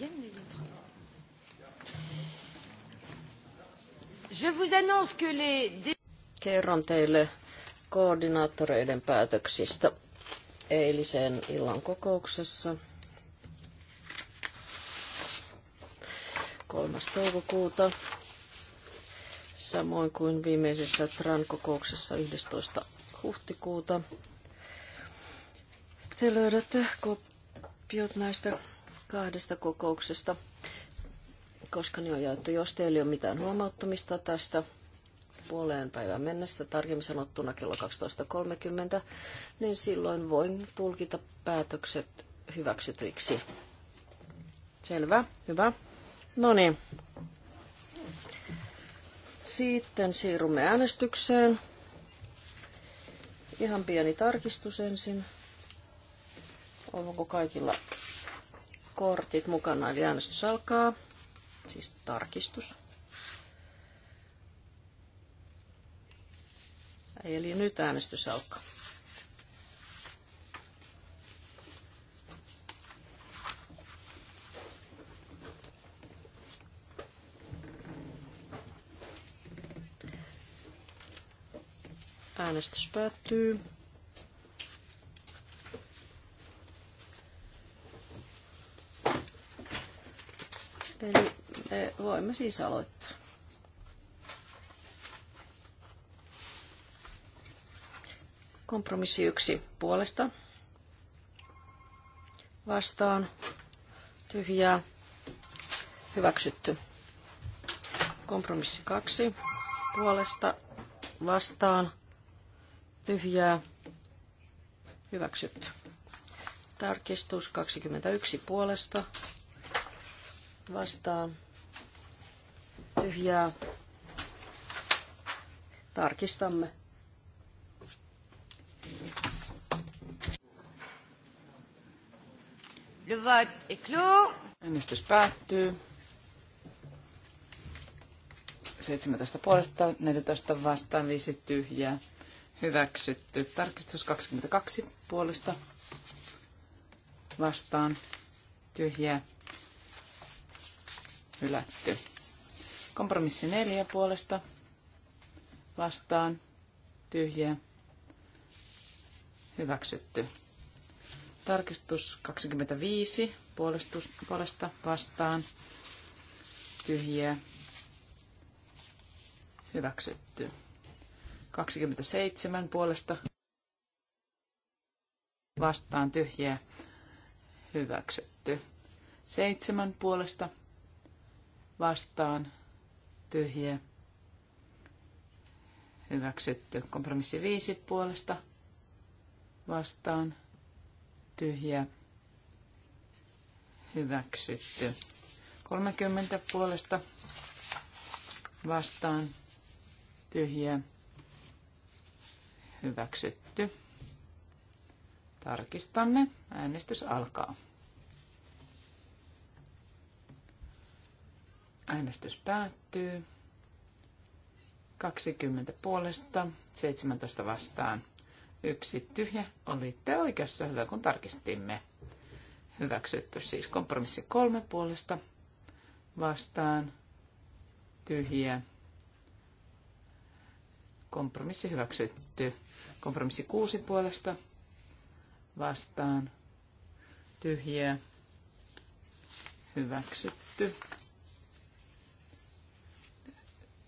viennent les autres. Je vous annonce que les... Kerron teille koordinaattoreiden päätöksistä eilisen illan kokouksessa. 3. toukokuuta, samoin kuin viimeisessä TRAN-kokouksessa 11. huhtikuuta. Te löydätte kopiot näistä kahdesta kokouksesta, koska ne on jaettu. Jos teillä ei ole mitään huomauttamista tästä puoleen päivän mennessä, tarkemmin sanottuna kello 12.30, niin silloin voin tulkita päätökset hyväksytyiksi. Selvä, hyvä. No niin. Sitten siirrymme äänestykseen. Ihan pieni tarkistus ensin. Onko kaikilla kortit mukana, eli äänestys alkaa. Siis tarkistus. Eli nyt äänestys alkaa. Äänestys päättyy. Eli me voimme siis aloittaa. Kompromissi yksi puolesta. Vastaan. Tyhjää. Hyväksytty. Kompromissi kaksi puolesta. Vastaan. Tyhjää. Hyväksytty. Tarkistus 21 puolesta vastaan tyhjää. Tarkistamme. Le vote est clos. Äänestys päättyy. 17 puolesta, 14 vastaan, 5 tyhjää. Hyväksytty. Tarkistus 22 puolesta vastaan, tyhjää hylätty. Kompromissi neljä puolesta vastaan tyhjä hyväksytty. Tarkistus 25 puolestus, puolesta vastaan tyhjä hyväksytty. 27 puolesta vastaan tyhjä hyväksytty. 7 puolesta vastaan tyhjiä hyväksytty. Kompromissi 5 puolesta vastaan tyhjiä hyväksytty. 30 puolesta vastaan tyhjiä hyväksytty. Tarkistamme. Äänestys alkaa. Äänestys päättyy. 20 puolesta, 17 vastaan. Yksi tyhjä. Olitte oikeassa hyvä, kun tarkistimme. Hyväksytty siis kompromissi kolme puolesta vastaan. Tyhjä. Kompromissi hyväksytty. Kompromissi kuusi puolesta vastaan. Tyhjä. Hyväksytty.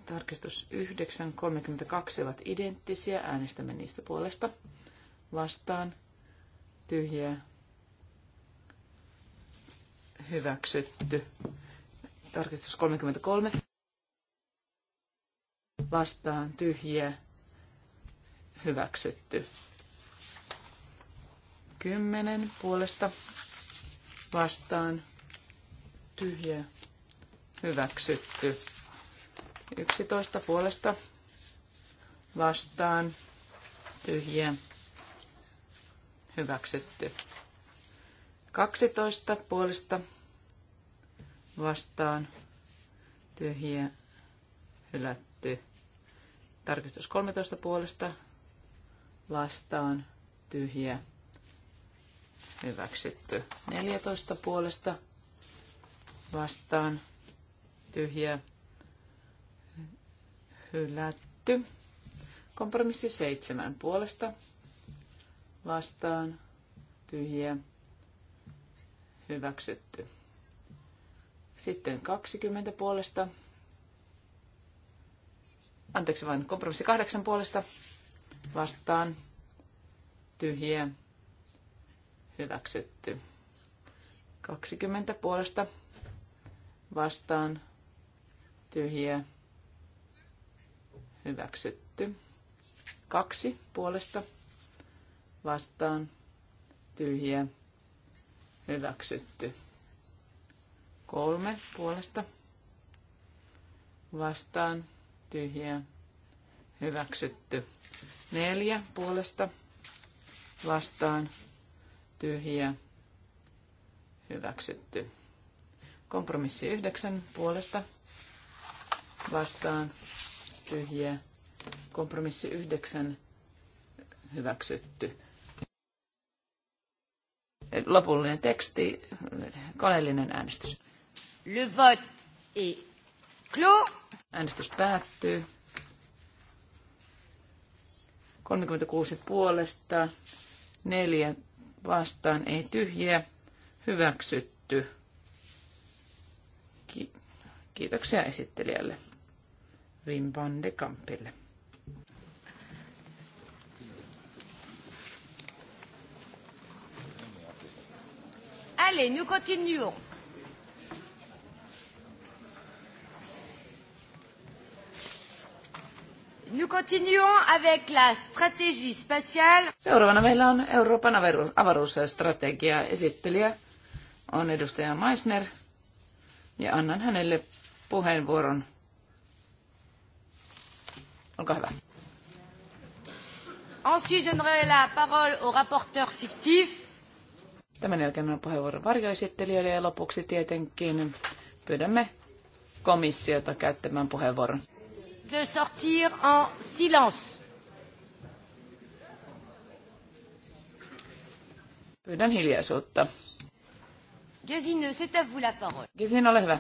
Tarkistus 9.32 ovat identtisiä. Äänestämme niistä puolesta. Vastaan. Tyhjää. Hyväksytty. Tarkistus 33. Vastaan. Tyhjää. Hyväksytty. 10 puolesta. Vastaan. Tyhjää. Hyväksytty. 11 puolesta vastaan tyhjiä hyväksytty. 12 puolesta vastaan tyhjiä hylätty. Tarkistus 13 puolesta vastaan tyhjiä hyväksytty. 14 puolesta vastaan tyhjiä hylätty. Kompromissi seitsemän puolesta vastaan tyhjiä hyväksytty. Sitten 20 puolesta. Anteeksi vain, kompromissi kahdeksan puolesta vastaan tyhjiä hyväksytty. 20 puolesta vastaan tyhjiä hyväksytty. Kaksi puolesta vastaan tyhjä hyväksytty. Kolme puolesta vastaan tyhjä hyväksytty. Neljä puolesta vastaan tyhjä hyväksytty. Kompromissi yhdeksän puolesta vastaan tyhjiä. Kompromissi yhdeksän hyväksytty. Lopullinen teksti, koneellinen äänestys. Le vote est clos. Äänestys päättyy. 36 puolesta, 4 vastaan, ei tyhjiä, hyväksytty. Kiitoksia esittelijälle. Wim van de Kampille. Allez, nous continuons. Nous continuons avec la stratégie spatiale. Seuraavana meillä on Euroopan avaruusstrategia. Esittelijä on edustaja Meissner ja annan hänelle puheenvuoron Olkaa hyvä. Ensuite, donnerai la parole au rapporteur fictif. Tämän jälkeen on puheenvuoro varjoesittelijöille ja lopuksi tietenkin pyydämme komissiota käyttämään puheenvuoron. De sortir en silence. Pyydän hiljaisuutta. Gesine, c'est à vous la parole. Gesine, ole hyvä.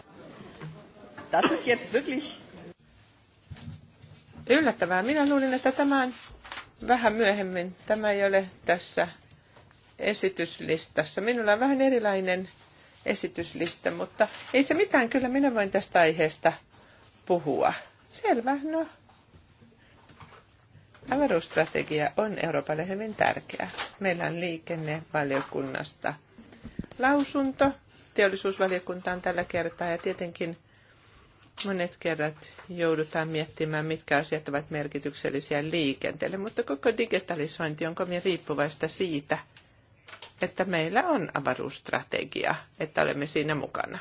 Das ist jetzt wirklich Yllättävää. Minä luulin, että tämän vähän myöhemmin. Tämä ei ole tässä esityslistassa. Minulla on vähän erilainen esityslista, mutta ei se mitään. Kyllä minä voin tästä aiheesta puhua. Selvä, no. Avaruusstrategia on Euroopalle hyvin tärkeä. Meillä on liikennevaliokunnasta lausunto. Teollisuusvaliokunta on tällä kertaa ja tietenkin Monet kerrat joudutaan miettimään, mitkä asiat ovat merkityksellisiä liikenteelle, mutta koko digitalisointi on kovin riippuvaista siitä, että meillä on avaruusstrategia, että olemme siinä mukana.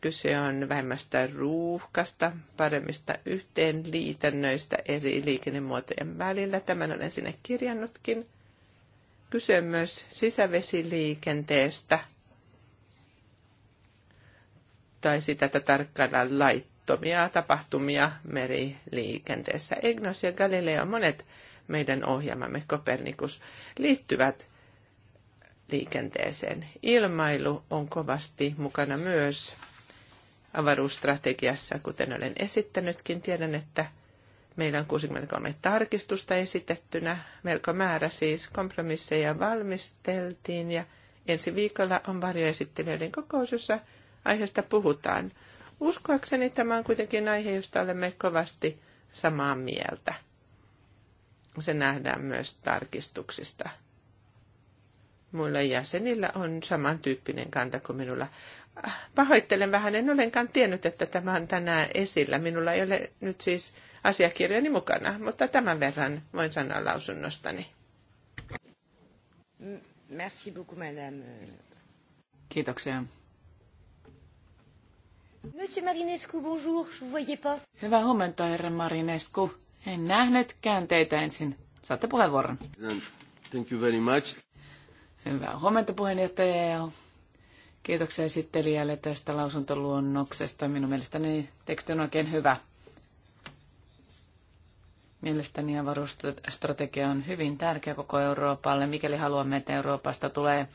Kyse on vähemmästä ruuhkasta, paremmista yhteenliitännöistä eri liikennemuotojen välillä. Tämän olen sinne kirjannutkin. Kyse on myös sisävesiliikenteestä – tai sitä, että tarkkaillaan laittomia tapahtumia meriliikenteessä. Egnos ja Galileo, monet meidän ohjelmamme Kopernikus, liittyvät liikenteeseen. Ilmailu on kovasti mukana myös avaruusstrategiassa, kuten olen esittänytkin. Tiedän, että meillä on 63 tarkistusta esitettynä, melko määrä siis kompromisseja valmisteltiin ja ensi viikolla on varjoesittelijöiden kokous, jossa aiheesta puhutaan. Uskoakseni tämä on kuitenkin aihe, josta olemme kovasti samaa mieltä. Se nähdään myös tarkistuksista. Muilla jäsenillä on samantyyppinen kanta kuin minulla. Ah, pahoittelen vähän, en olenkaan tiennyt, että tämä on tänään esillä. Minulla ei ole nyt siis asiakirjani mukana, mutta tämän verran voin sanoa lausunnostani. Merci beaucoup, madame. Kiitoksia, Monsieur Marinescu, bonjour, je vous voyais pas. Hyvää huomenta, herra Marinescu. En nähnytkään teitä ensin. Saatte puheenvuoron. Thank you very much. Hyvää huomenta puheenjohtaja ja kiitoksia esittelijälle tästä lausuntoluonnoksesta. Minun mielestäni teksti on oikein hyvä. Mielestäni avaruusstrategia on hyvin tärkeä koko Euroopalle, mikäli haluamme, että Euroopasta tulee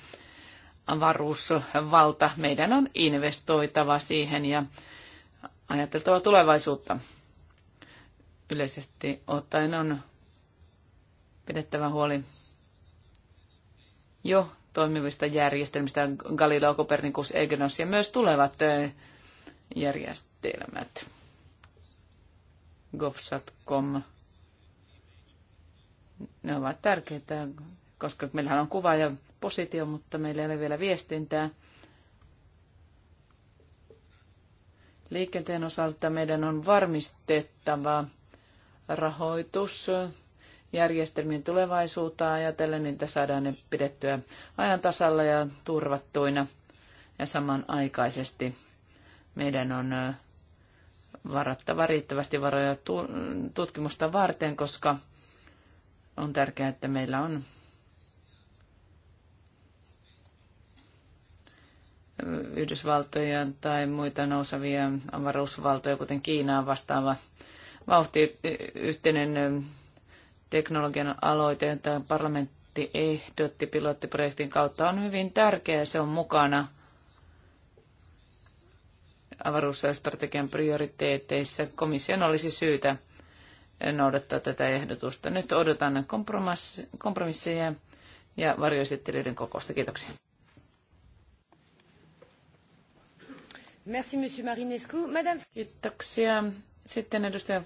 avaruusvalta. Meidän on investoitava siihen ja ajateltava tulevaisuutta. Yleisesti ottaen on pidettävä huoli jo toimivista järjestelmistä, Galileo, Copernicus, Egenos ja myös tulevat järjestelmät. Govsatcom. Ne ovat tärkeitä, koska meillähän on kuva ja positio, mutta meillä ei ole vielä viestintää. Liikenteen osalta meidän on varmistettava rahoitus järjestelmien tulevaisuutta ajatellen, niin että saadaan ne pidettyä ajan tasalla ja turvattuina. Ja samanaikaisesti meidän on varattava riittävästi varoja tutkimusta varten, koska on tärkeää, että meillä on Yhdysvaltoja tai muita nousavia avaruusvaltoja, kuten Kiinaa vastaava vauhti yhteinen teknologian aloite, jota parlamentti ehdotti pilottiprojektin kautta, on hyvin tärkeä. Se on mukana avaruusstrategian prioriteeteissa. Komission olisi syytä noudattaa tätä ehdotusta. Nyt odotan kompromisseja ja varjoesittelyiden kokousta. Kiitoksia. Merci, Monsieur Marinescu. Madame... Kiitoksia. Sitten edustaja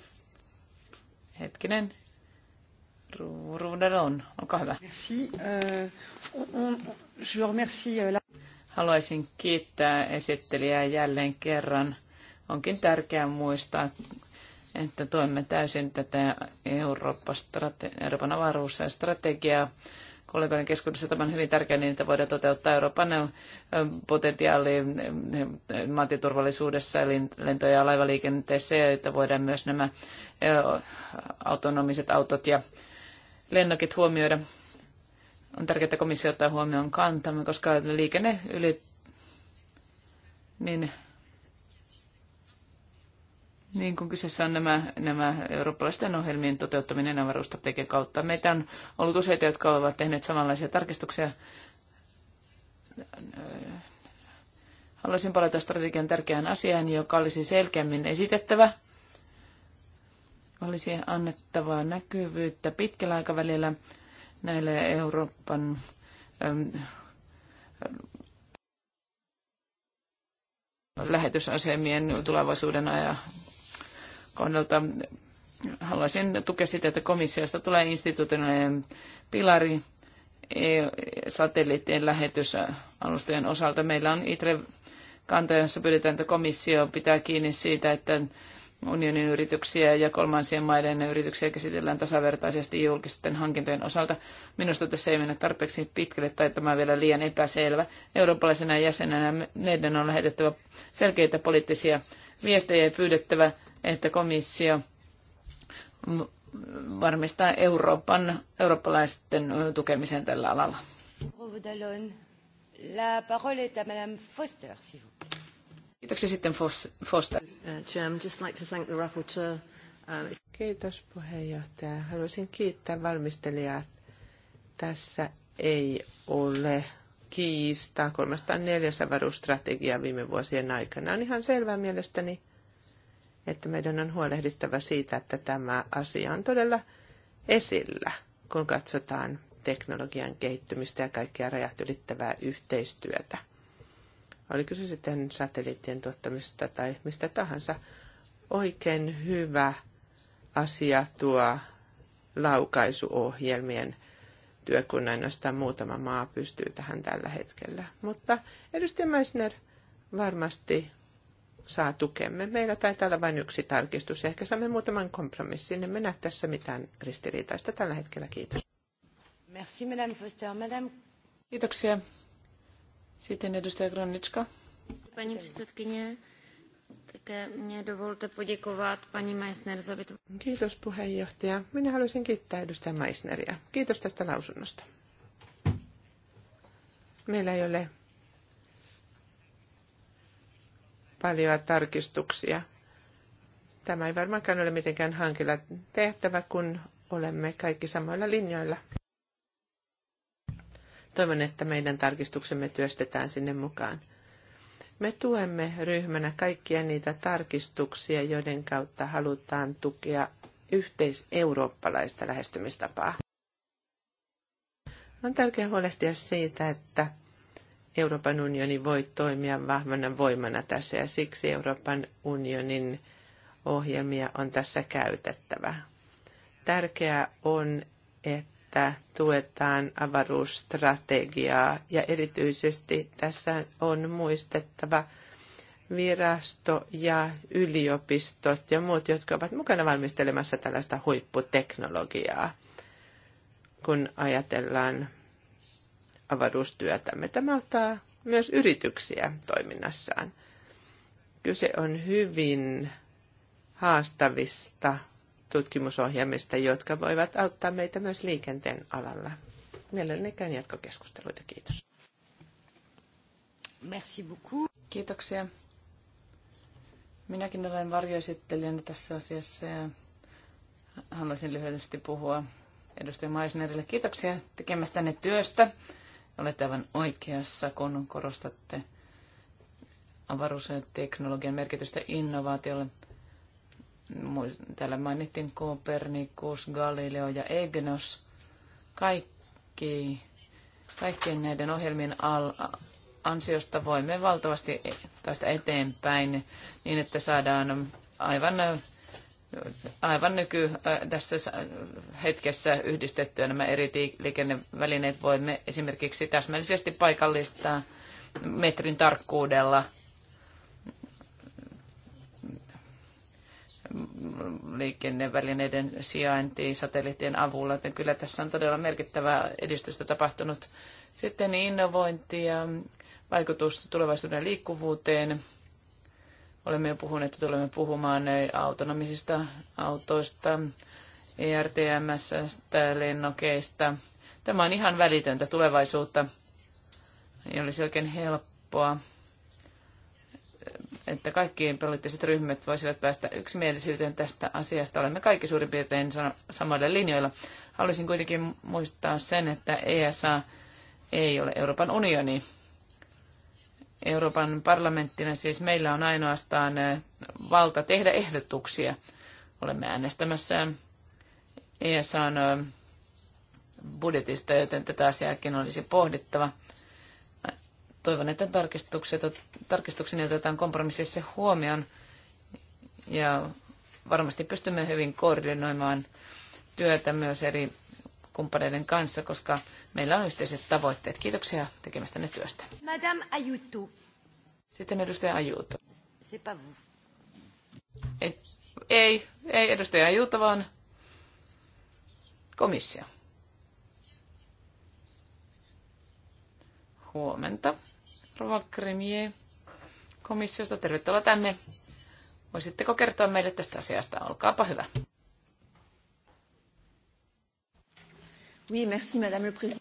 Hetkinen. olkaa hyvä. Merci. Uh, on, je remercie euh, la... Haluaisin kiittää esittelijää jälleen kerran. Onkin tärkeää muistaa, että toimme täysin tätä Eurooppa Euroopan avaruusstrategiaa kollegoiden keskuudessa tämä on hyvin tärkeää niin, että voidaan toteuttaa Euroopan potentiaali maantieturvallisuudessa, eli lento- ja laivaliikenteessä, ja että voidaan myös nämä autonomiset autot ja lennokit huomioida. On tärkeää, että komissio ottaa huomioon kantamme, koska liikenne yli niin niin kuin kyseessä on nämä, nämä eurooppalaisten ohjelmien toteuttaminen avaruusstrategian kautta. Meitä on ollut useita, jotka ovat tehneet samanlaisia tarkistuksia. Haluaisin palata strategian tärkeään asiaan, joka olisi selkeämmin esitettävä. Olisi annettavaa näkyvyyttä pitkällä aikavälillä näille Euroopan lähetysasemien tulevaisuuden kohdalta haluaisin tukea sitä, että komissiosta tulee instituutioiden pilari satelliittien lähetysalustojen osalta. Meillä on ITRE kanta, jossa pyydetään, että komissio pitää kiinni siitä, että unionin yrityksiä ja kolmansien maiden yrityksiä käsitellään tasavertaisesti julkisten hankintojen osalta. Minusta tässä ei mennä tarpeeksi pitkälle tai tämä on vielä liian epäselvä. Eurooppalaisena jäsenenä meidän on lähetettävä selkeitä poliittisia viestejä ja pyydettävä että komissio varmistaa Euroopan, eurooppalaisten tukemisen tällä alalla. La parole est à Madame Foster, s'il vous plaît. Kiitoksia sitten Foster. Uh, uh, Kiitos puheenjohtaja. Haluaisin kiittää valmistelijaa. Tässä ei ole kiistaa 304 varustrategiaa viime vuosien aikana. On ihan selvää mielestäni, että meidän on huolehdittava siitä, että tämä asia on todella esillä, kun katsotaan teknologian kehittymistä ja kaikkia rajat ylittävää yhteistyötä. Oli se sitten satelliittien tuottamista tai mistä tahansa. Oikein hyvä asia tuo laukaisuohjelmien työ, kun ainoastaan muutama maa pystyy tähän tällä hetkellä. Mutta edustaja Meissner varmasti saa tukemme. Meillä taitaa olla vain yksi tarkistus. Ehkä saamme muutaman kompromissin. Emme näe tässä mitään ristiriitaista tällä hetkellä. Kiitos. Merci, Madame Foster. Madame... Kiitoksia. Sitten edustaja Gronitska. Pani předsedkyně, Kiitos puheenjohtaja. Minä haluaisin kiittää edustaja Meissneria. Kiitos tästä lausunnosta. Meillä ei ole paljon tarkistuksia. Tämä ei varmaankaan ole mitenkään hankila tehtävä, kun olemme kaikki samoilla linjoilla. Toivon, että meidän tarkistuksemme työstetään sinne mukaan. Me tuemme ryhmänä kaikkia niitä tarkistuksia, joiden kautta halutaan tukea yhteiseurooppalaista lähestymistapaa. On tärkeää huolehtia siitä, että Euroopan unioni voi toimia vahvana voimana tässä ja siksi Euroopan unionin ohjelmia on tässä käytettävä. Tärkeää on, että tuetaan avaruusstrategiaa ja erityisesti tässä on muistettava virasto ja yliopistot ja muut, jotka ovat mukana valmistelemassa tällaista huipputeknologiaa, kun ajatellaan avaruustyötämme. Tämä auttaa myös yrityksiä toiminnassaan. Kyse on hyvin haastavista tutkimusohjelmista, jotka voivat auttaa meitä myös liikenteen alalla. Mielelläni käyn jatkokeskusteluita. Kiitos. Merci beaucoup. Kiitoksia. Minäkin olen varjoesittelijänä tässä asiassa ja haluaisin lyhyesti puhua edustaja Maisnerille. Kiitoksia tekemästänne työstä. Olette aivan oikeassa, kun korostatte avaruusteknologian merkitystä innovaatiolle. Täällä mainittiin Copernicus, Galileo ja Egnos. Kaikki, kaikkien näiden ohjelmien al- ansiosta voimme valtavasti e- päästä eteenpäin niin, että saadaan aivan aivan nyky äh, tässä äh, hetkessä yhdistettyä nämä eri liikennevälineet voimme esimerkiksi täsmällisesti paikallistaa metrin tarkkuudella liikennevälineiden sijaintiin satelliittien avulla. Joten kyllä tässä on todella merkittävää edistystä tapahtunut. Sitten innovointi ja vaikutus tulevaisuuden liikkuvuuteen. Olemme jo puhuneet, että tulemme puhumaan autonomisista autoista, ertms lennokeista. Tämä on ihan välitöntä tulevaisuutta. Ei olisi oikein helppoa, että kaikki poliittiset ryhmät voisivat päästä yksimielisyyteen tästä asiasta. Olemme kaikki suurin piirtein samoilla linjoilla. Haluaisin kuitenkin muistaa sen, että ESA ei ole Euroopan unioni. Euroopan parlamenttina siis meillä on ainoastaan valta tehdä ehdotuksia. Olemme äänestämässä ESAn budjetista, joten tätä asiaakin olisi pohdittava. Toivon, että tarkistukset, tarkistukseni otetaan kompromississa huomioon ja varmasti pystymme hyvin koordinoimaan työtä myös eri kumppaneiden kanssa, koska meillä on yhteiset tavoitteet. Kiitoksia tekemästänne työstä. Madame Ayutu. Sitten edustaja Ayutu. C'est pas vous. Ei, ei, ei edustaja Ajutu, vaan komissio. Huomenta. Rova Kremie komissiosta. Tervetuloa tänne. Voisitteko kertoa meille tästä asiasta? Olkaapa hyvä. Oui, merci, madame le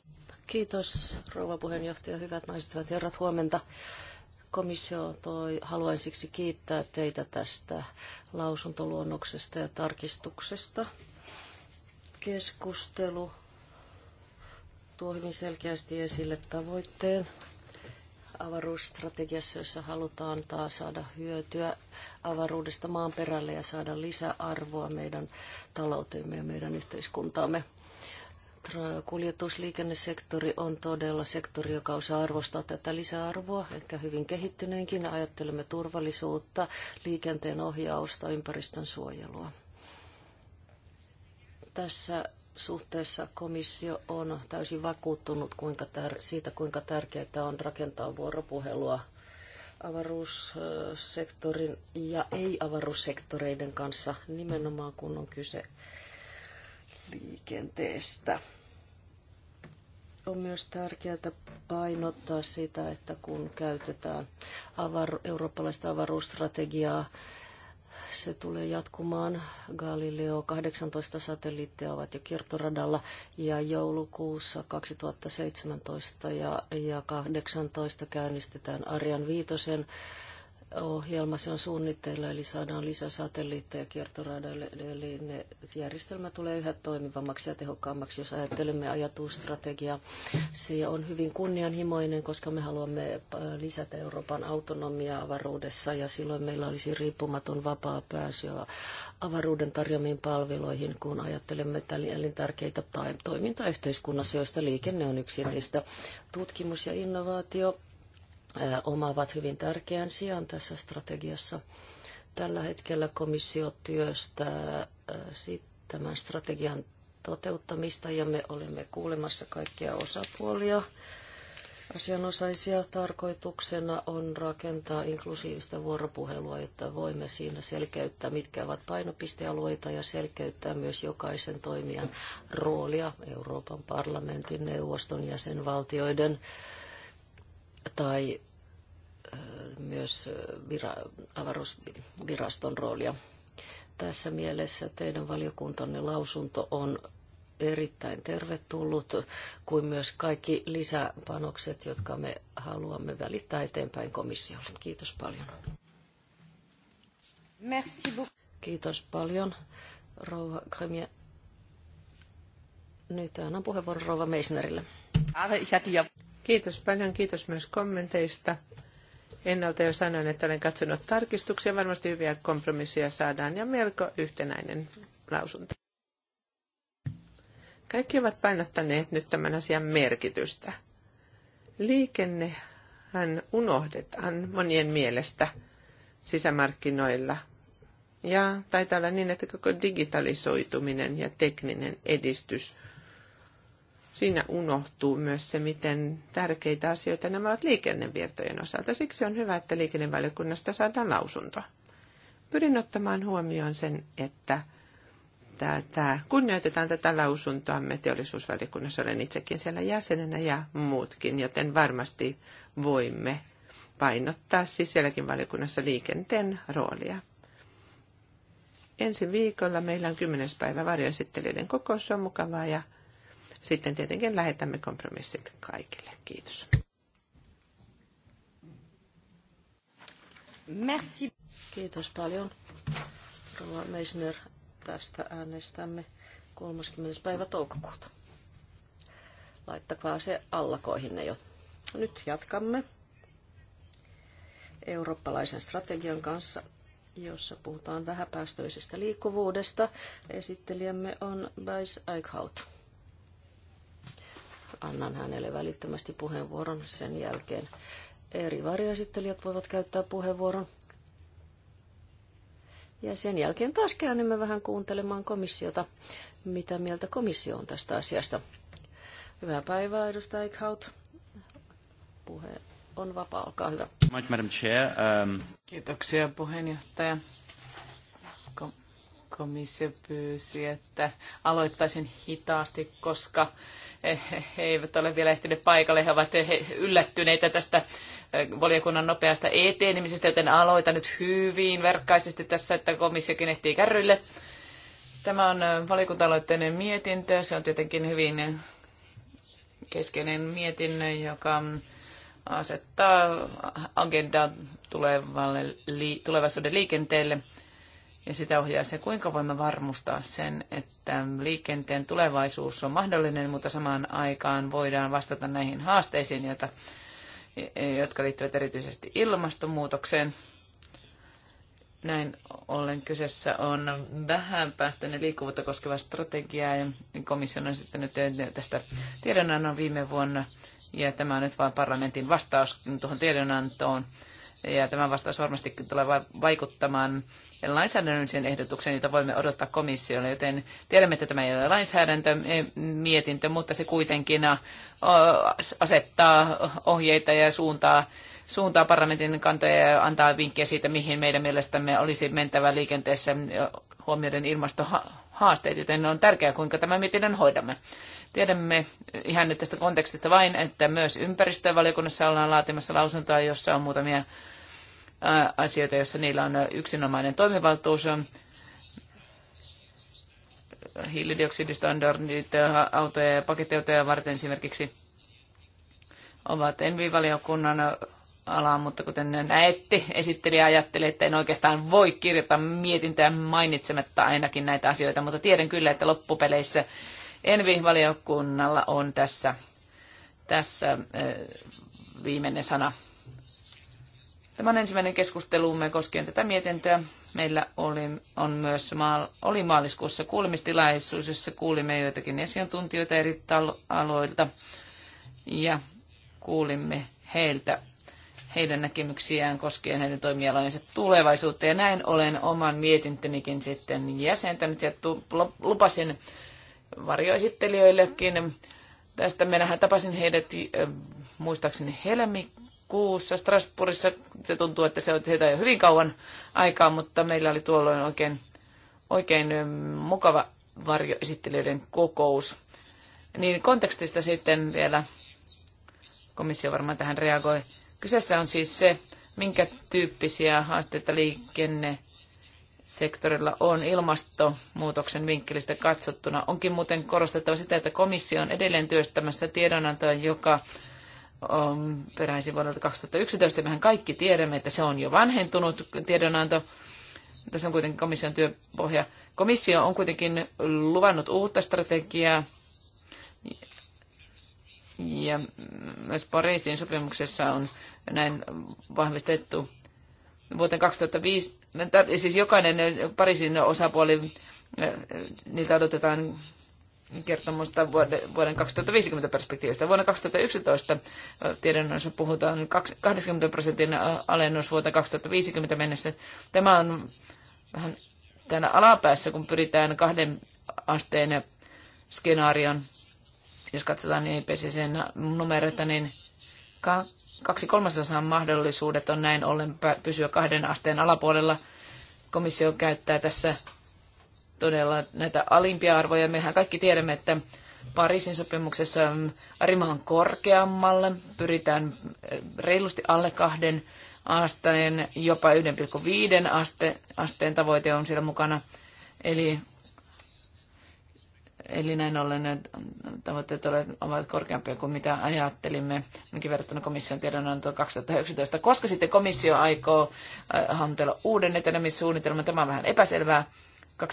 Kiitos, rouva puheenjohtaja. Hyvät naiset ja herrat, huomenta. Komissio toi, haluan siksi kiittää teitä tästä lausuntoluonnoksesta ja tarkistuksesta. Keskustelu tuo hyvin selkeästi esille tavoitteen avaruusstrategiassa, jossa halutaan taas saada hyötyä avaruudesta maan perälle ja saada lisäarvoa meidän talouteemme ja meidän yhteiskuntaamme kuljetusliikennesektori on todella sektori, joka osaa arvostaa tätä lisäarvoa, ehkä hyvin kehittyneenkin. Ajattelemme turvallisuutta, liikenteen ohjausta, ympäristön suojelua. Tässä suhteessa komissio on täysin vakuuttunut kuinka tär- siitä, kuinka tärkeää on rakentaa vuoropuhelua avaruussektorin ja ei-avaruussektoreiden kanssa, nimenomaan kun on kyse liikenteestä on myös tärkeää painottaa sitä, että kun käytetään avaru- eurooppalaista avaruusstrategiaa, se tulee jatkumaan. Galileo 18 satelliittia ovat jo kiertoradalla ja joulukuussa 2017 ja, ja 18 käynnistetään Arjan Viitosen ohjelma, se on suunnitteilla, eli saadaan lisää satelliitteja kiertoradalle, eli ne järjestelmä tulee yhä toimivammaksi ja tehokkaammaksi, jos ajattelemme ajatustrategiaa. Se on hyvin kunnianhimoinen, koska me haluamme äh, lisätä Euroopan autonomiaa avaruudessa, ja silloin meillä olisi riippumaton vapaa pääsy avaruuden tarjoamiin palveluihin, kun ajattelemme elintärkeitä toimintoja yhteiskunnassa, joista liikenne on yksi niistä. Tutkimus ja innovaatio omaavat hyvin tärkeän sijan tässä strategiassa. Tällä hetkellä komissio työstää tämän strategian toteuttamista ja me olemme kuulemassa kaikkia osapuolia. Asianosaisia tarkoituksena on rakentaa inklusiivista vuoropuhelua, jotta voimme siinä selkeyttää, mitkä ovat painopistealueita ja selkeyttää myös jokaisen toimijan roolia Euroopan parlamentin, neuvoston, jäsenvaltioiden, valtioiden tai myös avaruusviraston roolia. Tässä mielessä teidän valiokuntanne lausunto on erittäin tervetullut, kuin myös kaikki lisäpanokset, jotka me haluamme välittää eteenpäin komissiolle. Kiitos paljon. Merci Kiitos paljon, rouva Kremie. Nyt annan puheenvuoron rouva Meisnerille. Ah, Kiitos paljon, kiitos myös kommenteista. Ennalta jo sanoin, että olen katsonut tarkistuksia. Varmasti hyviä kompromisseja saadaan ja melko yhtenäinen lausunto. Kaikki ovat painottaneet nyt tämän asian merkitystä. Liikennehän unohdetaan monien mielestä sisämarkkinoilla. Ja taitaa olla niin, että koko digitalisoituminen ja tekninen edistys – siinä unohtuu myös se, miten tärkeitä asioita nämä ovat liikennevirtojen osalta. Siksi on hyvä, että liikennevaliokunnasta saadaan lausunto. Pyrin ottamaan huomioon sen, että tätä, kunnioitetaan tätä Me teollisuusvaliokunnassa. Olen itsekin siellä jäsenenä ja muutkin, joten varmasti voimme painottaa siis sielläkin valiokunnassa liikenteen roolia. Ensi viikolla meillä on 10. päivä varjoesittelijöiden kokous, se on mukavaa ja sitten tietenkin lähetämme kompromissit kaikille. Kiitos. Merci. Kiitos paljon. Rova Meisner, tästä äänestämme 30. päivä toukokuuta. Laittakaa se allakoihinne jo. Nyt jatkamme eurooppalaisen strategian kanssa, jossa puhutaan vähäpäästöisestä liikkuvuudesta. Esittelijämme on Bais Eichhout. Annan hänelle välittömästi puheenvuoron sen jälkeen. Eri varjoesittelijät voivat käyttää puheenvuoron. Ja sen jälkeen taas käännymme vähän kuuntelemaan komissiota, mitä mieltä komissio on tästä asiasta. Hyvää päivää, edustaja Eichhout. Puhe on vapaa, olkaa hyvä. Madam Chair, um, Kiitoksia puheenjohtaja komissio pyysi, että aloittaisin hitaasti, koska eh, he eivät ole vielä ehtineet paikalle. He ovat eh, yllättyneitä tästä eh, valiokunnan nopeasta etenemisestä, joten aloitan nyt hyvin verkkaisesti tässä, että komissiokin ehtii kärryille. Tämä on valiokunta-aloitteinen mietintö. Se on tietenkin hyvin keskeinen mietinnö, joka mm, asettaa agendaa tulevalle, li, tulevaisuuden liikenteelle – ja sitä ohjaa se, kuinka voimme varmistaa sen, että liikenteen tulevaisuus on mahdollinen, mutta samaan aikaan voidaan vastata näihin haasteisiin, joita, jotka liittyvät erityisesti ilmastonmuutokseen. Näin ollen kyseessä on vähän päästöinen liikkuvuutta koskeva strategia ja komissio on sitten nyt tästä tiedonannon viime vuonna ja tämä on nyt vain parlamentin vastaus tuohon tiedonantoon ja tämä vastaus varmasti tulee vaikuttamaan lainsäädännöllisen ehdotuksen, jota voimme odottaa komissiolle, joten tiedämme, että tämä ei ole lainsäädäntömietintö, mutta se kuitenkin äh, asettaa ohjeita ja suuntaa, suuntaa parlamentin kantoja ja antaa vinkkejä siitä, mihin meidän mielestämme olisi mentävä liikenteessä huomioiden ilmastohaasteet, joten on tärkeää, kuinka tämä mietinnön hoidamme. Tiedämme ihan nyt tästä kontekstista vain, että myös ympäristövaliokunnassa ollaan laatimassa lausuntoa, jossa on muutamia asioita, joissa niillä on yksinomainen toimivaltuus. Hiilidioksidistandardit autoja ja pakettiautoja varten esimerkiksi ovat envivaliokunnan alaa, mutta kuten näette, esittelijä ajatteli, että en oikeastaan voi kirjata mietintöä mainitsematta ainakin näitä asioita, mutta tiedän kyllä, että loppupeleissä envivaliokunnalla on tässä, tässä viimeinen sana. Tämä on ensimmäinen keskustelumme koskien tätä mietintöä. Meillä oli, on myös maal, oli maaliskuussa kuulemistilaisuus, jossa kuulimme joitakin asiantuntijoita eri aloilta ja kuulimme heiltä heidän näkemyksiään koskien heidän toimialojensa tulevaisuutta. Ja näin olen oman mietintönikin sitten jäsentänyt ja lupasin varjoesittelijöillekin. Tästä me tapasin heidät eh, muistaakseni helmikuussa kuussa Strasbourgissa. Se tuntuu, että se on sitä jo hyvin kauan aikaa, mutta meillä oli tuolloin oikein, oikein mukava varjoesittelijöiden kokous. Niin kontekstista sitten vielä komissio varmaan tähän reagoi. Kyseessä on siis se, minkä tyyppisiä haasteita liikenne sektorilla on ilmastonmuutoksen vinkkelistä katsottuna. Onkin muuten korostettava sitä, että komissio on edelleen työstämässä tiedonantoa, joka on peräisin vuodelta 2011. Mehän kaikki tiedämme, että se on jo vanhentunut tiedonanto. Tässä on kuitenkin komission työpohja. Komissio on kuitenkin luvannut uutta strategiaa ja myös Pariisin sopimuksessa on näin vahvistettu vuoteen 2005, siis jokainen Pariisin osapuoli, niiltä odotetaan kertomusta vuoden 2050 perspektiivistä. Vuonna 2011 tiedonnoissa puhutaan 80 prosentin alennus vuoteen 2050 mennessä. Tämä on vähän täällä alapäässä, kun pyritään kahden asteen skenaarion. Jos katsotaan niin IPCCn numeroita, niin kaksi kolmasosaa mahdollisuudet on näin ollen pysyä kahden asteen alapuolella. Komissio käyttää tässä todella näitä alimpia arvoja. Mehän kaikki tiedämme, että Pariisin sopimuksessa rima on korkeammalle, pyritään eh, reilusti alle kahden asteen, jopa 1,5 aste, asteen tavoite on siellä mukana. Eli, eli näin ollen ne tavoitteet ovat korkeampia kuin mitä ajattelimme, ainakin verrattuna komission tiedonantoon 2019. Koska sitten komissio aikoo eh, hantella uuden etenemissuunnitelman, tämä on vähän epäselvää 2018-2019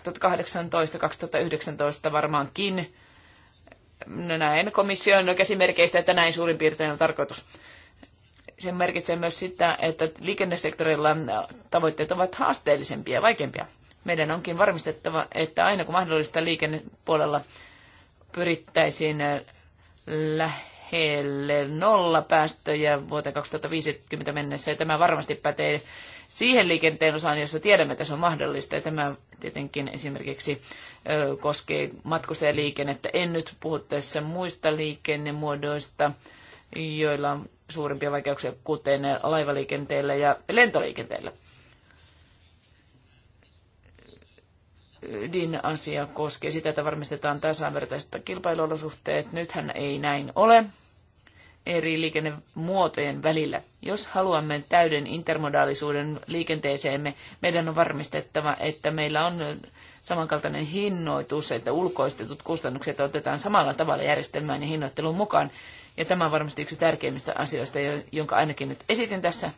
varmaankin. No näin komission käsimerkeistä, että näin suurin piirtein on tarkoitus. Se merkitsee myös sitä, että liikennesektorilla tavoitteet ovat haasteellisempia ja vaikeampia. Meidän onkin varmistettava, että aina kun mahdollista liikennepuolella pyrittäisiin lähelle nolla päästöjä vuoteen 2050 mennessä. Ja tämä varmasti pätee siihen liikenteen osaan, jossa tiedämme, että se on mahdollista. Ja tämä tietenkin esimerkiksi ö, koskee matkustajaliikennettä. En nyt puhu tässä muista liikennemuodoista, joilla on suurimpia vaikeuksia, kuten laivaliikenteellä ja lentoliikenteellä. asia, koskee sitä, että varmistetaan tasavertaiset kilpailuolosuhteet. Nythän ei näin ole eri liikennemuotojen välillä. Jos haluamme täyden intermodaalisuuden liikenteeseemme, meidän on varmistettava, että meillä on samankaltainen hinnoitus, että ulkoistetut kustannukset otetaan samalla tavalla järjestelmään ja hinnoitteluun mukaan. Ja tämä on varmasti yksi tärkeimmistä asioista, jonka ainakin nyt esitin tässä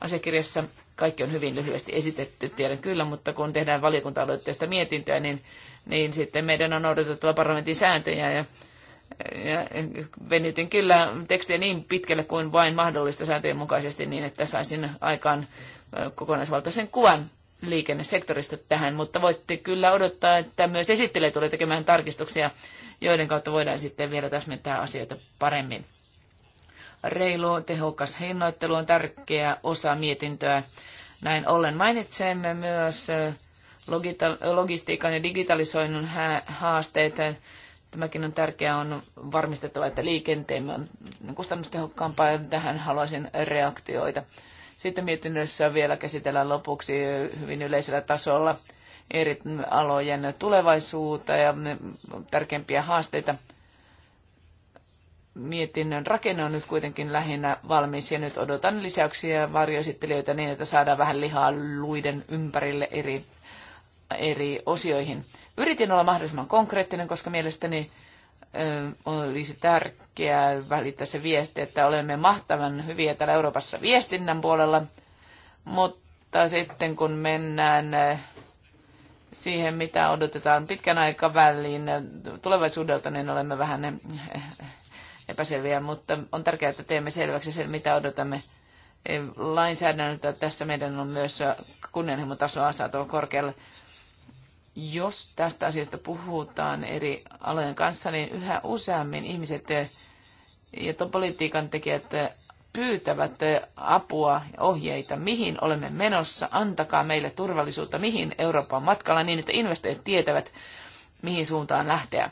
asiakirjassa. Kaikki on hyvin lyhyesti esitetty, tiedän kyllä, mutta kun tehdään valiokunta-aloitteesta mietintöä, niin, niin sitten meidän on odotettava parlamentin sääntöjä ja ja venytin kyllä tekstiä niin pitkälle kuin vain mahdollista sääntöjen mukaisesti niin, että saisin aikaan kokonaisvaltaisen kuvan liikennesektorista tähän, mutta voitte kyllä odottaa, että myös esittelee tulee tekemään tarkistuksia, joiden kautta voidaan sitten vielä täsmentää asioita paremmin. Reilu, tehokas hinnoittelu on tärkeä osa mietintöä. Näin ollen mainitsemme myös logistiikan ja digitalisoinnin haasteet Tämäkin on tärkeää, on varmistettava, että liikenteemme on niin kustannustehokkaampaa ja tähän haluaisin reaktioita. Sitten mietinnössä vielä käsitellään lopuksi hyvin yleisellä tasolla eri alojen tulevaisuutta ja tärkeimpiä haasteita. Mietinnön rakenne on nyt kuitenkin lähinnä valmis ja nyt odotan lisäyksiä varjoesittelijöitä niin, että saadaan vähän lihaa luiden ympärille eri eri osioihin. Yritin olla mahdollisimman konkreettinen, koska mielestäni olisi tärkeää välittää se viesti, että olemme mahtavan hyviä täällä Euroopassa viestinnän puolella, mutta sitten kun mennään siihen, mitä odotetaan pitkän aikavälin tulevaisuudelta, niin olemme vähän epäselviä, mutta on tärkeää, että teemme selväksi sen, mitä odotamme lainsäädännöltä. Tässä meidän on myös kunnianhimotasoa saatava korkealle jos tästä asiasta puhutaan eri alojen kanssa, niin yhä useammin ihmiset ja politiikan tekijät pyytävät apua ja ohjeita, mihin olemme menossa, antakaa meille turvallisuutta, mihin Euroopan matkalla, niin että investoijat tietävät, mihin suuntaan lähteä.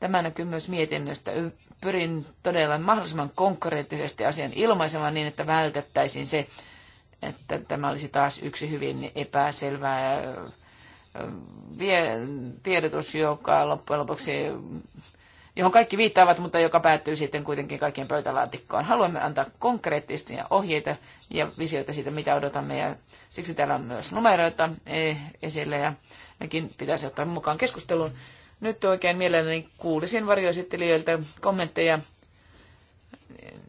Tämä näkyy myös mietinnöstä. Pyrin todella mahdollisimman konkreettisesti asian ilmaisemaan niin, että vältettäisiin se, että tämä olisi taas yksi hyvin epäselvä vie, tiedotus, joka loppujen lopuksi johon kaikki viittaavat, mutta joka päättyy sitten kuitenkin kaikkien pöytälaatikkoon. Haluamme antaa konkreettisia ohjeita ja visioita siitä, mitä odotamme, ja siksi täällä on myös numeroita e, esille, ja nekin pitäisi ottaa mukaan keskusteluun. Nyt oikein mielelläni kuulisin varjoesittelijöiltä kommentteja,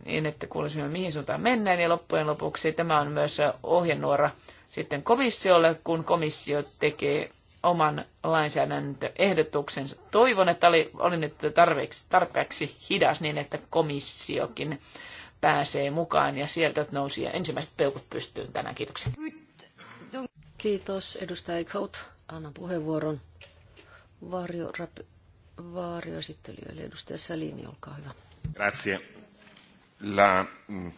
niin että kuulisimme, mihin suuntaan mennään, ja loppujen lopuksi tämä on myös ohjenuora sitten komissiolle, kun komissio tekee oman lainsäädäntöehdotuksensa. Toivon, että oli, oli nyt tarpeeksi, tarpeeksi hidas niin, että komissiokin pääsee mukaan ja sieltä nousi ja ensimmäiset peukut pystyyn tänään. Kiitoksia. Kiitos edustaja Eichhout. Annan puheenvuoron Vario rap, varjoesittelijöille. Edustaja Salini, olkaa hyvä. Grazie. La, mm,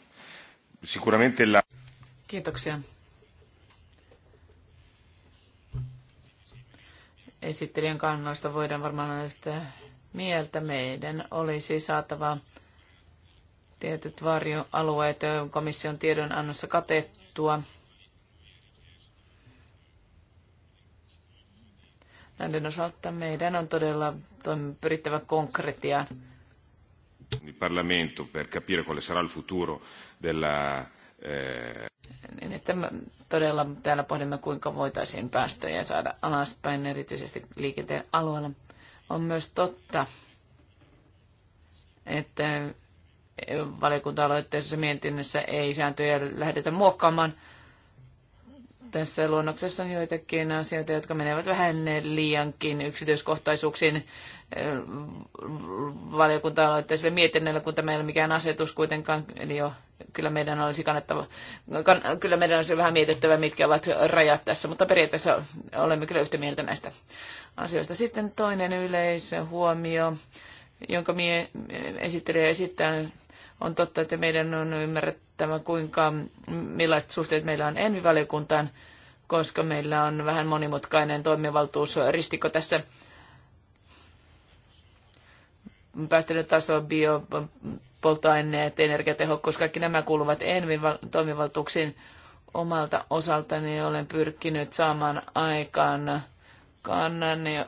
sicuramente la... Kiitoksia. esittelijän kannoista voidaan varmaan olla yhtä mieltä. Meidän olisi saatava tietyt varjoalueet komission tiedonannossa katettua. Näiden osalta meidän on todella pyrittävä konkretiaan. Parlamento per capire quale sarà il futuro della eh, niin että todella täällä pohdimme, kuinka voitaisiin päästöjä saada alaspäin, erityisesti liikenteen alueella. On myös totta, että valiokunta aloitteessa mietinnössä ei sääntöjä lähdetä muokkaamaan, tässä luonnoksessa on joitakin asioita, jotka menevät vähän liiankin yksityiskohtaisuuksiin valiokunta-aloitteiselle mietinnölle, kun tämä ei ole mikään asetus kuitenkaan, eli jo kyllä meidän olisi kannattava, kann, kyllä meidän olisi vähän mietittävä, mitkä ovat rajat tässä, mutta periaatteessa olemme kyllä yhtä mieltä näistä asioista. Sitten toinen yleishuomio, jonka mie esittelijä esittää on totta, että meidän on ymmärrettävä, kuinka, millaiset suhteet meillä on envivaliokuntaan, koska meillä on vähän monimutkainen ristikko tässä taso, biopolttoaineet, energiatehokkuus, kaikki nämä kuuluvat ENVin toimivaltuuksiin omalta osaltani olen pyrkinyt saamaan aikaan kannan, ö,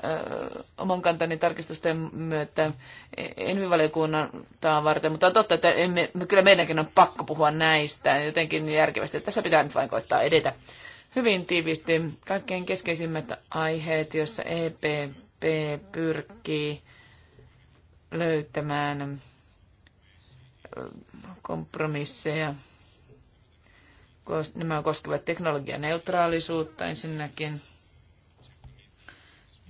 oman kantani tarkistusten myötä taan varten, mutta on totta, että emme, kyllä meidänkin on pakko puhua näistä jotenkin järkevästi. Tässä pitää nyt vain koittaa edetä hyvin tiiviisti. Kaikkein keskeisimmät aiheet, joissa EPP pyrkii löytämään kompromisseja. Nämä koskevat teknologianeutraalisuutta ensinnäkin –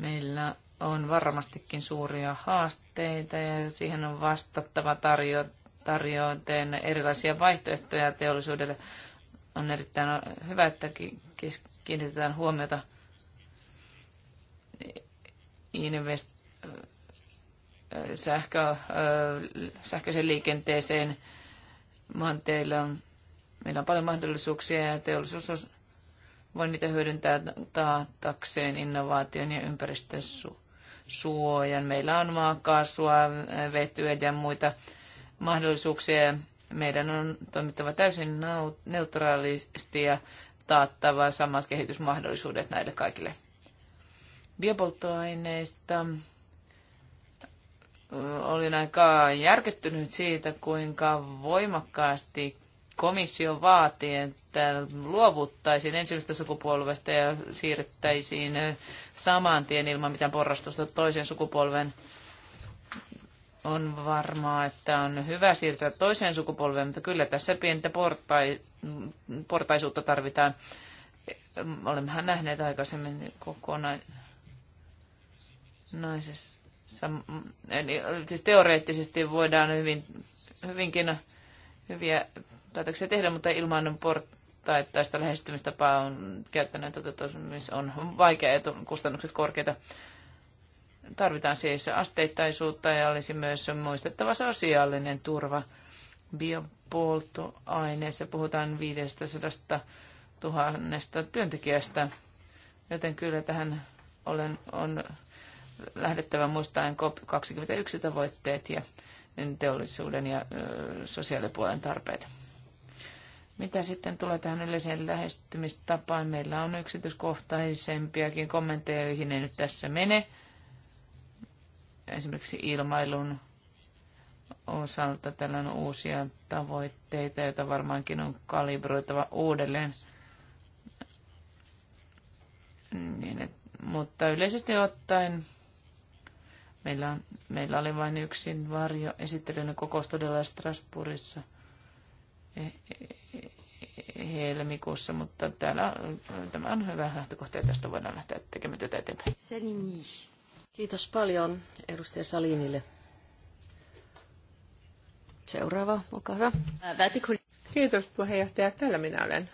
Meillä on varmastikin suuria haasteita ja siihen on vastattava tarjo- tarjoiteen erilaisia vaihtoehtoja teollisuudelle. On erittäin hyvä, että kiinnitetään huomiota invest- sähkö, sähköiseen liikenteeseen Maanteilla on, meillä on paljon mahdollisuuksia ja teollisuus voi niitä hyödyntää taatakseen innovaation ja ympäristön suojan. Meillä on maakaasua, vetyä ja muita mahdollisuuksia. Meidän on toimittava täysin neutraalisti ja taattava samat kehitysmahdollisuudet näille kaikille. Biopolttoaineista olin aika järkyttynyt siitä, kuinka voimakkaasti komissio vaatii, että luovuttaisiin ensimmäisestä sukupolvesta ja siirrettäisiin saman tien ilman mitään porrastusta toisen sukupolven. On varmaa, että on hyvä siirtyä toiseen sukupolveen, mutta kyllä tässä pientä portai, portaisuutta tarvitaan. Olemmehan nähneet aikaisemmin kokonaan Eli siis teoreettisesti voidaan hyvin, hyvinkin hyviä päätöksiä tehdä, mutta ilman portaittaista lähestymistapaa on käyttänyt että on vaikea ja kustannukset korkeita. Tarvitaan siis asteittaisuutta ja olisi myös muistettava sosiaalinen turva. Biopolttoaineessa puhutaan 500 000 työntekijästä, joten kyllä tähän olen, on lähdettävä muistaen COP21 tavoitteet ja teollisuuden ja sosiaalipuolen tarpeet. Mitä sitten tulee tähän yleiseen lähestymistapaan? Meillä on yksityiskohtaisempiakin kommentteja, joihin ei nyt tässä mene. Esimerkiksi ilmailun osalta tällä on uusia tavoitteita, joita varmaankin on kalibroitava uudelleen. Niin, et, mutta yleisesti ottaen meillä, on, meillä oli vain yksi varjo esittelyyn kokous todella Strasbourgissa helmikuussa, mutta täällä, tämä on hyvä lähtökohta ja tästä voidaan lähteä tekemään tätä eteenpäin. Kiitos paljon edustaja Salinille. Seuraava, olkaa hyvä. Kiitos puheenjohtaja, täällä minä olen.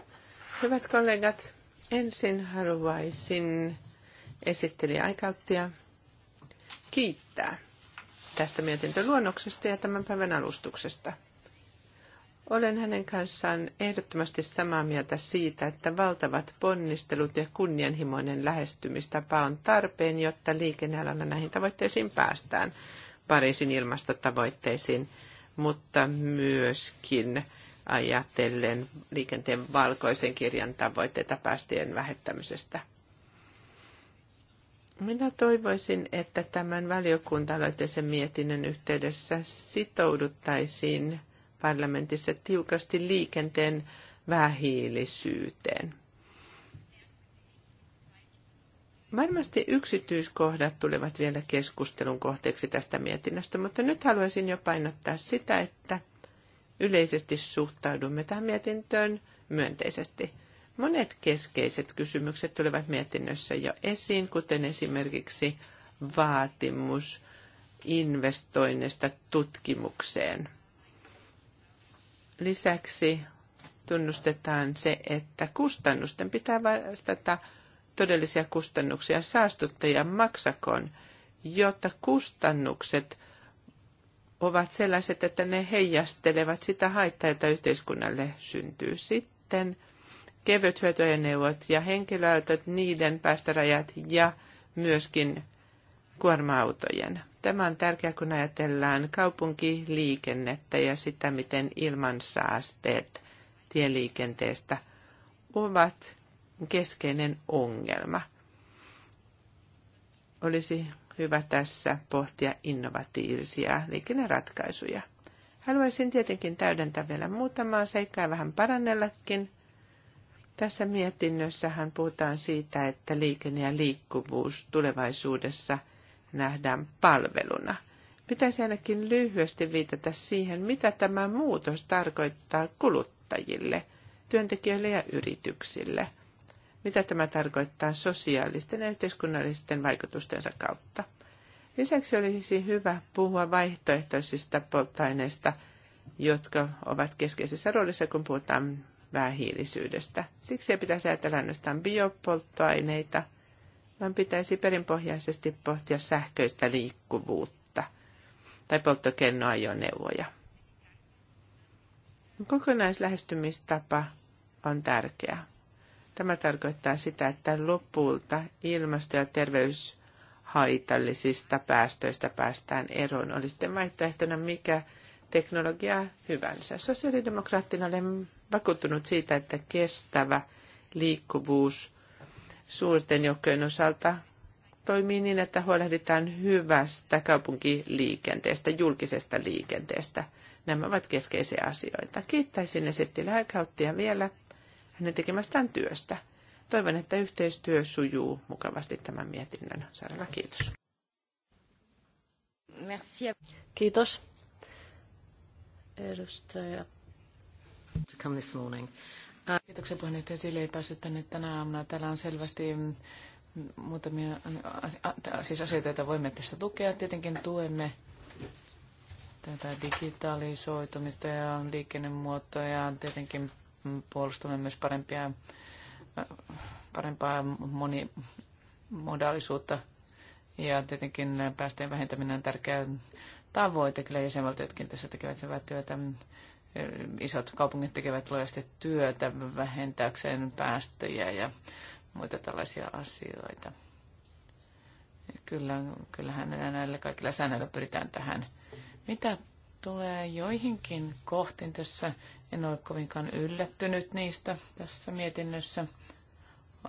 Hyvät kollegat, ensin haluaisin esittelijä Aikauttia kiittää tästä mietintöluonnoksesta ja tämän päivän alustuksesta – olen hänen kanssaan ehdottomasti samaa mieltä siitä, että valtavat ponnistelut ja kunnianhimoinen lähestymistapa on tarpeen, jotta liikennealalla näihin tavoitteisiin päästään, Pariisin ilmastotavoitteisiin, mutta myöskin ajatellen liikenteen valkoisen kirjan tavoitteita päästöjen vähettämisestä. Minä toivoisin, että tämän valiokunta-aloitteisen mietinnön yhteydessä sitouduttaisiin parlamentissa tiukasti liikenteen vähiilisyyteen. Varmasti yksityiskohdat tulevat vielä keskustelun kohteeksi tästä mietinnöstä, mutta nyt haluaisin jo painottaa sitä, että yleisesti suhtaudumme tähän mietintöön myönteisesti. Monet keskeiset kysymykset tulevat mietinnössä jo esiin, kuten esimerkiksi vaatimus investoinnista tutkimukseen – Lisäksi tunnustetaan se, että kustannusten pitää vastata todellisia kustannuksia saastuttaja maksakoon, jotta kustannukset ovat sellaiset, että ne heijastelevat sitä haittaa, jota yhteiskunnalle syntyy. Sitten kevyt hyötyajoneuvot ja henkilöautot, niiden päästörajat ja myöskin kuorma-autojen. Tämä on tärkeää, kun ajatellaan kaupunkiliikennettä ja sitä, miten ilmansaasteet tieliikenteestä ovat keskeinen ongelma. Olisi hyvä tässä pohtia innovatiivisia liikenneratkaisuja. Haluaisin tietenkin täydentää vielä muutamaa seikkaa vähän parannellakin. Tässä mietinnössähän puhutaan siitä, että liikenne ja liikkuvuus tulevaisuudessa – nähdään palveluna. Pitäisi ainakin lyhyesti viitata siihen, mitä tämä muutos tarkoittaa kuluttajille, työntekijöille ja yrityksille. Mitä tämä tarkoittaa sosiaalisten ja yhteiskunnallisten vaikutustensa kautta. Lisäksi olisi hyvä puhua vaihtoehtoisista polttoaineista, jotka ovat keskeisessä roolissa, kun puhutaan vähähiilisyydestä. Siksi ei pitäisi ajatella ainoastaan biopolttoaineita – vaan pitäisi perinpohjaisesti pohtia sähköistä liikkuvuutta tai polttokennoajoneuvoja. Kokonaislähestymistapa on tärkeä. Tämä tarkoittaa sitä, että lopulta ilmasto- ja terveyshaitallisista päästöistä päästään eroon. Oli sitten vaihtoehtona mikä teknologia hyvänsä. Sosiaalidemokraattina olen vakuuttunut siitä, että kestävä liikkuvuus – suurten joukkojen osalta toimii niin, että huolehditaan hyvästä kaupunkiliikenteestä, julkisesta liikenteestä. Nämä ovat keskeisiä asioita. Kiittäisin esittilää kauttia vielä hänen tekemästään työstä. Toivon, että yhteistyö sujuu mukavasti tämän mietinnön saralla. Kiitos. Merci. Kiitos. Edustaja. To come this morning. Kiitoksia puheenjohtaja. Sille ei päässyt tänne tänä aamuna. Täällä on selvästi muutamia siis asioita, joita voimme tässä tukea. Tietenkin tuemme tätä digitalisoitumista ja liikennemuotoja. Tietenkin puolustamme myös parempia, parempaa monimodaalisuutta. Ja tietenkin päästöjen vähentäminen on tärkeä tavoite. Kyllä jäsenvaltiotkin tässä tekevät hyvää työtä isot kaupungit tekevät laajasti työtä vähentääkseen päästöjä ja muita tällaisia asioita. Kyllä, kyllähän näillä kaikilla säännöillä pyritään tähän. Mitä tulee joihinkin kohtiin tässä, en ole kovinkaan yllättynyt niistä tässä mietinnössä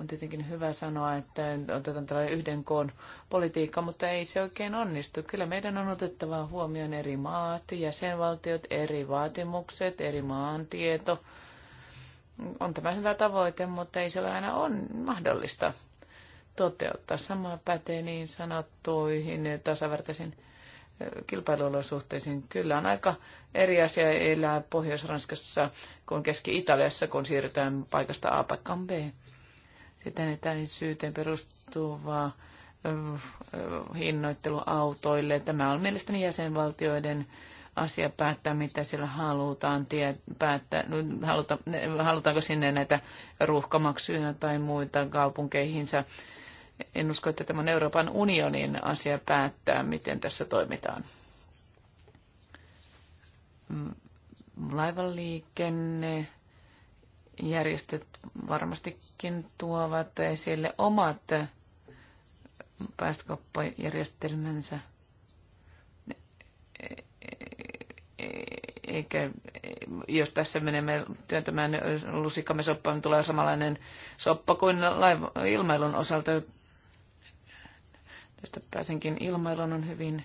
on tietenkin hyvä sanoa, että otetaan tällainen yhden koon politiikka, mutta ei se oikein onnistu. Kyllä meidän on otettava huomioon eri maat, jäsenvaltiot, eri vaatimukset, eri maantieto. On tämä hyvä tavoite, mutta ei se ole aina on mahdollista toteuttaa. Sama pätee niin sanottuihin tasavertaisiin kilpailuolosuhteisiin. Kyllä on aika eri asia elää Pohjois-Ranskassa kuin Keski-Italiassa, kun siirrytään paikasta A paikkaan B sitten etäisyyteen perustuvaa äh, hinnoittelu autoille. Tämä on mielestäni jäsenvaltioiden asia päättää, mitä siellä halutaan tie, päättää. No, haluta, halutaanko sinne näitä ruuhkamaksuja tai muita kaupunkeihinsa. En usko, että tämä on Euroopan unionin asia päättää, miten tässä toimitaan. Mm, laivaliikenne järjestöt varmastikin tuovat esille omat päästökauppajärjestelmänsä. Eikä, jos tässä menemme työntämään lusikamme soppaan, niin tulee samanlainen soppa kuin ilmailun osalta. Tästä pääsenkin ilmailun on hyvin,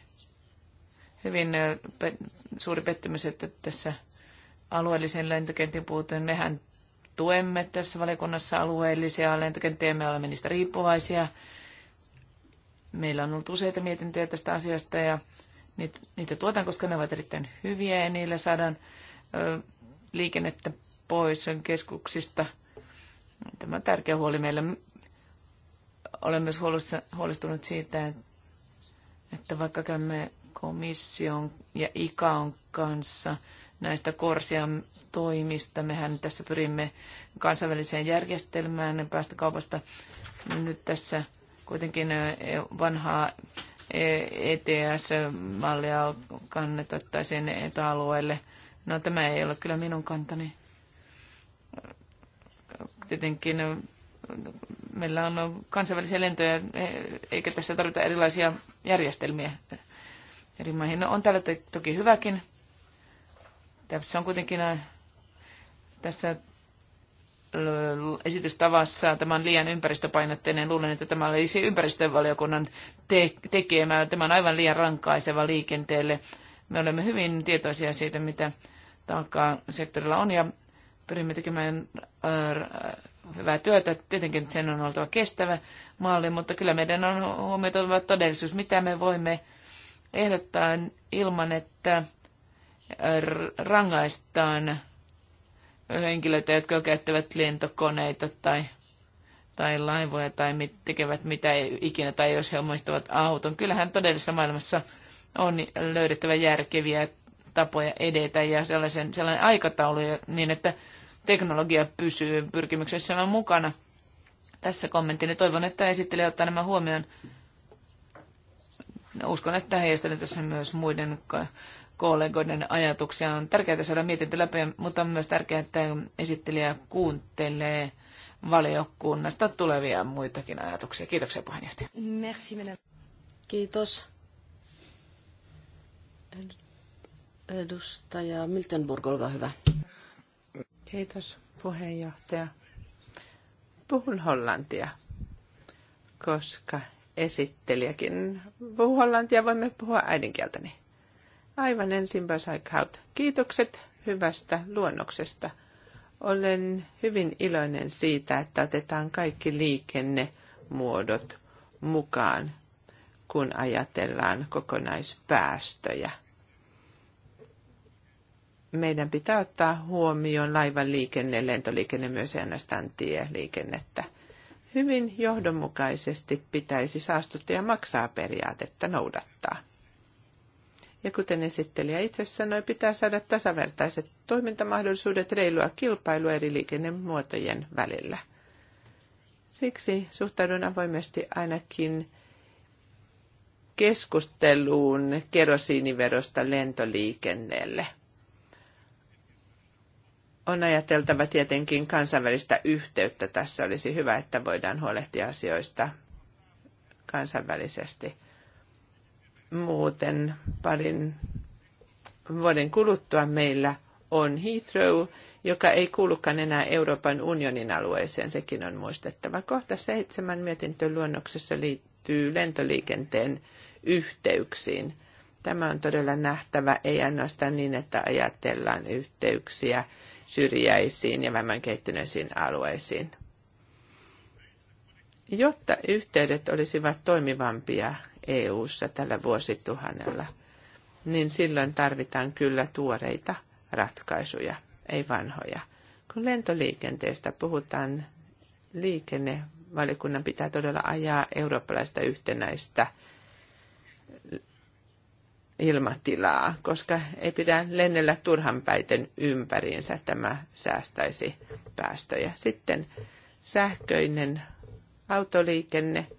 hyvin eh, suuri pettymys, että tässä alueellisen lentokentin puuteen mehän tuemme tässä valiokunnassa alueellisia lentokenttiä, me olemme niistä riippuvaisia. Meillä on ollut useita mietintöjä tästä asiasta ja niitä, niitä tuotan, koska ne ovat erittäin hyviä ja niillä saadaan ö, liikennettä pois keskuksista. Tämä on tärkeä huoli meillä. Olen myös huolestunut siitä, että vaikka käymme komission ja ICAon kanssa – näistä Korsian toimista. Mehän tässä pyrimme kansainväliseen järjestelmään päästökaupasta. Nyt tässä kuitenkin e, vanhaa ETS-mallia e kannatettaisiin etäalueelle. No tämä ei ole kyllä minun kantani. Tietenkin meillä on kansainvälisiä lentoja, e, eikä tässä tarvita erilaisia järjestelmiä eri maihin. No, on täällä toki hyväkin tässä on kuitenkin äh, tässä äh, esitystavassa. Tämä on liian ympäristöpainotteinen. Luulen, että tämä olisi ympäristövaliokunnan te- tekemä. Tämä on aivan liian rankaiseva liikenteelle. Me olemme hyvin tietoisia siitä, mitä taakkaa sektorilla on ja pyrimme tekemään äh, hyvää työtä. Tietenkin sen on oltava kestävä malli, mutta kyllä meidän on huomioitava todellisuus, mitä me voimme ehdottaa ilman, että rangaistaan henkilöitä, jotka käyttävät lentokoneita tai, tai laivoja tai mit, tekevät mitä ikinä tai jos he omistavat auton. Kyllähän todellisessa maailmassa on löydettävä järkeviä tapoja edetä ja sellaisen, sellainen aikataulu niin, että teknologia pysyy pyrkimyksessämme mukana. Tässä kommenttini. Toivon, että esittelijä ottaa nämä huomioon. Uskon, että heistä tässä myös muiden kollegoiden ajatuksia. On tärkeää saada mietintö läpi, mutta on myös tärkeää, että esittelijä kuuntelee valiokunnasta tulevia muitakin ajatuksia. Kiitoksia puheenjohtaja. Merci, madame. Kiitos. Edustaja Miltenburg, olkaa hyvä. Kiitos puheenjohtaja. Puhun hollantia, koska esittelijäkin puhuu hollantia, voimme puhua äidinkieltäni. Aivan ensin Basaikhauta. Kiitokset hyvästä luonnoksesta. Olen hyvin iloinen siitä, että otetaan kaikki liikennemuodot mukaan, kun ajatellaan kokonaispäästöjä. Meidän pitää ottaa huomioon laivan liikenne, lentoliikenne, myös ja ainoastaan tieliikennettä. Hyvin johdonmukaisesti pitäisi saastuttaja maksaa periaatetta noudattaa. Ja kuten esittelijä itse sanoi, pitää saada tasavertaiset toimintamahdollisuudet reilua kilpailua eri liikennemuotojen välillä. Siksi suhtaudun avoimesti ainakin keskusteluun kerosiiniverosta lentoliikenneelle. On ajateltava tietenkin kansainvälistä yhteyttä. Tässä olisi hyvä, että voidaan huolehtia asioista kansainvälisesti – Muuten parin vuoden kuluttua meillä on Heathrow, joka ei kuulukaan enää Euroopan unionin alueeseen, sekin on muistettava. Kohta seitsemän mietintöluonnoksessa liittyy lentoliikenteen yhteyksiin. Tämä on todella nähtävä, ei ainoastaan niin, että ajatellaan yhteyksiä syrjäisiin ja vähemmän kehittyneisiin alueisiin. Jotta yhteydet olisivat toimivampia EU-ssa tällä vuosituhannella, niin silloin tarvitaan kyllä tuoreita ratkaisuja, ei vanhoja. Kun lentoliikenteestä puhutaan, liikennevalikunnan pitää todella ajaa eurooppalaista yhtenäistä ilmatilaa, koska ei pidä lennellä turhanpäiten ympäriinsä. Tämä säästäisi päästöjä. Sitten sähköinen autoliikenne –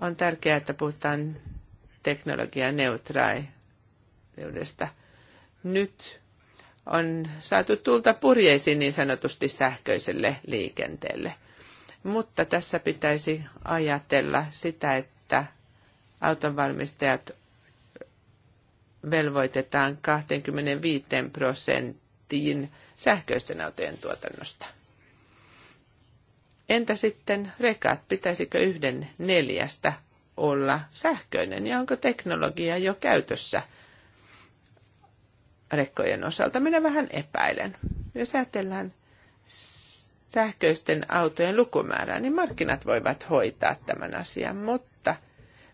on tärkeää, että puhutaan teknologianeutraaliudesta. Nyt on saatu tulta purjeisiin niin sanotusti sähköiselle liikenteelle. Mutta tässä pitäisi ajatella sitä, että autonvalmistajat velvoitetaan 25 prosenttiin sähköisten autojen tuotannosta. Entä sitten rekat? Pitäisikö yhden neljästä olla sähköinen ja onko teknologia jo käytössä rekkojen osalta? Minä vähän epäilen. Jos ajatellaan sähköisten autojen lukumäärää, niin markkinat voivat hoitaa tämän asian, mutta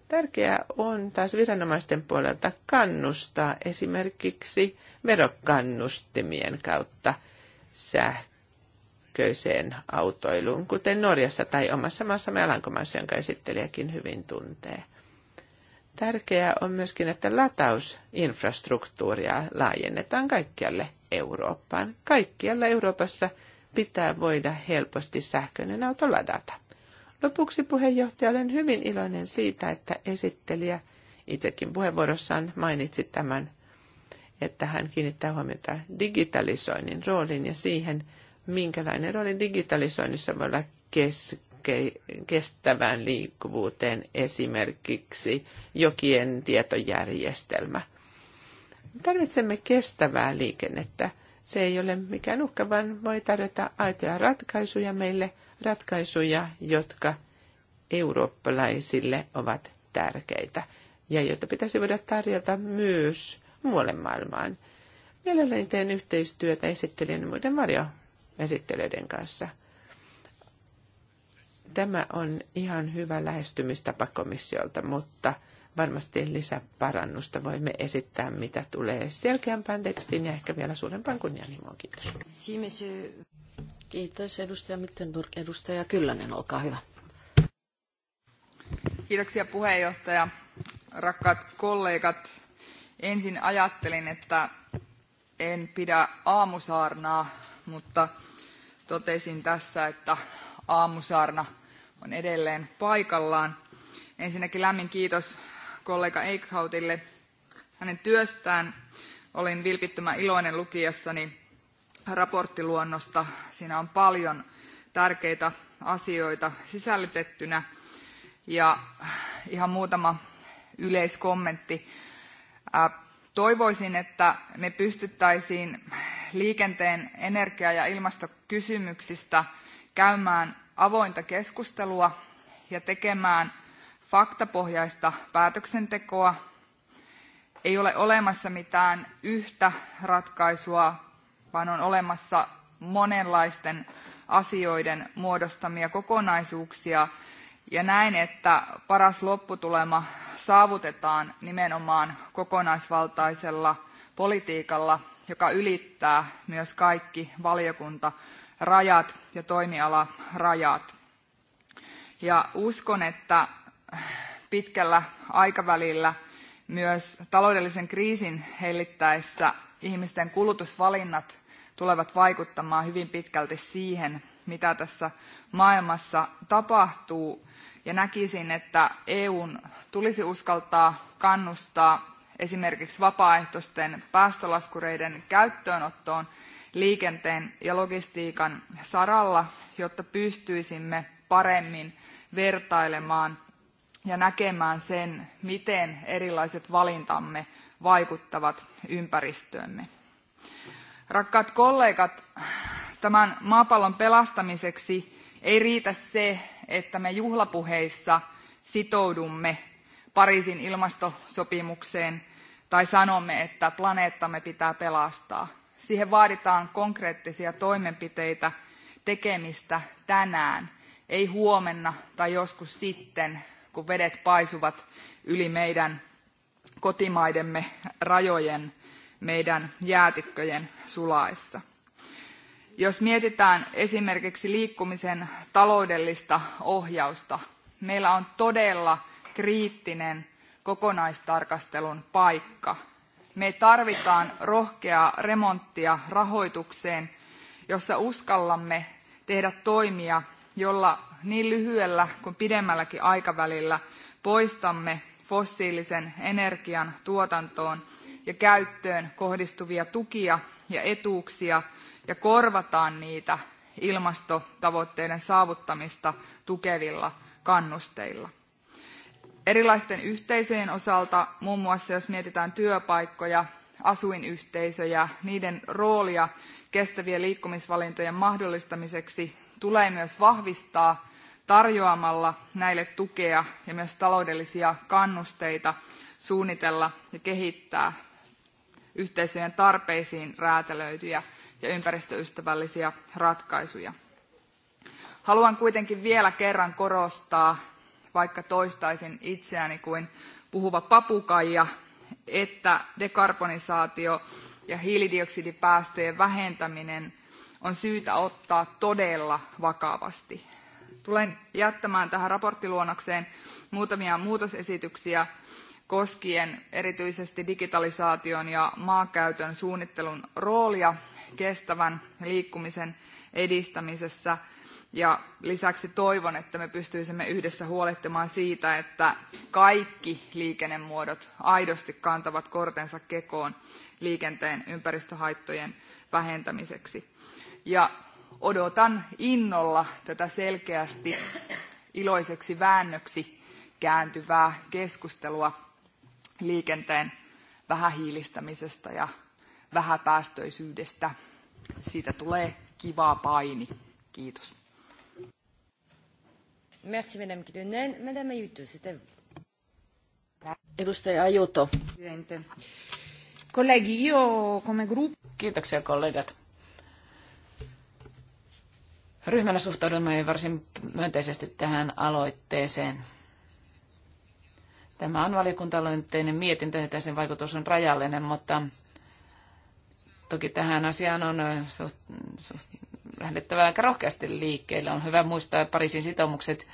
tärkeää on taas viranomaisten puolelta kannustaa esimerkiksi verokannustimien kautta sähkö sähköiseen autoiluun, kuten Norjassa tai omassa maassamme Alankomaissa, jonka esittelijäkin hyvin tuntee. Tärkeää on myöskin, että latausinfrastruktuuria laajennetaan kaikkialle Eurooppaan. Kaikkialla Euroopassa pitää voida helposti sähköinen auto ladata. Lopuksi puheenjohtaja, olen hyvin iloinen siitä, että esittelijä itsekin puheenvuorossaan mainitsi tämän, että hän kiinnittää huomiota digitalisoinnin rooliin ja siihen, minkälainen rooli digitalisoinnissa voi olla keske, kestävään liikkuvuuteen esimerkiksi jokien tietojärjestelmä. Tarvitsemme kestävää liikennettä. Se ei ole mikään uhka, vaan voi tarjota aitoja ratkaisuja meille, ratkaisuja, jotka eurooppalaisille ovat tärkeitä ja joita pitäisi voida tarjota myös muualle maailmaan. Mielelläni teen yhteistyötä esittelijän muiden varjo esittelyiden kanssa. Tämä on ihan hyvä lähestymistapa komissiolta, mutta varmasti lisäparannusta voimme esittää, mitä tulee selkeämpään tekstiin ja ehkä vielä suurempaan kunnianhimoon. Kiitos. Kiitos edustaja Mittenburg. Edustaja Kyllänen, olkaa hyvä. Kiitoksia puheenjohtaja. Rakkaat kollegat, ensin ajattelin, että en pidä aamusaarnaa, mutta totesin tässä, että aamusaarna on edelleen paikallaan. Ensinnäkin lämmin kiitos kollega Eichhautille hänen työstään. Olin vilpittömän iloinen lukiessani raporttiluonnosta. Siinä on paljon tärkeitä asioita sisällytettynä. Ja ihan muutama yleiskommentti. Toivoisin, että me pystyttäisiin liikenteen energia- ja ilmastokysymyksistä käymään avointa keskustelua ja tekemään faktapohjaista päätöksentekoa. Ei ole olemassa mitään yhtä ratkaisua, vaan on olemassa monenlaisten asioiden muodostamia kokonaisuuksia. Ja näin, että paras lopputulema saavutetaan nimenomaan kokonaisvaltaisella politiikalla joka ylittää myös kaikki valiokuntarajat ja toimialarajat. Ja uskon, että pitkällä aikavälillä myös taloudellisen kriisin hellittäessä ihmisten kulutusvalinnat tulevat vaikuttamaan hyvin pitkälti siihen, mitä tässä maailmassa tapahtuu. Ja näkisin, että EUn tulisi uskaltaa kannustaa esimerkiksi vapaaehtoisten päästölaskureiden käyttöönottoon liikenteen ja logistiikan saralla, jotta pystyisimme paremmin vertailemaan ja näkemään sen, miten erilaiset valintamme vaikuttavat ympäristöömme. Rakkaat kollegat, tämän maapallon pelastamiseksi ei riitä se, että me juhlapuheissa sitoudumme Pariisin ilmastosopimukseen tai sanomme, että planeettamme pitää pelastaa. Siihen vaaditaan konkreettisia toimenpiteitä, tekemistä tänään, ei huomenna tai joskus sitten, kun vedet paisuvat yli meidän kotimaidemme rajojen, meidän jäätikköjen sulaessa. Jos mietitään esimerkiksi liikkumisen taloudellista ohjausta, meillä on todella kriittinen kokonaistarkastelun paikka. Me tarvitaan rohkeaa remonttia rahoitukseen, jossa uskallamme tehdä toimia, jolla niin lyhyellä kuin pidemmälläkin aikavälillä poistamme fossiilisen energian tuotantoon ja käyttöön kohdistuvia tukia ja etuuksia ja korvataan niitä ilmastotavoitteiden saavuttamista tukevilla kannusteilla. Erilaisten yhteisöjen osalta, muun muassa jos mietitään työpaikkoja, asuinyhteisöjä, niiden roolia kestävien liikkumisvalintojen mahdollistamiseksi tulee myös vahvistaa tarjoamalla näille tukea ja myös taloudellisia kannusteita suunnitella ja kehittää yhteisöjen tarpeisiin räätälöityjä ja ympäristöystävällisiä ratkaisuja. Haluan kuitenkin vielä kerran korostaa vaikka toistaisin itseäni kuin puhuva papukaija, että dekarbonisaatio ja hiilidioksidipäästöjen vähentäminen on syytä ottaa todella vakavasti. Tulen jättämään tähän raporttiluonnokseen muutamia muutosesityksiä koskien erityisesti digitalisaation ja maankäytön suunnittelun roolia kestävän liikkumisen edistämisessä – ja lisäksi toivon, että me pystyisimme yhdessä huolehtimaan siitä, että kaikki liikennemuodot aidosti kantavat kortensa kekoon liikenteen ympäristöhaittojen vähentämiseksi. Ja odotan innolla tätä selkeästi iloiseksi väännöksi kääntyvää keskustelua liikenteen vähähiilistämisestä ja vähäpäästöisyydestä. Siitä tulee kiva paini. Kiitos kollegat. Ryhmänä suhtaudumme varsin myönteisesti tähän aloitteeseen. Tämä on valiokuntaloitteinen mietintö, joten sen vaikutus on rajallinen, mutta toki tähän asiaan on suht, suht, lähdettävä aika rohkeasti liikkeelle. On hyvä muistaa Pariisin sitoumukset,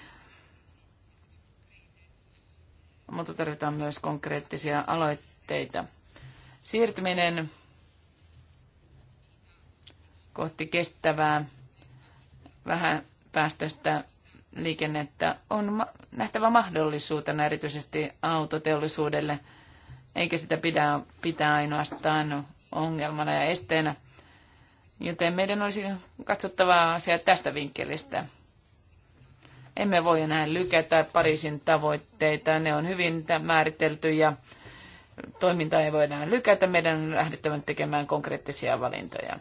mutta tarvitaan myös konkreettisia aloitteita. Siirtyminen kohti kestävää vähän päästöstä liikennettä on nähtävä mahdollisuutena erityisesti autoteollisuudelle, eikä sitä pidä pitää ainoastaan ongelmana ja esteenä. Joten meidän olisi katsottava asia tästä vinkkelistä. Emme voi enää lykätä Pariisin tavoitteita. Ne on hyvin määritelty ja toimintaa ei voida lykätä. Meidän on lähdettävä tekemään konkreettisia valintoja.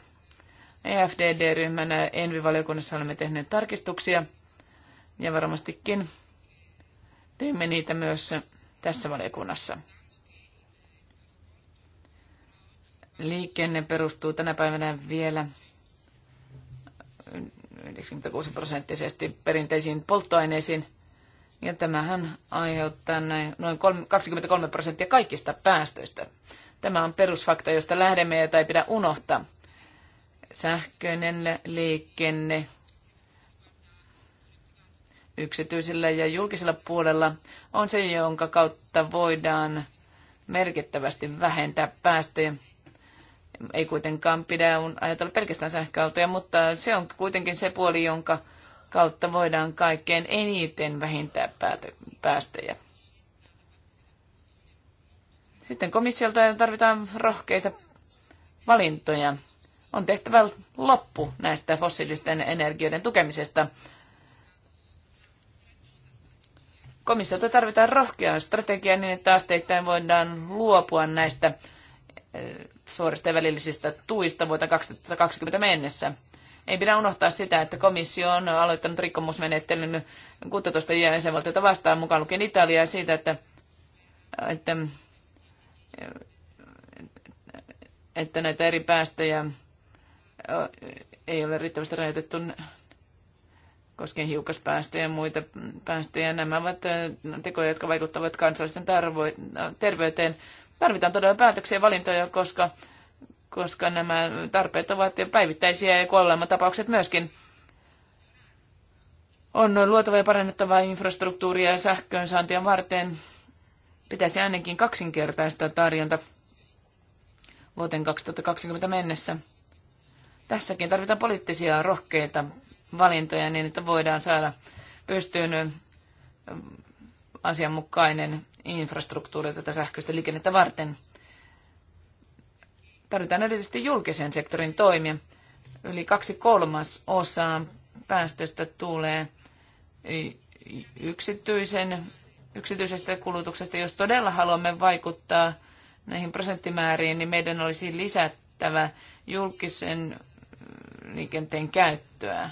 EFDD-ryhmänä Envi-valiokunnassa olemme tehneet tarkistuksia ja varmastikin teemme niitä myös tässä valiokunnassa. liikenne perustuu tänä päivänä vielä 96 prosenttisesti perinteisiin polttoaineisiin. Ja tämähän aiheuttaa näin noin 23 prosenttia kaikista päästöistä. Tämä on perusfakta, josta lähdemme, jota ei pidä unohtaa. Sähköinen liikenne yksityisellä ja julkisella puolella on se, jonka kautta voidaan merkittävästi vähentää päästöjä. Ei kuitenkaan pidä ajatella pelkästään sähköautoja, mutta se on kuitenkin se puoli, jonka kautta voidaan kaikkein eniten vähintää päästöjä. Sitten komissiolta tarvitaan rohkeita valintoja. On tehtävä loppu näistä fossiilisten energioiden tukemisesta. Komissiolta tarvitaan rohkea strategia niin, että asteittain voidaan luopua näistä suorista ja välillisistä tuista vuotta 2020 mennessä. Ei pidä unohtaa sitä, että komissio on aloittanut rikkomusmenettelyn 16 jäsenvaltiota vastaan, mukaan lukien Italiaa, siitä, että, että, että näitä eri päästöjä ei ole riittävästi rajoitettu koskien hiukkaspäästöjä ja muita päästöjä. Nämä ovat tekoja, jotka vaikuttavat kansalaisten terveyteen, tarvitaan todella päätöksiä ja valintoja, koska, koska nämä tarpeet ovat jo päivittäisiä ja kuolematapaukset myöskin. On luotava ja parannettava infrastruktuuria ja sähköönsaantia varten. Pitäisi ainakin kaksinkertaista tarjonta vuoteen 2020 mennessä. Tässäkin tarvitaan poliittisia rohkeita valintoja niin, että voidaan saada pystyyn asianmukainen infrastruktuuria tätä sähköistä liikennettä varten. Tarvitaan erityisesti julkisen sektorin toimia. Yli kaksi kolmas osaa päästöstä tulee yksityisen, yksityisestä kulutuksesta. Jos todella haluamme vaikuttaa näihin prosenttimääriin, niin meidän olisi lisättävä julkisen liikenteen käyttöä.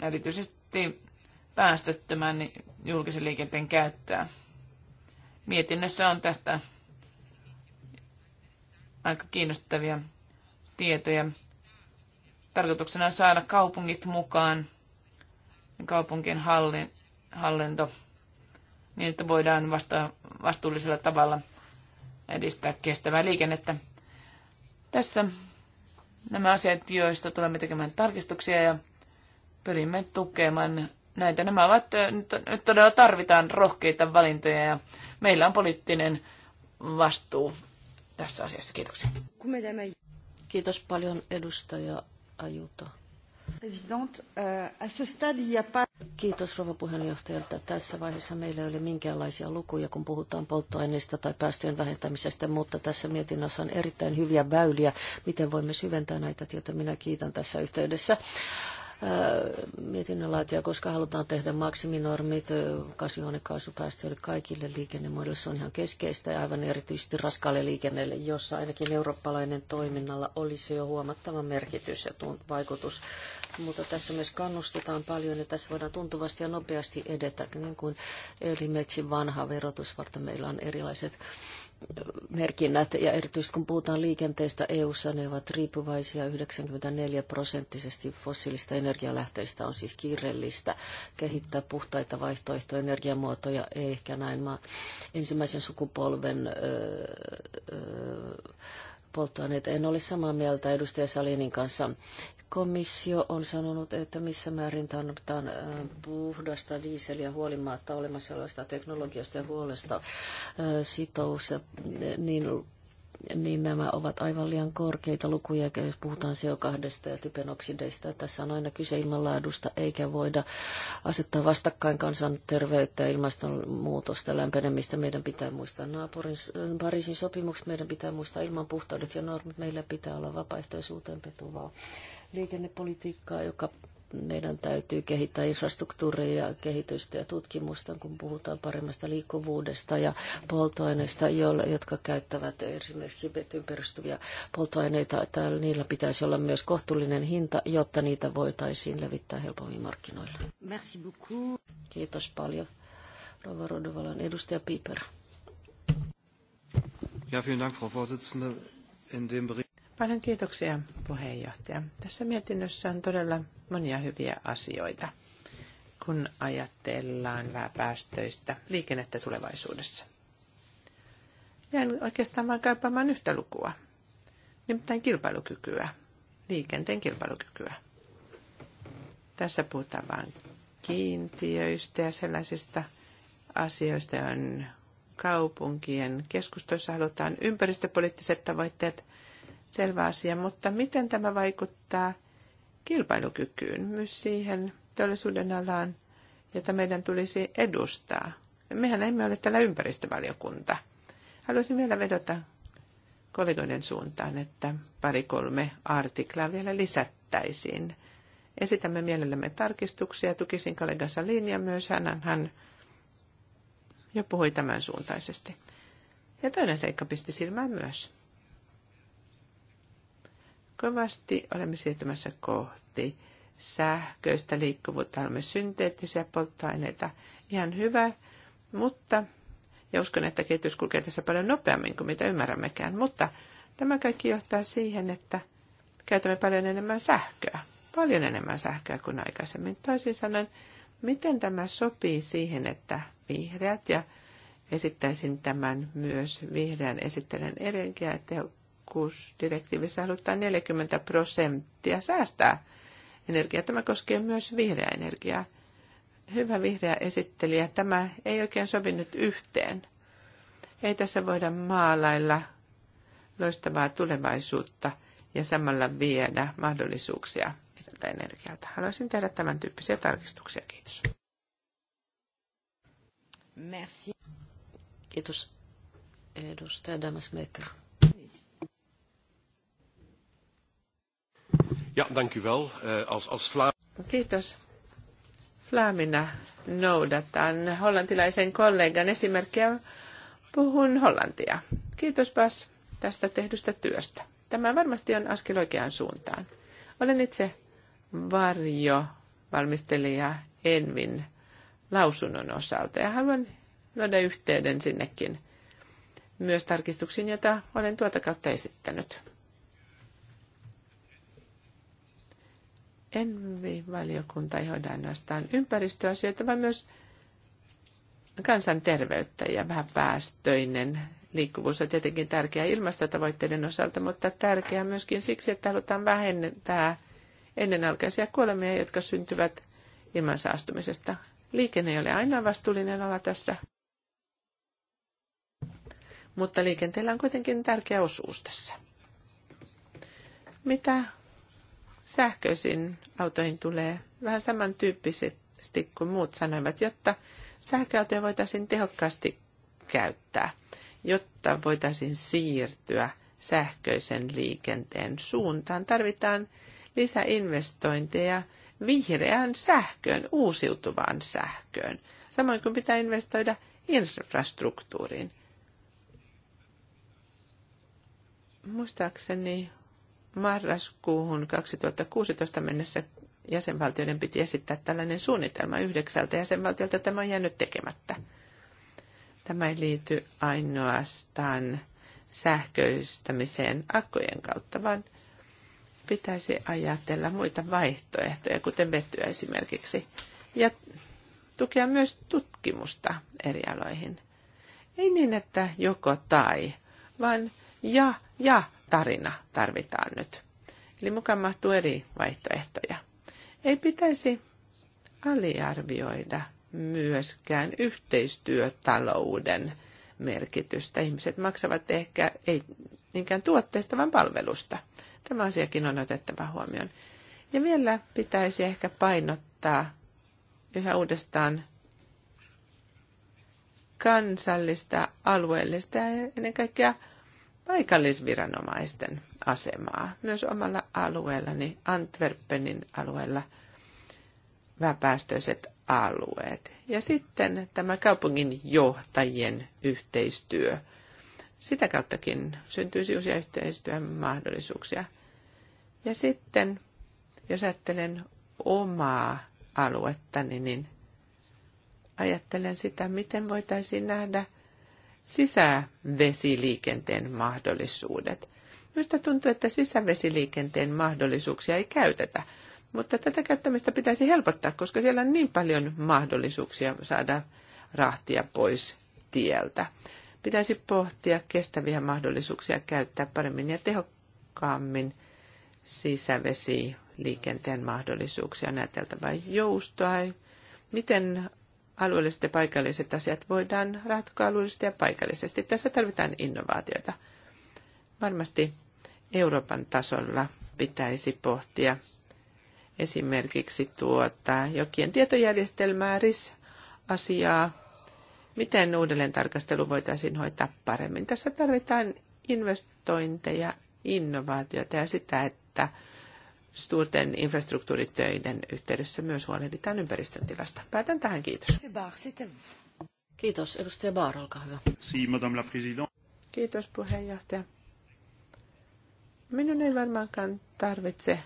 erityisesti päästöttömän julkisen liikenteen käyttöä. Mietinnössä on tästä aika kiinnostavia tietoja. Tarkoituksena on saada kaupungit mukaan, kaupunkien hallin, hallinto, niin että voidaan vasta, vastuullisella tavalla edistää kestävää liikennettä. Tässä nämä asiat, joista tulemme tekemään tarkistuksia ja pyrimme tukemaan näitä. Nämä ovat, nyt todella tarvitaan rohkeita valintoja ja meillä on poliittinen vastuu tässä asiassa. Kiitoksia. Kiitos paljon edustaja Ajuta. Euh, Kiitos rouva puheenjohtajalta. Tässä vaiheessa meillä ei ole minkäänlaisia lukuja, kun puhutaan polttoaineista tai päästöjen vähentämisestä, mutta tässä mietinnössä on erittäin hyviä väyliä, miten voimme syventää näitä tietoja. Minä kiitän tässä yhteydessä mietinnönlaatia, koska halutaan tehdä maksiminormit kasvihuonekaasupäästöille kaikille liikennemuodoille. Se on ihan keskeistä ja aivan erityisesti raskaalle liikenneelle, jossa ainakin eurooppalainen toiminnalla olisi jo huomattava merkitys ja vaikutus. Mutta tässä myös kannustetaan paljon ja tässä voidaan tuntuvasti ja nopeasti edetä, niin kuin esimerkiksi vanha verotus, varten meillä on erilaiset merkinnät, ja erityisesti kun puhutaan liikenteestä EU-ssa, ne ovat riippuvaisia 94 prosenttisesti fossiilista energialähteistä. On siis kiireellistä kehittää puhtaita vaihtoehtoja, energiamuotoja, ei ehkä näin maa. ensimmäisen sukupolven öö, öö, polttoaineita. En ole samaa mieltä edustaja Salinin kanssa Komissio on sanonut, että missä määrin tarvitaan puhdasta diiseliä huolimatta olemassa olevasta teknologiasta ja huolesta sitous, niin niin nämä ovat aivan liian korkeita lukuja, jos puhutaan CO2 ja typenoksideista. Tässä on aina kyse ilmanlaadusta, eikä voida asettaa vastakkain kansanterveyttä ja ilmastonmuutosta, lämpenemistä. Meidän pitää muistaa naapurin, Pariisin sopimukset, meidän pitää muistaa ilman puhtaudet ja normit. Meillä pitää olla vapaaehtoisuuteen petuvaa liikennepolitiikkaa, joka meidän täytyy kehittää infrastruktuuria, kehitystä ja tutkimusta, kun puhutaan paremmasta liikkuvuudesta ja polttoaineista, jotka käyttävät esimerkiksi vetyyn perustuvia polttoaineita. Täällä niillä pitäisi olla myös kohtuullinen hinta, jotta niitä voitaisiin levittää helpommin markkinoille. Merci beaucoup. Kiitos paljon. Rova Rodovalan edustaja Piper. Ja, vielen Dank, Frau Vorsitzende. In dem Bericht Paljon kiitoksia puheenjohtaja. Tässä mietinnössä on todella monia hyviä asioita, kun ajatellaan vähäpäästöistä liikennettä tulevaisuudessa. Jäin oikeastaan vain kaipaamaan yhtä lukua, nimittäin kilpailukykyä, liikenteen kilpailukykyä. Tässä puhutaan vain kiintiöistä ja sellaisista asioista, on kaupunkien keskustoissa halutaan ympäristöpoliittiset tavoitteet – selvä asia, mutta miten tämä vaikuttaa kilpailukykyyn, myös siihen teollisuuden alaan, jota meidän tulisi edustaa? Mehän emme ole täällä ympäristövaliokunta. Haluaisin vielä vedota kollegoiden suuntaan, että pari-kolme artiklaa vielä lisättäisiin. Esitämme mielellämme tarkistuksia. Tukisin kollegansa linja myös. Hän, hän jo puhui tämän suuntaisesti. Ja toinen seikka pisti silmään myös. Kovasti olemme siirtymässä kohti sähköistä liikkuvuutta, olemme synteettisiä polttoaineita. Ihan hyvä, mutta, ja uskon, että kehitys kulkee tässä paljon nopeammin kuin mitä ymmärrämmekään, mutta tämä kaikki johtaa siihen, että käytämme paljon enemmän sähköä, paljon enemmän sähköä kuin aikaisemmin. Toisin sanoen, miten tämä sopii siihen, että vihreät ja esittäisin tämän myös vihreän esittelen energiateho- tehokkuusdirektiivissä halutaan 40 prosenttia säästää energiaa. Tämä koskee myös vihreää energiaa. Hyvä vihreä esittelijä, tämä ei oikein sovi nyt yhteen. Ei tässä voida maalailla loistavaa tulevaisuutta ja samalla viedä mahdollisuuksia edeltä energialta. Haluaisin tehdä tämän tyyppisiä tarkistuksia. Kiitos. Merci. Kiitos edustaja Damasmaker. Ja, dank u wel. Eh, als, als Vla... Kiitos. Flamina, noudatan hollantilaisen kollegan esimerkkiä. Puhun hollantia. Kiitos Bas tästä tehdystä työstä. Tämä varmasti on askel oikeaan suuntaan. Olen itse varjo valmistelija Envin lausunnon osalta ja haluan luoda yhteyden sinnekin myös tarkistuksiin, jota olen tuota kautta esittänyt. Envi-valiokunta ei hoida ainoastaan ympäristöasioita, vaan myös kansanterveyttä ja vähän päästöinen liikkuvuus on tietenkin tärkeää ilmastotavoitteiden osalta, mutta tärkeää myöskin siksi, että halutaan vähentää ennenalkaisia kuolemia, jotka syntyvät ilman saastumisesta. Liikenne ei ole aina vastuullinen ala tässä, mutta liikenteellä on kuitenkin tärkeä osuus tässä. Mitä sähköisiin autoihin tulee vähän samantyyppisesti kuin muut sanoivat, jotta sähköautoja voitaisiin tehokkaasti käyttää, jotta voitaisiin siirtyä sähköisen liikenteen suuntaan. Tarvitaan lisäinvestointeja vihreään sähköön, uusiutuvaan sähköön, samoin kuin pitää investoida infrastruktuuriin. Muistaakseni marraskuuhun 2016 mennessä jäsenvaltioiden piti esittää tällainen suunnitelma yhdeksältä jäsenvaltiolta. Tämä on jäänyt tekemättä. Tämä ei liity ainoastaan sähköistämiseen akkojen kautta, vaan pitäisi ajatella muita vaihtoehtoja, kuten vetyä esimerkiksi, ja tukea myös tutkimusta eri aloihin. Ei niin, että joko tai, vaan ja, ja tarina tarvitaan nyt. Eli mukaan mahtuu eri vaihtoehtoja. Ei pitäisi aliarvioida myöskään yhteistyötalouden merkitystä. Ihmiset maksavat ehkä ei niinkään tuotteesta, vaan palvelusta. Tämä asiakin on otettava huomioon. Ja vielä pitäisi ehkä painottaa yhä uudestaan kansallista, alueellista ja ennen kaikkea paikallisviranomaisten asemaa. Myös omalla alueellani, Antwerpenin alueella, vähäpäästöiset alueet. Ja sitten tämä kaupungin johtajien yhteistyö. Sitä kauttakin syntyisi uusia yhteistyön mahdollisuuksia. Ja sitten, jos ajattelen omaa aluettani, niin ajattelen sitä, miten voitaisiin nähdä – sisävesiliikenteen mahdollisuudet. Minusta tuntuu, että sisävesiliikenteen mahdollisuuksia ei käytetä, mutta tätä käyttämistä pitäisi helpottaa, koska siellä on niin paljon mahdollisuuksia saada rahtia pois tieltä. Pitäisi pohtia kestäviä mahdollisuuksia käyttää paremmin ja tehokkaammin sisävesiliikenteen mahdollisuuksia, näiteltävää joustoa, miten alueelliset ja paikalliset asiat voidaan ratkoa alueellisesti ja paikallisesti. Tässä tarvitaan innovaatioita. Varmasti Euroopan tasolla pitäisi pohtia esimerkiksi tuota jokien tietojärjestelmää, RIS-asiaa, miten uudelleen tarkastelu voitaisiin hoitaa paremmin. Tässä tarvitaan investointeja, innovaatioita ja sitä, että suurten infrastruktuuritöiden yhteydessä myös huolehditaan ympäristön tilasta. Päätän tähän, kiitos. Kiitos. Edustaja Baar, olkaa hyvä. Si, madame la présidente. Kiitos, puheenjohtaja. Minun ei varmaankaan tarvitse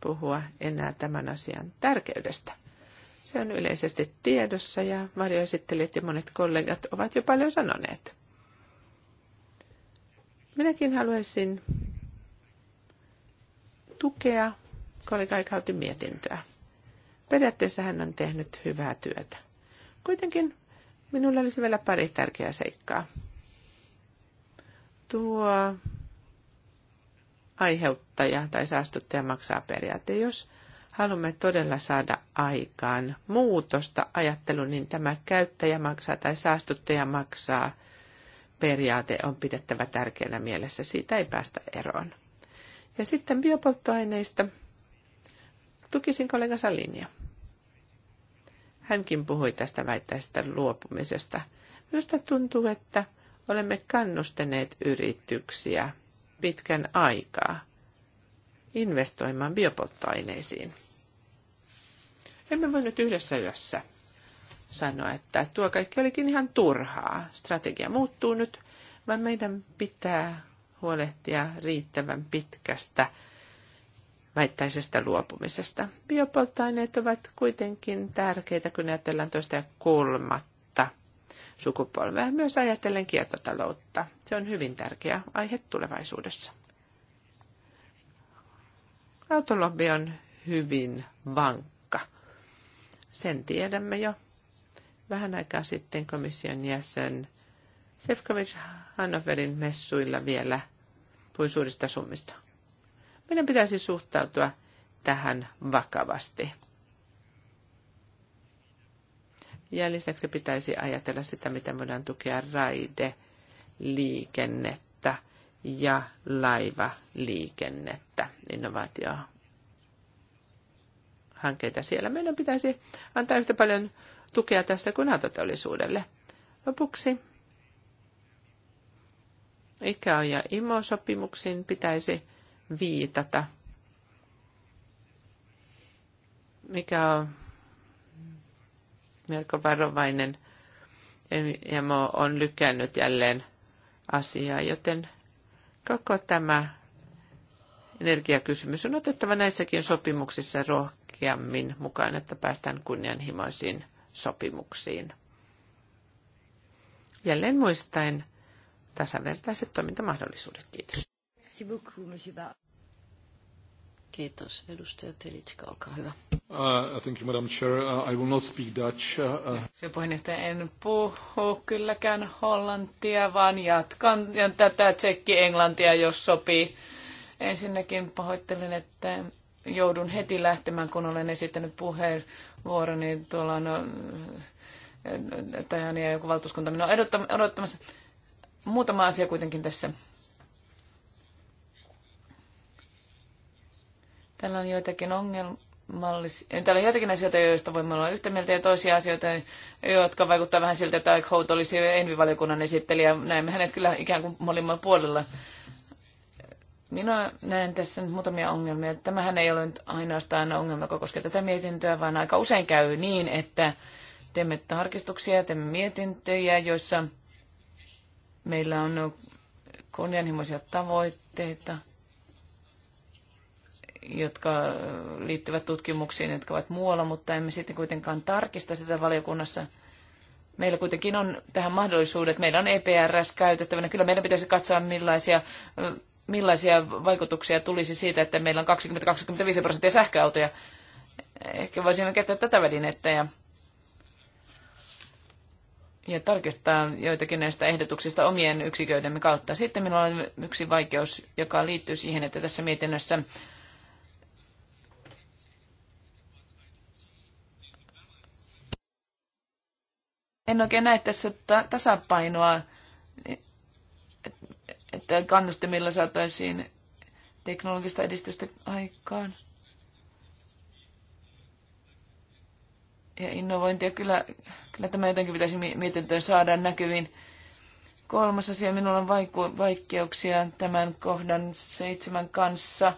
puhua enää tämän asian tärkeydestä. Se on yleisesti tiedossa ja varjoesittelijät ja monet kollegat ovat jo paljon sanoneet. Minäkin haluaisin tukea kollega mietintöä. Periaatteessa hän on tehnyt hyvää työtä. Kuitenkin minulla olisi vielä pari tärkeää seikkaa. Tuo aiheuttaja tai saastuttaja maksaa periaate. Jos haluamme todella saada aikaan muutosta ajatteluun, niin tämä käyttäjä maksaa tai saastuttaja maksaa periaate on pidettävä tärkeänä mielessä. Siitä ei päästä eroon. Ja sitten biopolttoaineista – tukisin kollegansa linja. Hänkin puhui tästä väittäistä luopumisesta. Minusta tuntuu, että olemme kannustaneet yrityksiä pitkän aikaa investoimaan biopolttoaineisiin. Emme voi nyt yhdessä yössä sanoa, että tuo kaikki olikin ihan turhaa. Strategia muuttuu nyt, vaan meidän pitää huolehtia riittävän pitkästä väittäisestä luopumisesta. Biopolttoaineet ovat kuitenkin tärkeitä, kun ajatellaan toista ja kolmatta sukupolvea. Myös ajatellen kiertotaloutta. Se on hyvin tärkeä aihe tulevaisuudessa. Autolobby on hyvin vankka. Sen tiedämme jo. Vähän aikaa sitten komission jäsen Sefcovic Hannoverin messuilla vielä puhui suurista summista. Meidän pitäisi suhtautua tähän vakavasti. Ja lisäksi pitäisi ajatella sitä, miten voidaan tukea raide, liikennettä ja laivaliikennettä, hankkeita siellä. Meidän pitäisi antaa yhtä paljon tukea tässä kuin autoteollisuudelle. Lopuksi Ikä ja IMO-sopimuksiin pitäisi viitata. Mikä on melko varovainen ja on lykännyt jälleen asiaa, joten koko tämä energiakysymys on otettava näissäkin sopimuksissa rohkeammin mukaan, että päästään kunnianhimoisiin sopimuksiin. Jälleen muistaen tasavertaiset toimintamahdollisuudet. Kiitos. Merci beaucoup, monsieur Bar. Kiitos. Edustaja Telitska, olkaa hyvä. Uh, thank you, Madam Chair. Uh, I will not speak Dutch. Uh, uh. Se en puhu kylläkään hollantia, vaan jatkan ja tätä tsekki-englantia, jos sopii. Ensinnäkin pahoittelen, että joudun heti lähtemään, kun olen esittänyt puheenvuoroni. Tuolla on no, äh, tai joku valtuuskunta minua odottamassa. Muutama asia kuitenkin tässä Täällä on joitakin ongelmallisia, eh, täällä on joitakin asioita, joista voimme olla yhtä mieltä, ja toisia asioita, jotka vaikuttavat vähän siltä, että Ike Hout olisi Envivaliokunnan esittelijä. Näemme hänet kyllä ikään kuin molemmilla puolilla. Minä näen tässä nyt muutamia ongelmia. Tämähän ei ole nyt ainoastaan ongelma, joka koskee tätä mietintöä, vaan aika usein käy niin, että teemme tarkistuksia, teemme mietintöjä, joissa meillä on kunnianhimoisia tavoitteita – jotka liittyvät tutkimuksiin, jotka ovat muualla, mutta emme sitten kuitenkaan tarkista sitä valiokunnassa. Meillä kuitenkin on tähän mahdollisuudet. Meillä on EPRS käytettävänä. Kyllä meidän pitäisi katsoa, millaisia, millaisia vaikutuksia tulisi siitä, että meillä on 20-25 prosenttia sähköautoja. Ehkä voisimme käyttää tätä välinettä ja, ja tarkistaa joitakin näistä ehdotuksista omien yksiköidemme kautta. Sitten minulla on yksi vaikeus, joka liittyy siihen, että tässä mietinnössä en oikein näe tässä ta- tasapainoa, että kannustimilla saataisiin teknologista edistystä aikaan. Ja innovointia kyllä, kyllä tämä jotenkin pitäisi mietintöön saada näkyviin. Kolmas asia, minulla on vaiku- vaikeuksia tämän kohdan seitsemän kanssa,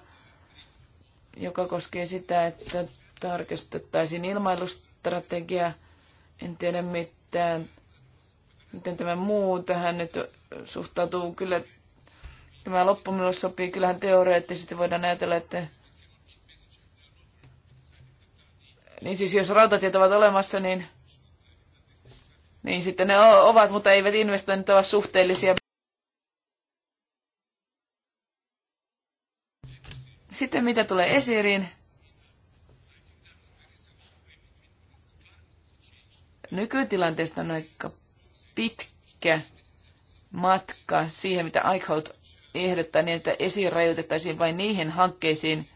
joka koskee sitä, että tarkistettaisiin ilmailustrategia. En tiedä, mit- että miten tämä muu tähän nyt suhtautuu. Kyllä tämä minulle sopii. Kyllähän teoreettisesti voidaan ajatella, että niin siis jos rautatiet ovat olemassa, niin, niin sitten ne ovat, mutta eivät investoinnit ole suhteellisia. Sitten mitä tulee esiriin, Nykytilanteesta on aika pitkä matka siihen, mitä Eichhout ehdottaa, niin että rajoitettaisiin vain niihin hankkeisiin,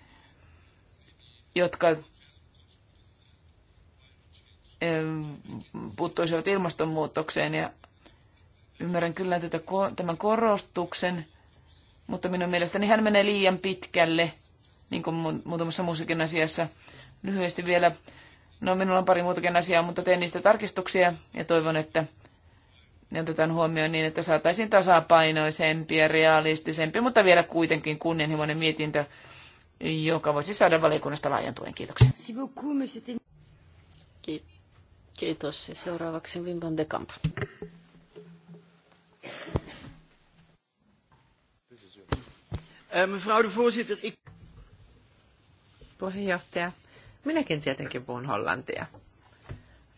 jotka puuttuisivat ilmastonmuutokseen. Ja ymmärrän kyllä tätä, tämän korostuksen, mutta minun mielestäni hän menee liian pitkälle, niin kuin muutamassa muussakin asiassa. Lyhyesti vielä No minulla on pari muutakin asiaa, mutta teen niistä tarkistuksia ja toivon, että ne otetaan huomioon niin, että saataisiin tasapainoisempi ja realistisempi, mutta vielä kuitenkin kunnianhimoinen mietintö, joka voisi saada valiokunnasta laajan tuen. Kiitoksia. Kiitos. Ja seuraavaksi Wim van de Kamp. Eh, mevrouw de voorzitter, ik... Puheenjohtaja, Minäkin tietenkin puhun hollantia.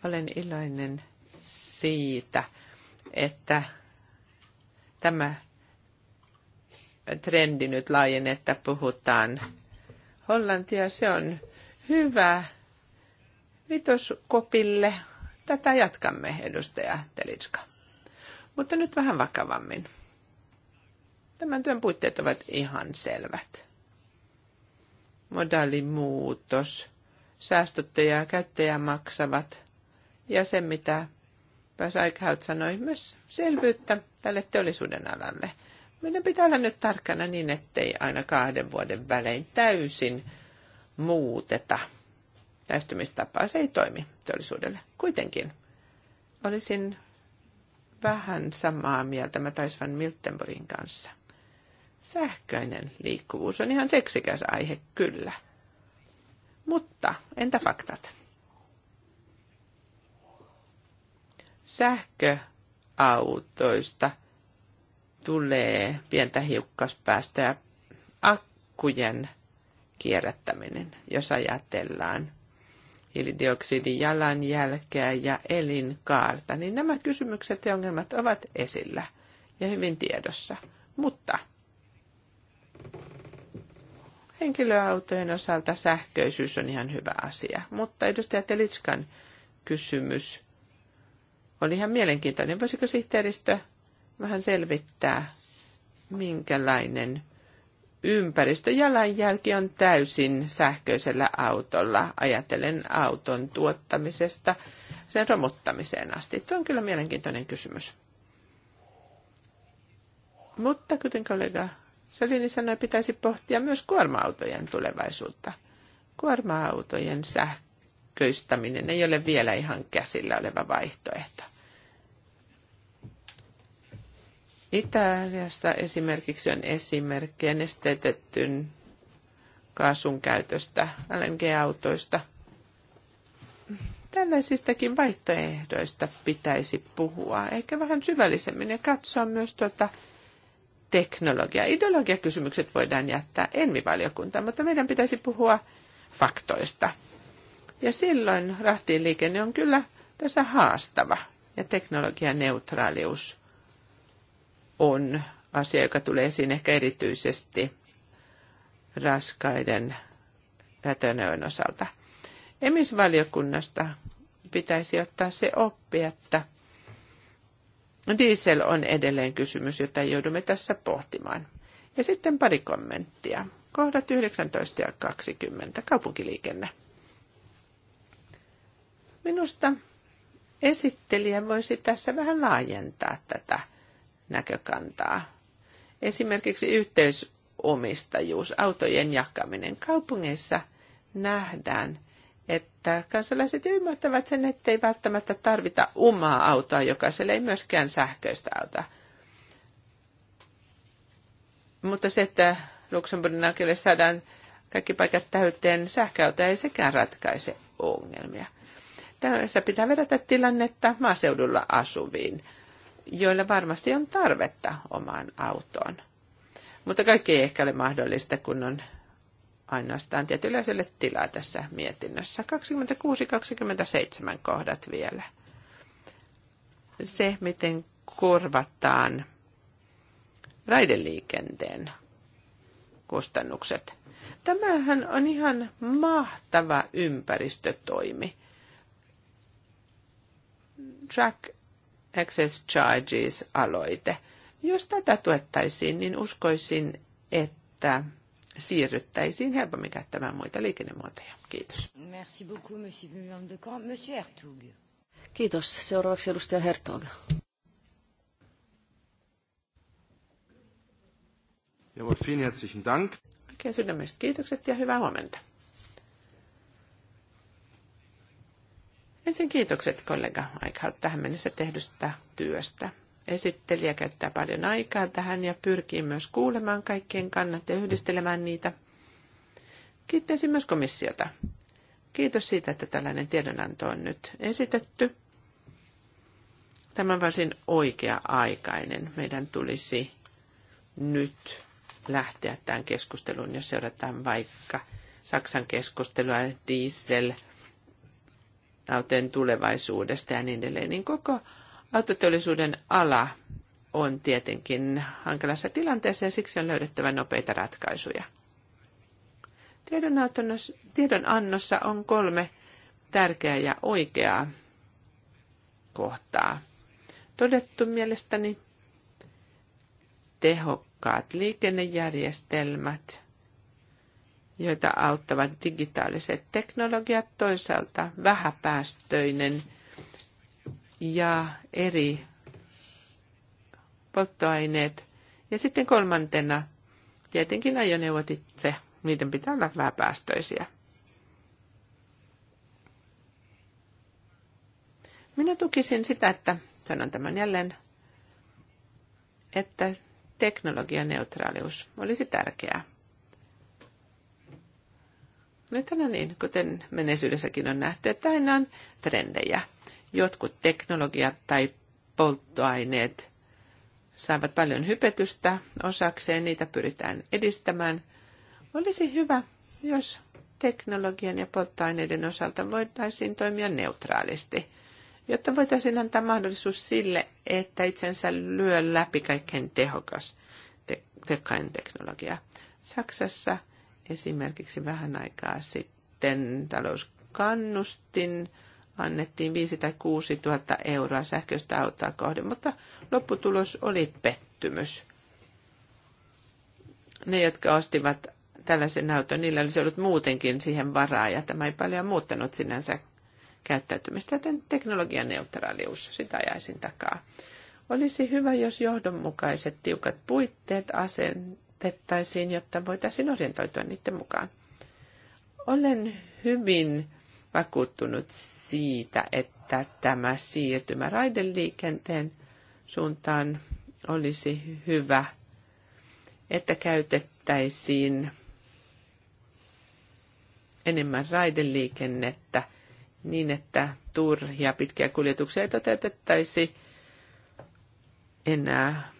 Olen iloinen siitä, että tämä trendi nyt laajen, että puhutaan hollantia. Se on hyvä vitoskopille. Tätä jatkamme, edustaja Telitska. Mutta nyt vähän vakavammin. Tämän työn puitteet ovat ihan selvät. Modaalimuutos, säästöttäjä ja käyttäjä maksavat. Ja se, mitä Pasaikhaut sanoi, myös selvyyttä tälle teollisuuden alalle. Meidän pitää olla nyt tarkkana niin, ettei aina kahden vuoden välein täysin muuteta. Lähestymistapaa se ei toimi teollisuudelle. Kuitenkin olisin vähän samaa mieltä mä vain Miltenborgin kanssa. Sähköinen liikkuvuus on ihan seksikäs aihe, kyllä. Mutta entä faktat? Sähköautoista tulee pientä hiukkaspäästöä akkujen kierrättäminen, jos ajatellaan hiilidioksidin jalanjälkeä ja elinkaarta, niin nämä kysymykset ja ongelmat ovat esillä ja hyvin tiedossa. Mutta Henkilöautojen osalta sähköisyys on ihan hyvä asia, mutta edustaja Telitskan kysymys oli ihan mielenkiintoinen. Voisiko sihteeristö vähän selvittää, minkälainen ympäristöjalanjälki on täysin sähköisellä autolla, ajatellen auton tuottamisesta sen romuttamiseen asti. Tuo on kyllä mielenkiintoinen kysymys. Mutta kuten kollega Salini sanoi, että pitäisi pohtia myös kuorma-autojen tulevaisuutta. Kuorma-autojen sähköistäminen ei ole vielä ihan käsillä oleva vaihtoehto. Italiasta esimerkiksi on esimerkkejä nesteytetyn kaasun käytöstä, LNG-autoista. Tällaisistakin vaihtoehdoista pitäisi puhua, ehkä vähän syvällisemmin ja katsoa myös tuota teknologia. Ideologiakysymykset voidaan jättää enmivaliokuntaan, mutta meidän pitäisi puhua faktoista. Ja silloin rahtiliikenne on kyllä tässä haastava ja teknologianeutraalius on asia, joka tulee esiin ehkä erityisesti raskaiden pätönöön osalta. Emisvaliokunnasta pitäisi ottaa se oppi, että diesel on edelleen kysymys, jota joudumme tässä pohtimaan. Ja sitten pari kommenttia. Kohdat 19 ja 20. Kaupunkiliikenne. Minusta esittelijä voisi tässä vähän laajentaa tätä näkökantaa. Esimerkiksi yhteisomistajuus, autojen jakaminen kaupungeissa nähdään – että kansalaiset ymmärtävät sen, ettei välttämättä tarvita omaa autoa jokaiselle, ei myöskään sähköistä autoa. Mutta se, että Luxemburgin aukiolle saadaan kaikki paikat täyteen sähköautoja, ei sekään ratkaise ongelmia. Tässä pitää verrata tilannetta maaseudulla asuviin, joilla varmasti on tarvetta omaan autoon. Mutta kaikki ei ehkä ole mahdollista, kun on ainoastaan tietynlaiselle tilaa tässä mietinnössä. 26-27 kohdat vielä. Se, miten korvataan raideliikenteen kustannukset. Tämähän on ihan mahtava ympäristötoimi. Track Access Charges-aloite. Jos tätä tuettaisiin, niin uskoisin, että siirryttäisiin helpommin käyttämään muita liikennemuotoja. Kiitos. Merci beaucoup, monsieur de Camp. Monsieur Hertug. Kiitos. Seuraavaksi edustaja Hertog. Oikein sydämestä kiitokset ja hyvää huomenta. Ensin kiitokset kollega Aikhaut tähän mennessä tehdystä työstä. Esittelijä käyttää paljon aikaa tähän ja pyrkii myös kuulemaan kaikkien kannat ja yhdistelemään niitä. Kiittäisin myös komissiota. Kiitos siitä, että tällainen tiedonanto on nyt esitetty. Tämä on varsin oikea-aikainen. Meidän tulisi nyt lähteä tämän keskusteluun, jos seurataan vaikka Saksan keskustelua diesel autojen tulevaisuudesta ja niin edelleen, niin koko Autoteollisuuden ala on tietenkin hankalassa tilanteessa ja siksi on löydettävä nopeita ratkaisuja. Tiedonannossa on kolme tärkeää ja oikeaa kohtaa. Todettu mielestäni tehokkaat liikennejärjestelmät, joita auttavat digitaaliset teknologiat, toisaalta vähäpäästöinen – ja eri polttoaineet. Ja sitten kolmantena tietenkin ajoneuvot itse, niiden pitää olla vähäpäästöisiä. Minä tukisin sitä, että sanon tämän jälleen, että teknologianeutraalius olisi tärkeää. Nyt on niin, kuten menneisyydessäkin on nähty, että aina on trendejä jotkut teknologiat tai polttoaineet saavat paljon hypetystä osakseen, niitä pyritään edistämään. Olisi hyvä, jos teknologian ja polttoaineiden osalta voitaisiin toimia neutraalisti, jotta voitaisiin antaa mahdollisuus sille, että itsensä lyö läpi kaikkein tehokas te- teknologia. Saksassa esimerkiksi vähän aikaa sitten talouskannustin annettiin 5 tai 6 000 euroa sähköistä autoa kohden, mutta lopputulos oli pettymys. Ne, jotka ostivat tällaisen auton, niillä olisi ollut muutenkin siihen varaa ja tämä ei paljon muuttanut sinänsä käyttäytymistä, joten teknologian neutraalius, sitä ajaisin takaa. Olisi hyvä, jos johdonmukaiset tiukat puitteet asentettaisiin, jotta voitaisiin orientoitua niiden mukaan. Olen hyvin vakuuttunut siitä, että tämä siirtymä raideliikenteen suuntaan olisi hyvä, että käytettäisiin enemmän raideliikennettä niin, että turhia pitkiä kuljetuksia ei toteutettaisi enää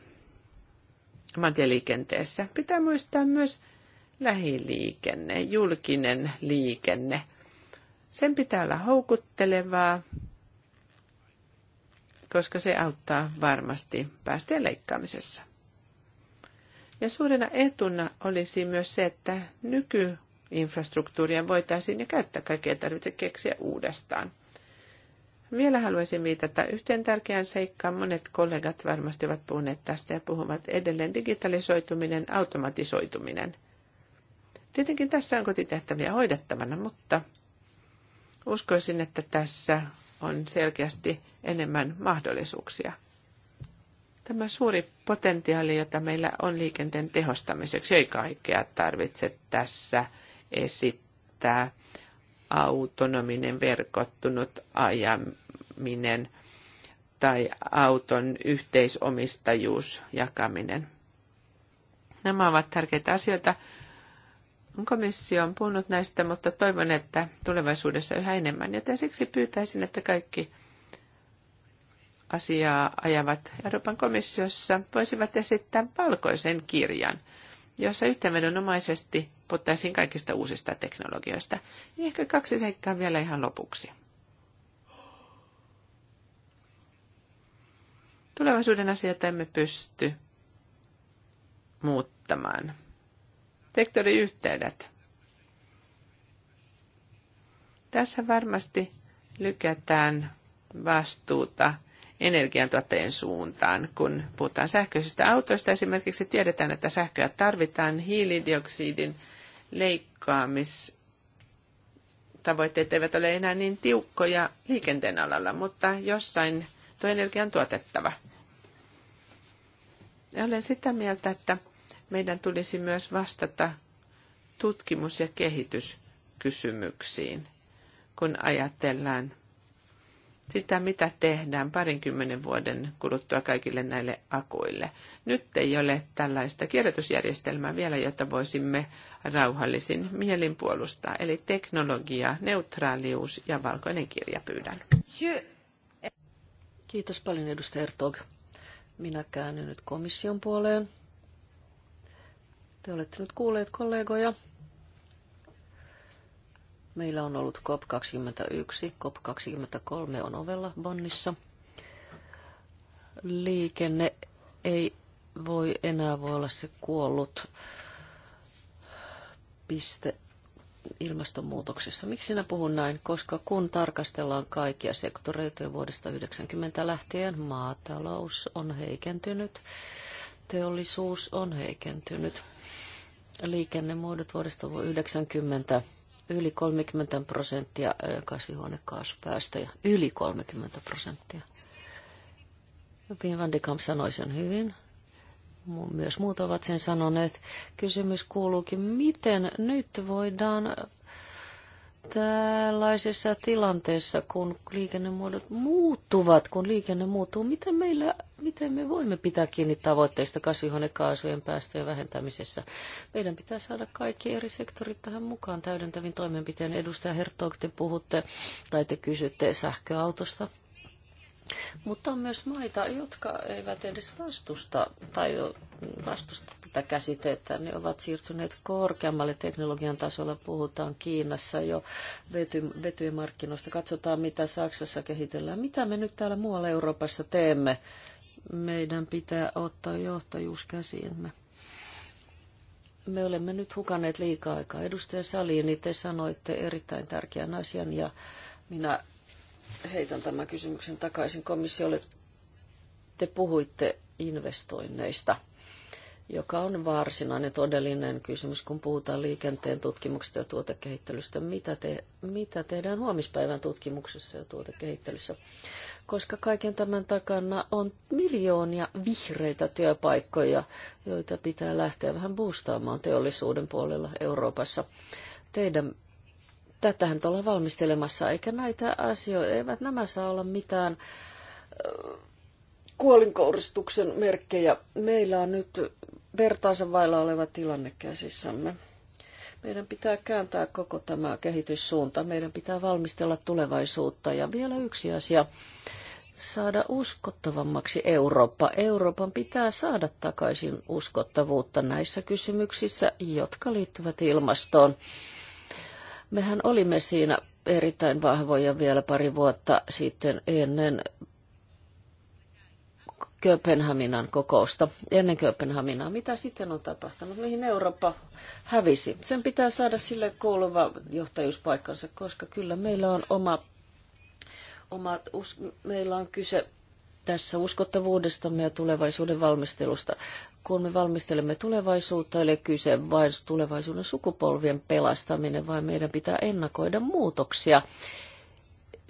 maantieliikenteessä. Pitää muistaa myös lähiliikenne, julkinen liikenne – sen pitää olla houkuttelevaa, koska se auttaa varmasti päästöjen leikkaamisessa. Ja suurena etuna olisi myös se, että nykyinfrastruktuuria voitaisiin ja käyttää kaikkea tarvitse keksiä uudestaan. Vielä haluaisin viitata yhteen tärkeään seikkaan. Monet kollegat varmasti ovat puhuneet tästä ja puhuvat edelleen digitalisoituminen, automatisoituminen. Tietenkin tässä on kotitehtäviä hoidettavana, mutta Uskoisin, että tässä on selkeästi enemmän mahdollisuuksia. Tämä suuri potentiaali, jota meillä on liikenteen tehostamiseksi, ei kaikkea tarvitse tässä esittää. Autonominen verkottunut ajaminen tai auton yhteisomistajuus jakaminen. Nämä ovat tärkeitä asioita, Komissio on puhunut näistä, mutta toivon, että tulevaisuudessa yhä enemmän, joten siksi pyytäisin, että kaikki asiaa ajavat Euroopan komissiossa voisivat esittää valkoisen kirjan, jossa yhteenvedonomaisesti puhuttaisiin kaikista uusista teknologioista. Niin ehkä kaksi seikkaa vielä ihan lopuksi. Tulevaisuuden asioita emme pysty muuttamaan sektoriyhteydet. Tässä varmasti lykätään vastuuta energiantuottajien suuntaan. Kun puhutaan sähköisistä autoista, esimerkiksi tiedetään, että sähköä tarvitaan hiilidioksidin leikkaamis tavoitteet eivät ole enää niin tiukkoja liikenteen alalla, mutta jossain tuo energia on tuotettava. Ja olen sitä mieltä, että meidän tulisi myös vastata tutkimus- ja kehityskysymyksiin, kun ajatellaan sitä, mitä tehdään parinkymmenen vuoden kuluttua kaikille näille akuille. Nyt ei ole tällaista kierrätysjärjestelmää vielä, jota voisimme rauhallisin mielin puolustaa. Eli teknologia, neutraalius ja valkoinen kirja pyydän. Kiitos paljon edustaja Ertog. Minä käännyn nyt komission puoleen. Te olette nyt kuulleet kollegoja. Meillä on ollut COP21, COP23 on ovella Bonnissa. Liikenne ei voi enää voi olla se kuollut piste ilmastonmuutoksessa. Miksi sinä puhun näin? Koska kun tarkastellaan kaikkia sektoreita jo vuodesta 90 lähtien, maatalous on heikentynyt teollisuus on heikentynyt. Liikennemuodot vuodesta 90 yli 30 prosenttia kasvihuonekaasupäästöjä. Yli 30 prosenttia. Pien van de Kamp sanoi sen hyvin. Myös muut ovat sen sanoneet. Kysymys kuuluukin, miten nyt voidaan tällaisessa tilanteessa, kun liikennemuodot muuttuvat, kun liikenne muuttuu, miten, meillä, miten me voimme pitää kiinni tavoitteista kasvihuonekaasujen päästöjen vähentämisessä? Meidän pitää saada kaikki eri sektorit tähän mukaan täydentävin toimenpiteen. Edustaja Hertog, te puhutte tai te kysytte sähköautosta. Mutta on myös maita, jotka eivät edes vastusta tai vastusta että käsitettä ne ovat siirtyneet korkeammalle teknologian tasolla. Puhutaan Kiinassa jo vety, vetymarkkinoista. Katsotaan, mitä Saksassa kehitellään. Mitä me nyt täällä muualla Euroopassa teemme? Meidän pitää ottaa johtajuus käsiimme. Me olemme nyt hukaneet liikaa aikaa. Edustaja Saliini, te sanoitte erittäin tärkeän asian ja minä heitän tämän kysymyksen takaisin komissiolle. Te puhuitte investoinneista – joka on varsinainen todellinen kysymys, kun puhutaan liikenteen tutkimuksesta ja tuotekehittelystä. Mitä, te, mitä tehdään huomispäivän tutkimuksessa ja tuotekehittelyssä? Koska kaiken tämän takana on miljoonia vihreitä työpaikkoja, joita pitää lähteä vähän boostaamaan teollisuuden puolella Euroopassa. Teidän tätähän ollaan valmistelemassa, eikä näitä asioita, eivät nämä saa olla mitään äh, kuolinkouristuksen merkkejä. Meillä on nyt vertaansa vailla oleva tilanne käsissämme. Meidän pitää kääntää koko tämä kehityssuunta. Meidän pitää valmistella tulevaisuutta. Ja vielä yksi asia. Saada uskottavammaksi Eurooppa. Euroopan pitää saada takaisin uskottavuutta näissä kysymyksissä, jotka liittyvät ilmastoon. Mehän olimme siinä erittäin vahvoja vielä pari vuotta sitten ennen Kööpenhaminan kokousta, ennen Kööpenhaminaa. Mitä sitten on tapahtunut? Mihin Eurooppa hävisi? Sen pitää saada sille kuuluva johtajuuspaikkansa, koska kyllä meillä on oma, oma us, meillä on kyse tässä uskottavuudestamme ja tulevaisuuden valmistelusta. Kun me valmistelemme tulevaisuutta, eli kyse vain tulevaisuuden sukupolvien pelastaminen, vaan meidän pitää ennakoida muutoksia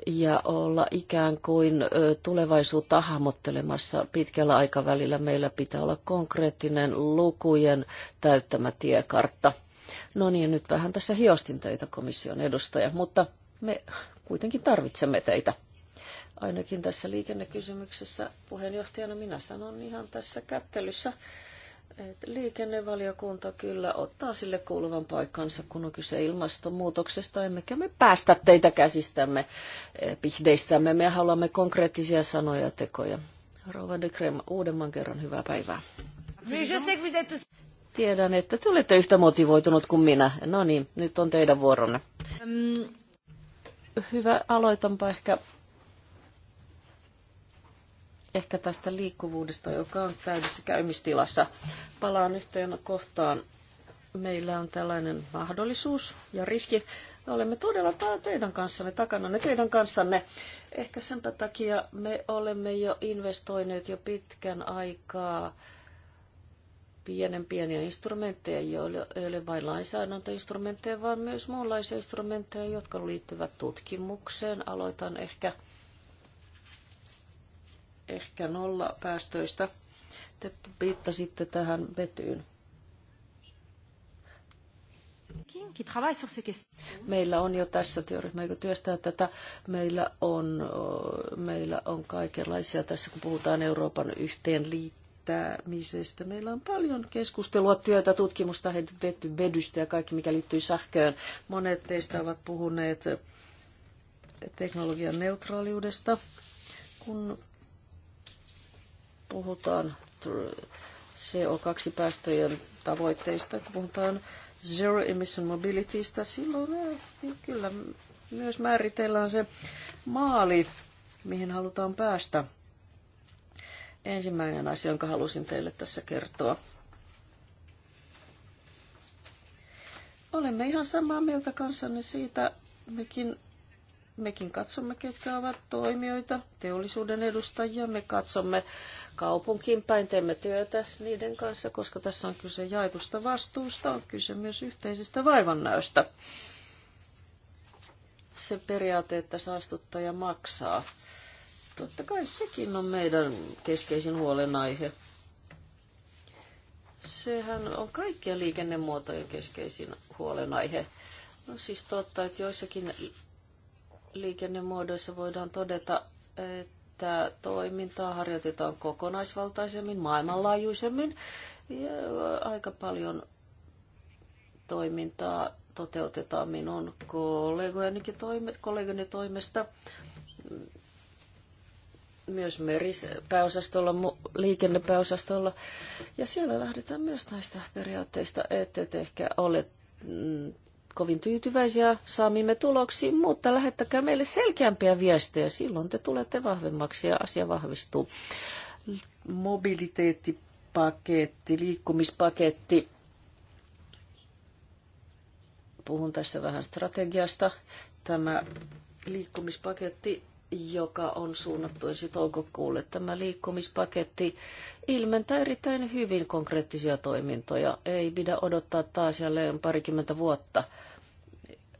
ja olla ikään kuin tulevaisuutta hahmottelemassa pitkällä aikavälillä. Meillä pitää olla konkreettinen lukujen täyttämä tiekartta. No niin, nyt vähän tässä hiostin teitä komission edustaja, mutta me kuitenkin tarvitsemme teitä. Ainakin tässä liikennekysymyksessä puheenjohtajana minä sanon ihan tässä kättelyssä että liikennevaliokunta kyllä ottaa sille kuuluvan paikkansa, kun on kyse ilmastonmuutoksesta, emmekä me päästä teitä käsistämme, eh, pihdeistämme. Me haluamme konkreettisia sanoja ja tekoja. Rova de Krem, uudemman kerran hyvää päivää. Tiedän, että te olette yhtä motivoitunut kuin minä. No niin, nyt on teidän vuoronne. Hyvä, aloitanpa ehkä ehkä tästä liikkuvuudesta, joka on täydessä käymistilassa. Palaan yhteen kohtaan. Meillä on tällainen mahdollisuus ja riski. Me olemme todella teidän kanssanne takana, ne teidän kanssanne. Ehkä sen takia me olemme jo investoineet jo pitkän aikaa pienen pieniä instrumentteja, joilla ei ole vain lainsäädäntöinstrumentteja, vaan myös muunlaisia instrumentteja, jotka liittyvät tutkimukseen. Aloitan ehkä ehkä nolla päästöistä. Te viittasitte tähän vetyyn. Meillä on jo tässä työryhmä, joka työstää tätä. Meillä on, meillä on kaikenlaisia tässä, kun puhutaan Euroopan yhteenliittämisestä. Meillä on paljon keskustelua, työtä, tutkimusta, vedystä ja kaikki, mikä liittyy sähköön. Monet teistä ovat puhuneet teknologian neutraaliudesta. Kun puhutaan CO2-päästöjen tavoitteista, kun puhutaan zero emission mobilitystä, silloin eh, niin kyllä myös määritellään se maali, mihin halutaan päästä. Ensimmäinen asia, jonka halusin teille tässä kertoa. Olemme ihan samaa mieltä kanssanne siitä, mekin Mekin katsomme, ketkä ovat toimijoita, teollisuuden edustajia. Me katsomme kaupunkiin päin, teemme työtä niiden kanssa, koska tässä on kyse jaetusta vastuusta, on kyse myös yhteisestä vaivannäöstä. Se periaate, että saastuttaja maksaa. Totta kai sekin on meidän keskeisin huolenaihe. Sehän on kaikkien liikennemuotojen keskeisin huolenaihe. No siis totta, että joissakin liikennemuodoissa voidaan todeta, että toimintaa harjoitetaan kokonaisvaltaisemmin, maailmanlaajuisemmin. Ja aika paljon toimintaa toteutetaan minun kollegojeni toimet, toimesta. Myös meripääosastolla, liikennepääosastolla. Ja siellä lähdetään myös näistä periaatteista, ette ehkä ole mm, kovin tyytyväisiä saamimme tuloksiin, mutta lähettäkää meille selkeämpiä viestejä. Silloin te tulette vahvemmaksi ja asia vahvistuu. Mobiliteettipaketti, liikkumispaketti. Puhun tässä vähän strategiasta. Tämä liikkumispaketti joka on suunnattu ensi toukokuulle. Tämä liikkumispaketti ilmentää erittäin hyvin konkreettisia toimintoja. Ei pidä odottaa taas jälleen parikymmentä vuotta,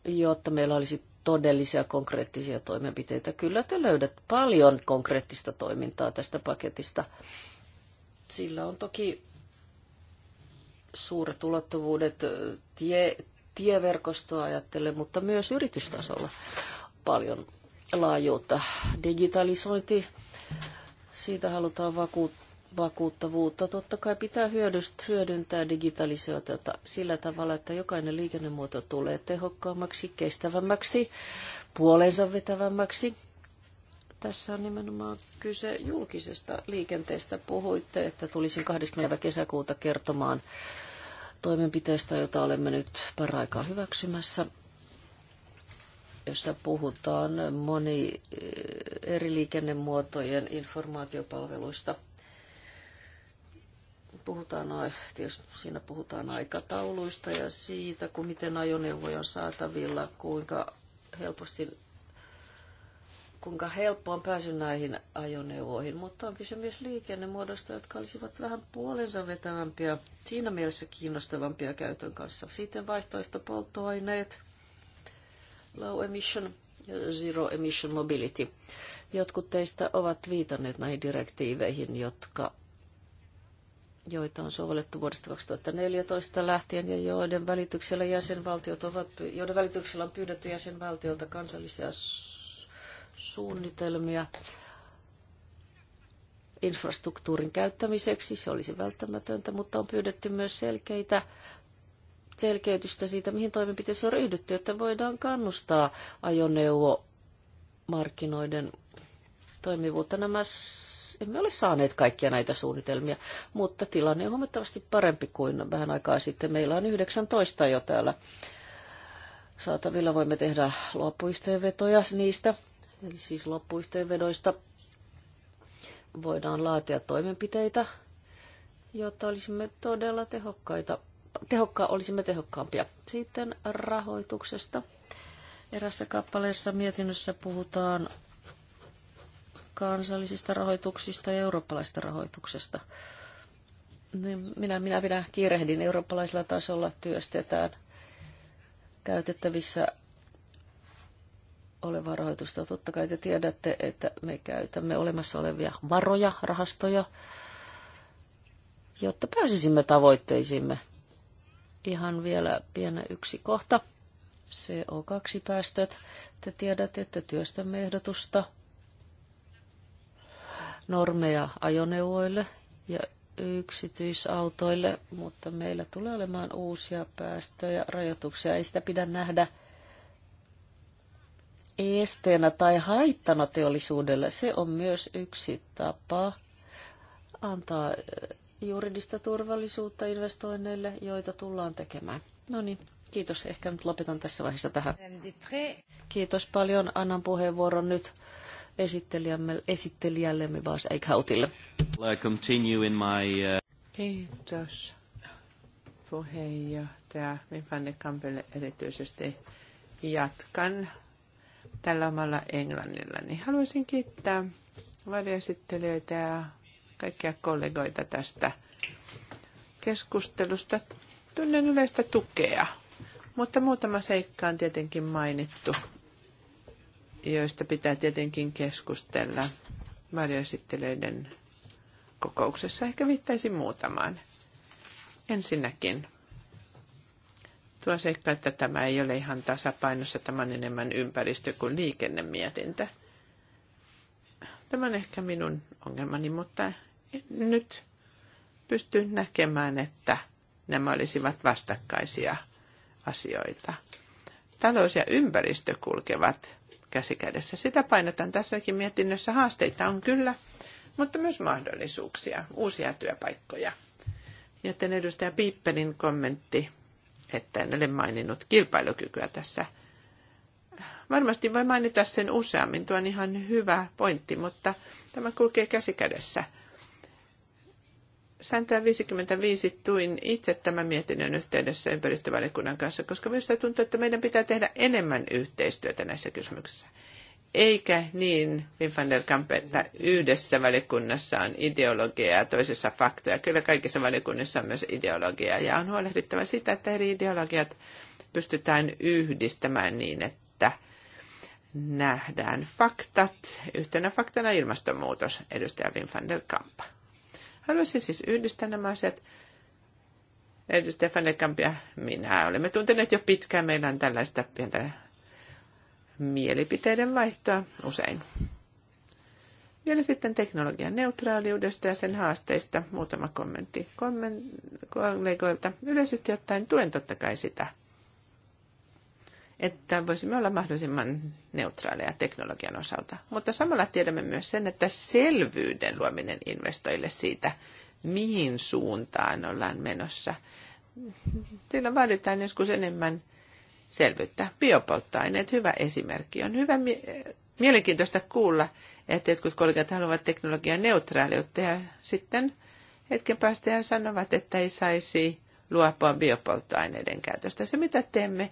jotta meillä olisi todellisia konkreettisia toimenpiteitä. Kyllä te löydät paljon konkreettista toimintaa tästä paketista. Sillä on toki suuret ulottuvuudet tie, tieverkostoa ajattelen, mutta myös yritystasolla paljon laajuutta. Digitalisointi, siitä halutaan vakuuttaa vakuuttavuutta. Totta kai pitää hyödyntää digitalisaatiota sillä tavalla, että jokainen liikennemuoto tulee tehokkaammaksi, kestävämmäksi, puolensa vetävämmäksi. Tässä on nimenomaan kyse julkisesta liikenteestä. Puhuitte, että tulisin 20. kesäkuuta kertomaan toimenpiteistä, jota olemme nyt paraikaa hyväksymässä jossa puhutaan moni eh, eri liikennemuotojen informaatiopalveluista. Puhutaan, siinä puhutaan aikatauluista ja siitä, kun miten ajoneuvoja on saatavilla, kuinka helposti kuinka helppo on pääsy näihin ajoneuvoihin, mutta on kyse myös liikennemuodosta, jotka olisivat vähän puolensa vetävämpiä, siinä mielessä kiinnostavampia käytön kanssa. Sitten vaihtoehto polttoaineet low emission ja zero emission mobility. Jotkut teistä ovat viitanneet näihin direktiiveihin, jotka joita on sovellettu vuodesta 2014 lähtien ja joiden välityksellä jäsenvaltiot ovat, joiden välityksellä on pyydetty jäsenvaltiolta kansallisia suunnitelmia infrastruktuurin käyttämiseksi. Se olisi välttämätöntä, mutta on pyydetty myös selkeitä selkeytystä siitä, mihin toimenpiteisiin on ryhdytty, että voidaan kannustaa ajoneuvomarkkinoiden toimivuutta. Nämä emme ole saaneet kaikkia näitä suunnitelmia, mutta tilanne on huomattavasti parempi kuin vähän aikaa sitten. Meillä on 19 jo täällä saatavilla. Voimme tehdä loppuyhteenvetoja niistä, eli siis loppuyhteenvedoista. Voidaan laatia toimenpiteitä, jotta olisimme todella tehokkaita tehokka, olisimme tehokkaampia. Sitten rahoituksesta. Erässä kappaleessa mietinnössä puhutaan kansallisista rahoituksista ja eurooppalaisista rahoituksesta. Niin minä, minä, minä kiirehdin eurooppalaisella tasolla työstetään käytettävissä olevaa rahoitusta. Totta kai te tiedätte, että me käytämme olemassa olevia varoja, rahastoja, jotta pääsisimme tavoitteisiimme – Ihan vielä pienä yksi kohta. CO2-päästöt. Te tiedätte, että työstämme ehdotusta normeja ajoneuvoille ja yksityisautoille, mutta meillä tulee olemaan uusia päästöjä, rajoituksia. Ei sitä pidä nähdä esteenä tai haittana teollisuudelle. Se on myös yksi tapa antaa juridista turvallisuutta investoinneille, joita tullaan tekemään. No niin, kiitos. Ehkä nyt lopetan tässä vaiheessa tähän. Kiitos paljon. Annan puheenvuoron nyt esittelijämme, esittelijällemme Bas Eichhautille. Uh, kiitos puheenjohtaja Mifanne Kampelle erityisesti. Jatkan tällä omalla englannillani. Haluaisin kiittää varjoesittelijöitä ja kaikkia kollegoita tästä keskustelusta. Tunnen yleistä tukea, mutta muutama seikka on tietenkin mainittu, joista pitää tietenkin keskustella varjoesittelyiden kokouksessa. Ehkä viittaisin muutamaan. Ensinnäkin tuo seikka, että tämä ei ole ihan tasapainossa, tämä on enemmän ympäristö kuin liikennemietintä. Tämä on ehkä minun ongelmani, mutta nyt pysty näkemään, että nämä olisivat vastakkaisia asioita. Talous ja ympäristö kulkevat käsikädessä. Sitä painotan tässäkin mietinnössä. Haasteita on kyllä, mutta myös mahdollisuuksia, uusia työpaikkoja. Joten edustaja Piippelin kommentti, että en ole maininnut kilpailukykyä tässä. Varmasti voi mainita sen useammin, tuo on ihan hyvä pointti, mutta tämä kulkee käsikädessä. kädessä sääntöä 55 tuin itse tämän mietinnön yhteydessä ympäristövaliokunnan kanssa, koska minusta tuntuu, että meidän pitää tehdä enemmän yhteistyötä näissä kysymyksissä. Eikä niin, Wim van että yhdessä valiokunnassa on ideologiaa ja toisessa faktoja. Kyllä kaikissa valiokunnissa on myös ideologiaa ja on huolehdittava sitä, että eri ideologiat pystytään yhdistämään niin, että nähdään faktat. Yhtenä faktana ilmastonmuutos, edustaja Wim van der Haluaisin siis yhdistää nämä asiat. Edustaja Fanekamp ja minä olemme tunteneet jo pitkään. Meillä on tällaista pientä mielipiteiden vaihtoa usein. Vielä sitten teknologian neutraaliudesta ja sen haasteista muutama kommentti kollegoilta. Yleisesti ottaen tuen totta kai sitä – että voisimme olla mahdollisimman neutraaleja teknologian osalta. Mutta samalla tiedämme myös sen, että selvyyden luominen investoille siitä, mihin suuntaan ollaan menossa, sillä vaaditaan joskus enemmän selvyyttä. Biopolttoaineet, hyvä esimerkki. On hyvä, mielenkiintoista kuulla, että jotkut kollegat haluavat teknologian neutraaliutta ja sitten hetken päästä sanovat, että ei saisi luopua biopolttoaineiden käytöstä. Se, mitä teemme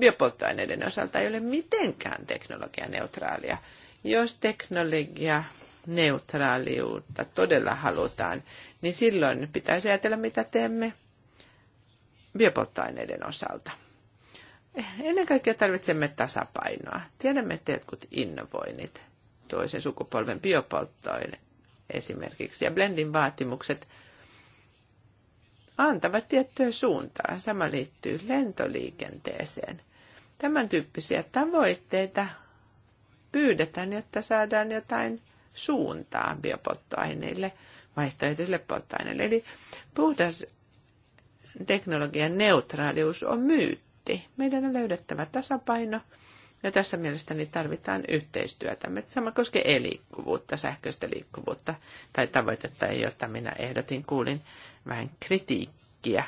biopolttoaineiden osalta ei ole mitenkään teknologianeutraalia. Jos teknologia neutraaliutta todella halutaan, niin silloin pitäisi ajatella, mitä teemme biopolttoaineiden osalta. Ennen kaikkea tarvitsemme tasapainoa. Tiedämme, että jotkut innovoinnit, toisen sukupolven biopolttoaine esimerkiksi, ja blendin vaatimukset – antavat tiettyä suuntaa. Sama liittyy lentoliikenteeseen. Tämän tyyppisiä tavoitteita pyydetään, jotta saadaan jotain suuntaa biopolttoaineille, vaihtoehtoisille polttoaineille. Eli puhdas teknologian neutraalius on myytti. Meidän on löydettävä tasapaino, ja tässä mielestäni tarvitaan yhteistyötä. Sama koskee e-liikkuvuutta, sähköistä liikkuvuutta tai tavoitetta, jota minä ehdotin. Kuulin vähän kritiikkiä.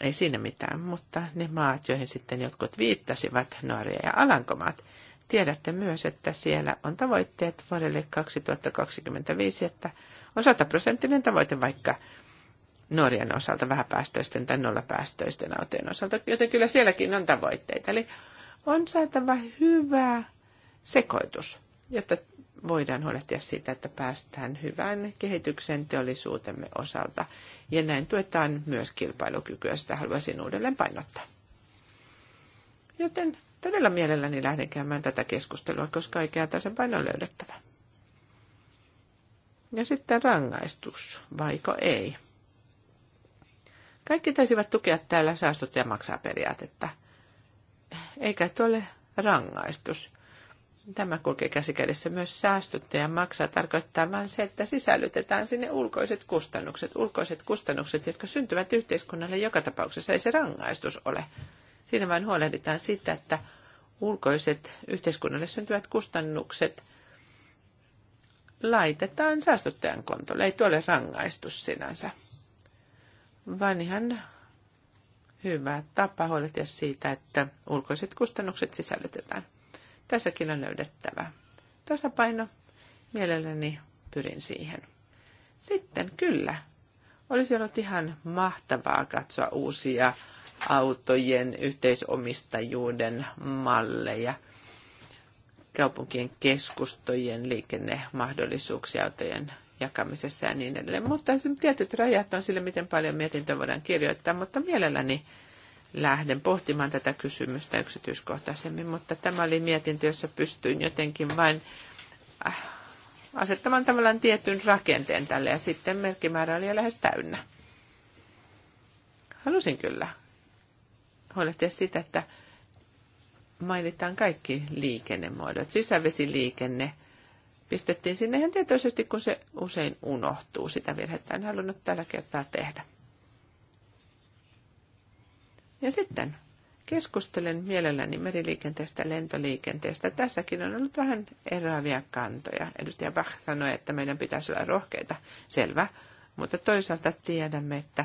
Ei siinä mitään, mutta ne maat, joihin sitten jotkut viittasivat, Norja ja Alankomaat, tiedätte myös, että siellä on tavoitteet vuodelle 2025, että on 100 prosenttinen tavoite vaikka Norjan osalta vähäpäästöisten tai nollapäästöisten autojen osalta, joten kyllä sielläkin on tavoitteita. Eli on saatava hyvä sekoitus, jotta voidaan huolehtia siitä, että päästään hyvään kehityksen teollisuutemme osalta. Ja näin tuetaan myös kilpailukykyä, sitä haluaisin uudelleen painottaa. Joten todella mielelläni lähden käymään tätä keskustelua, koska oikea paino on löydettävä. Ja sitten rangaistus, vaiko ei. Kaikki taisivat tukea täällä saastuttaja maksaa periaatetta. Eikä tuolle rangaistus. Tämä kulkee käsikädessä myös säästyttä ja maksaa tarkoittaa vain se, että sisällytetään sinne ulkoiset kustannukset. Ulkoiset kustannukset, jotka syntyvät yhteiskunnalle joka tapauksessa, ei se rangaistus ole. Siinä vain huolehditaan siitä, että ulkoiset yhteiskunnalle syntyvät kustannukset laitetaan säästyttäjän kontolle. Ei tuolle rangaistus sinänsä, vaan ihan hyvä tapa huolehtia siitä, että ulkoiset kustannukset sisällytetään tässäkin on löydettävä tasapaino. Mielelläni pyrin siihen. Sitten kyllä, olisi ollut ihan mahtavaa katsoa uusia autojen yhteisomistajuuden malleja, kaupunkien keskustojen liikennemahdollisuuksia autojen jakamisessa ja niin edelleen. Mutta tietyt rajat on sille, miten paljon mietintöä voidaan kirjoittaa, mutta mielelläni lähden pohtimaan tätä kysymystä yksityiskohtaisemmin, mutta tämä oli mietintö, jossa pystyin jotenkin vain äh, asettamaan tavallaan tietyn rakenteen tälle ja sitten merkkimäärä oli jo lähes täynnä. Halusin kyllä huolehtia sitä, että mainitaan kaikki liikennemuodot. Sisävesiliikenne pistettiin sinne ihan tietoisesti, kun se usein unohtuu. Sitä virhettä en halunnut tällä kertaa tehdä. Ja sitten keskustelen mielelläni meriliikenteestä ja lentoliikenteestä. Tässäkin on ollut vähän eräviä kantoja. Edustaja Bach sanoi, että meidän pitäisi olla rohkeita. Selvä. Mutta toisaalta tiedämme, että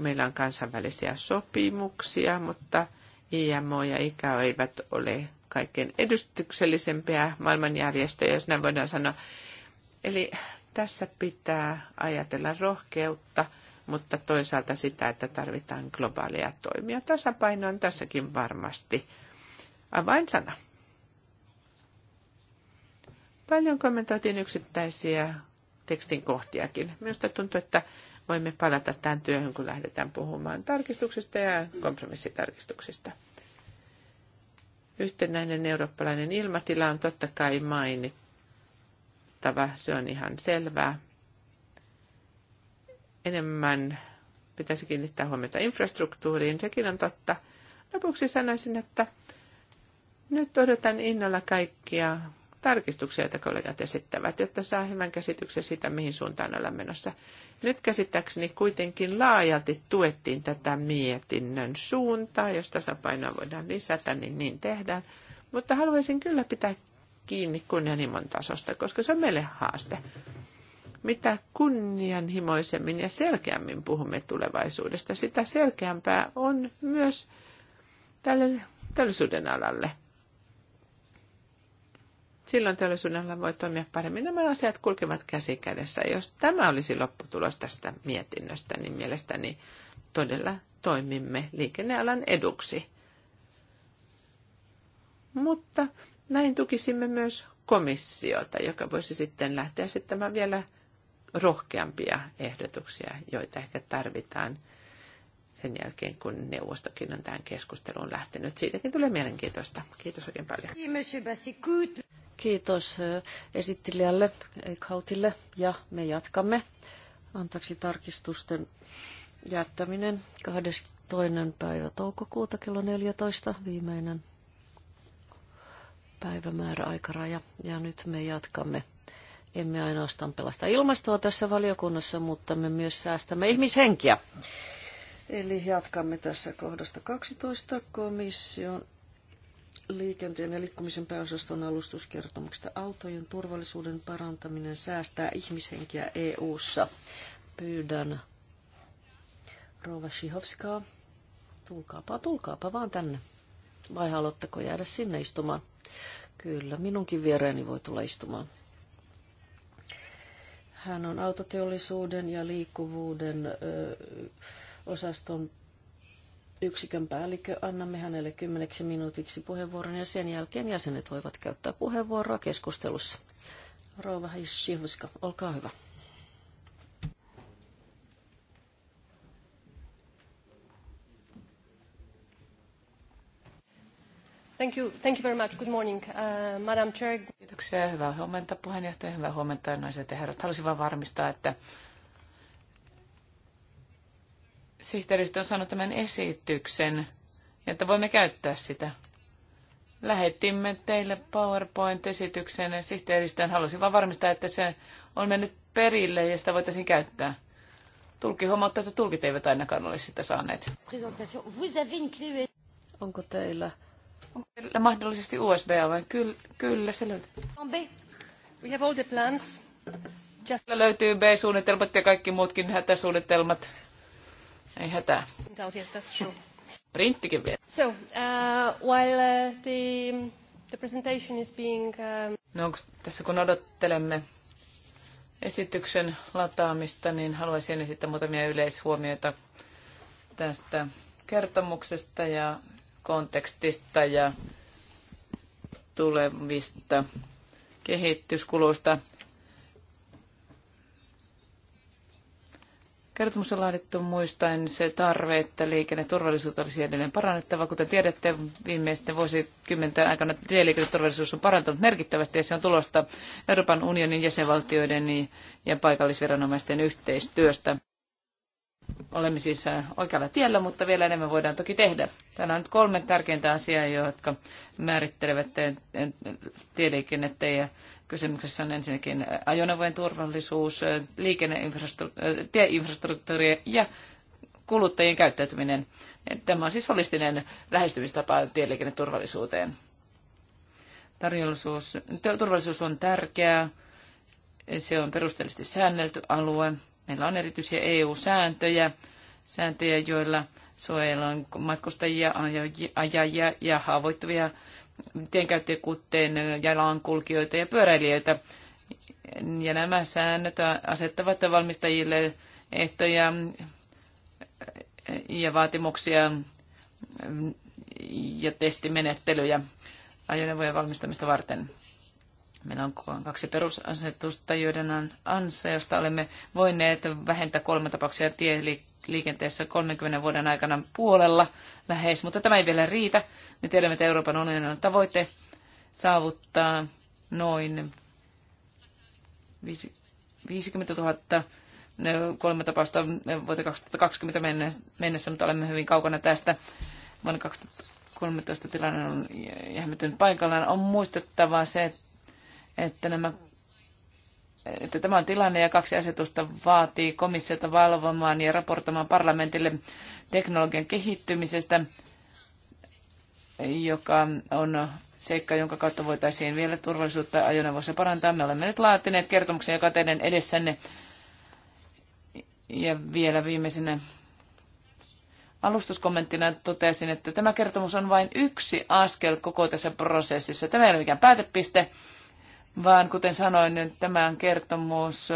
meillä on kansainvälisiä sopimuksia, mutta IMO ja ICAO eivät ole kaikkein edustyksellisempiä maailmanjärjestöjä, jos näin voidaan sanoa. Eli tässä pitää ajatella rohkeutta – mutta toisaalta sitä, että tarvitaan globaaleja toimia. Tasapaino on tässäkin varmasti avainsana. Paljon kommentoitiin yksittäisiä tekstin kohtiakin. Minusta tuntuu, että voimme palata tämän työhön, kun lähdetään puhumaan tarkistuksista ja kompromissitarkistuksista. Yhtenäinen eurooppalainen ilmatila on totta kai mainittava, se on ihan selvää enemmän pitäisi kiinnittää huomiota infrastruktuuriin, sekin on totta. Lopuksi sanoisin, että nyt odotan innolla kaikkia tarkistuksia, joita kollegat esittävät, jotta saa hyvän käsityksen siitä, mihin suuntaan ollaan menossa. Nyt käsittääkseni kuitenkin laajalti tuettiin tätä mietinnön suuntaa, jos tasapainoa voidaan lisätä, niin niin tehdään. Mutta haluaisin kyllä pitää kiinni kunnianhimon tasosta, koska se on meille haaste. Mitä kunnianhimoisemmin ja selkeämmin puhumme tulevaisuudesta, sitä selkeämpää on myös tälle teollisuuden alalle. Silloin teollisuuden alalla voi toimia paremmin. Nämä asiat kulkevat käsi kädessä. Jos tämä olisi lopputulos tästä mietinnöstä, niin mielestäni todella toimimme liikennealan eduksi. Mutta näin tukisimme myös komissiota, joka voisi sitten lähteä sitten vielä rohkeampia ehdotuksia, joita ehkä tarvitaan sen jälkeen, kun neuvostokin on tähän keskusteluun lähtenyt. Siitäkin tulee mielenkiintoista. Kiitos oikein paljon. Kiitos esittelijälle kautille ja me jatkamme. Antaksi tarkistusten jättäminen 22. päivä toukokuuta kello 14 viimeinen päivämäärä aikaraja. Ja nyt me jatkamme emme ainoastaan pelasta ilmastoa tässä valiokunnassa, mutta me myös säästämme ihmishenkiä. Eli jatkamme tässä kohdasta 12 komission liikenteen ja liikkumisen pääosaston alustuskertomuksesta autojen turvallisuuden parantaminen säästää ihmishenkiä EU-ssa. Pyydän Rova Shihovskaa. Tulkaapa, tulkaapa vaan tänne. Vai haluatteko jäädä sinne istumaan? Kyllä, minunkin viereeni voi tulla istumaan. Hän on autoteollisuuden ja liikkuvuuden osaston yksikön päällikkö. Annamme hänelle kymmeneksi minuutiksi puheenvuoron ja sen jälkeen jäsenet voivat käyttää puheenvuoroa keskustelussa. Rouva Hishivska, olkaa hyvä. Thank you, thank you very much. Good morning, uh, Madam Chair. Kiitoksia ja hyvää huomenta puheenjohtaja, hyvää huomenta naiset ja herrat. Halusin vain varmistaa, että sihteeristö on saanut tämän esityksen, että voimme käyttää sitä. Lähetimme teille PowerPoint-esityksen ja sihteeristön halusin vain varmistaa, että se on mennyt perille ja sitä voitaisiin käyttää. Tulkki huomauttaa, että tulkit eivät ainakaan ole sitä saaneet. Onko teillä Onko teillä mahdollisesti USB-oven? Kyllä, kyllä se löytyy. On B. We have all the plans. Just... Kyllä löytyy B-suunnitelmat ja kaikki muutkin hätäsuunnitelmat. Ei hätää. yes, that's true. Printtikin vielä. So, uh, while uh, the, the presentation is being... Um... No onko tässä kun odottelemme esityksen lataamista, niin haluaisin esittää muutamia yleishuomioita tästä kertomuksesta ja kontekstista ja tulevista kehityskuluista. Kertomus on laadittu muistaen se tarve, että liikenneturvallisuutta olisi edelleen parannettava. Kuten tiedätte, viimeisten vuosikymmenten aikana tieliikenneturvallisuus on parantunut merkittävästi ja se on tulosta Euroopan unionin jäsenvaltioiden ja paikallisviranomaisten yhteistyöstä. Olemme siis äh, oikealla tiellä, mutta vielä enemmän voidaan toki tehdä. Täällä on nyt kolme tärkeintä asiaa, jotka määrittelevät äh, tieliikennettä ja kysymyksessä on ensinnäkin äh, ajoneuvojen turvallisuus, liikenneinfrastruktuuri ja kuluttajien käyttäytyminen. Tämä on siis holistinen lähestymistapa tieliikenneturvallisuuteen. turvallisuus on tärkeää. Se on perusteellisesti säännelty alue. Meillä on erityisiä EU-sääntöjä, sääntöjä, joilla suojellaan matkustajia, ajajia ja haavoittuvia tienkäyttäjiä, kuten jalankulkijoita ja pyöräilijöitä. Ja nämä säännöt asettavat valmistajille ehtoja ja vaatimuksia ja testimenettelyjä ajoneuvojen valmistamista varten. Meillä on kaksi perusasetusta, joiden ansiosta olemme voineet vähentää kolme tapauksia tieliikenteessä 30 vuoden aikana puolella lähes, mutta tämä ei vielä riitä. Me tiedämme, että Euroopan unionin tavoite saavuttaa noin 50 000 kolme tapausta vuoteen 2020 mennessä, mutta olemme hyvin kaukana tästä. Vuonna 2013 tilanne on jähmetynyt paikallaan. On muistettava se, että että nämä että tämä on tilanne ja kaksi asetusta vaatii komissiota valvomaan ja raportoimaan parlamentille teknologian kehittymisestä, joka on seikka, jonka kautta voitaisiin vielä turvallisuutta ajoneuvoissa parantaa. Me olemme nyt laatineet kertomuksen, joka teidän edessänne. Ja vielä viimeisenä alustuskommenttina totesin, että tämä kertomus on vain yksi askel koko tässä prosessissa. Tämä ei ole mikään päätepiste vaan kuten sanoin, niin tämä kertomus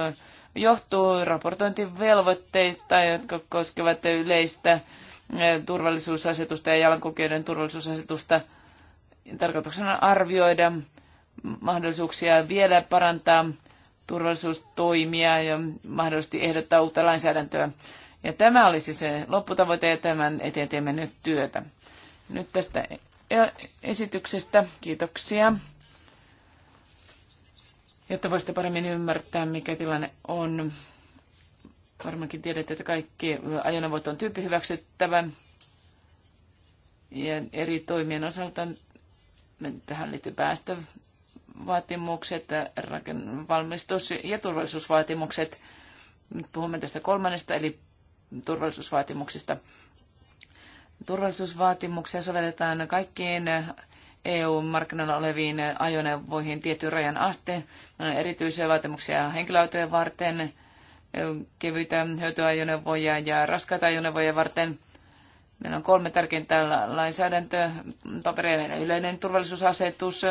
johtuu raportointivelvoitteista, jotka koskevat yleistä eh, turvallisuusasetusta ja jalankulkijoiden turvallisuusasetusta. Tarkoituksena on arvioida mahdollisuuksia vielä parantaa turvallisuustoimia ja mahdollisesti ehdottaa uutta lainsäädäntöä. Ja tämä olisi siis se lopputavoite ja tämän eteen teemme nyt työtä. Nyt tästä e- esityksestä. Kiitoksia jotta voisitte paremmin ymmärtää, mikä tilanne on. Varmaankin tiedätte, että kaikki ajoneuvot on tyyppi hyväksyttävä. Ja eri toimien osalta tähän liittyy päästövaatimukset, valmistus- ja turvallisuusvaatimukset. Nyt puhumme tästä kolmannesta, eli turvallisuusvaatimuksista. Turvallisuusvaatimuksia sovelletaan kaikkiin EU-markkinoilla oleviin ajoneuvoihin tietyn rajan aste. On erityisiä vaatimuksia henkilöautojen varten, kevyitä hyötyajoneuvoja ja raskaita ajoneuvoja varten. Meillä on kolme tärkeintä Papereiden yleinen turvallisuusasetus,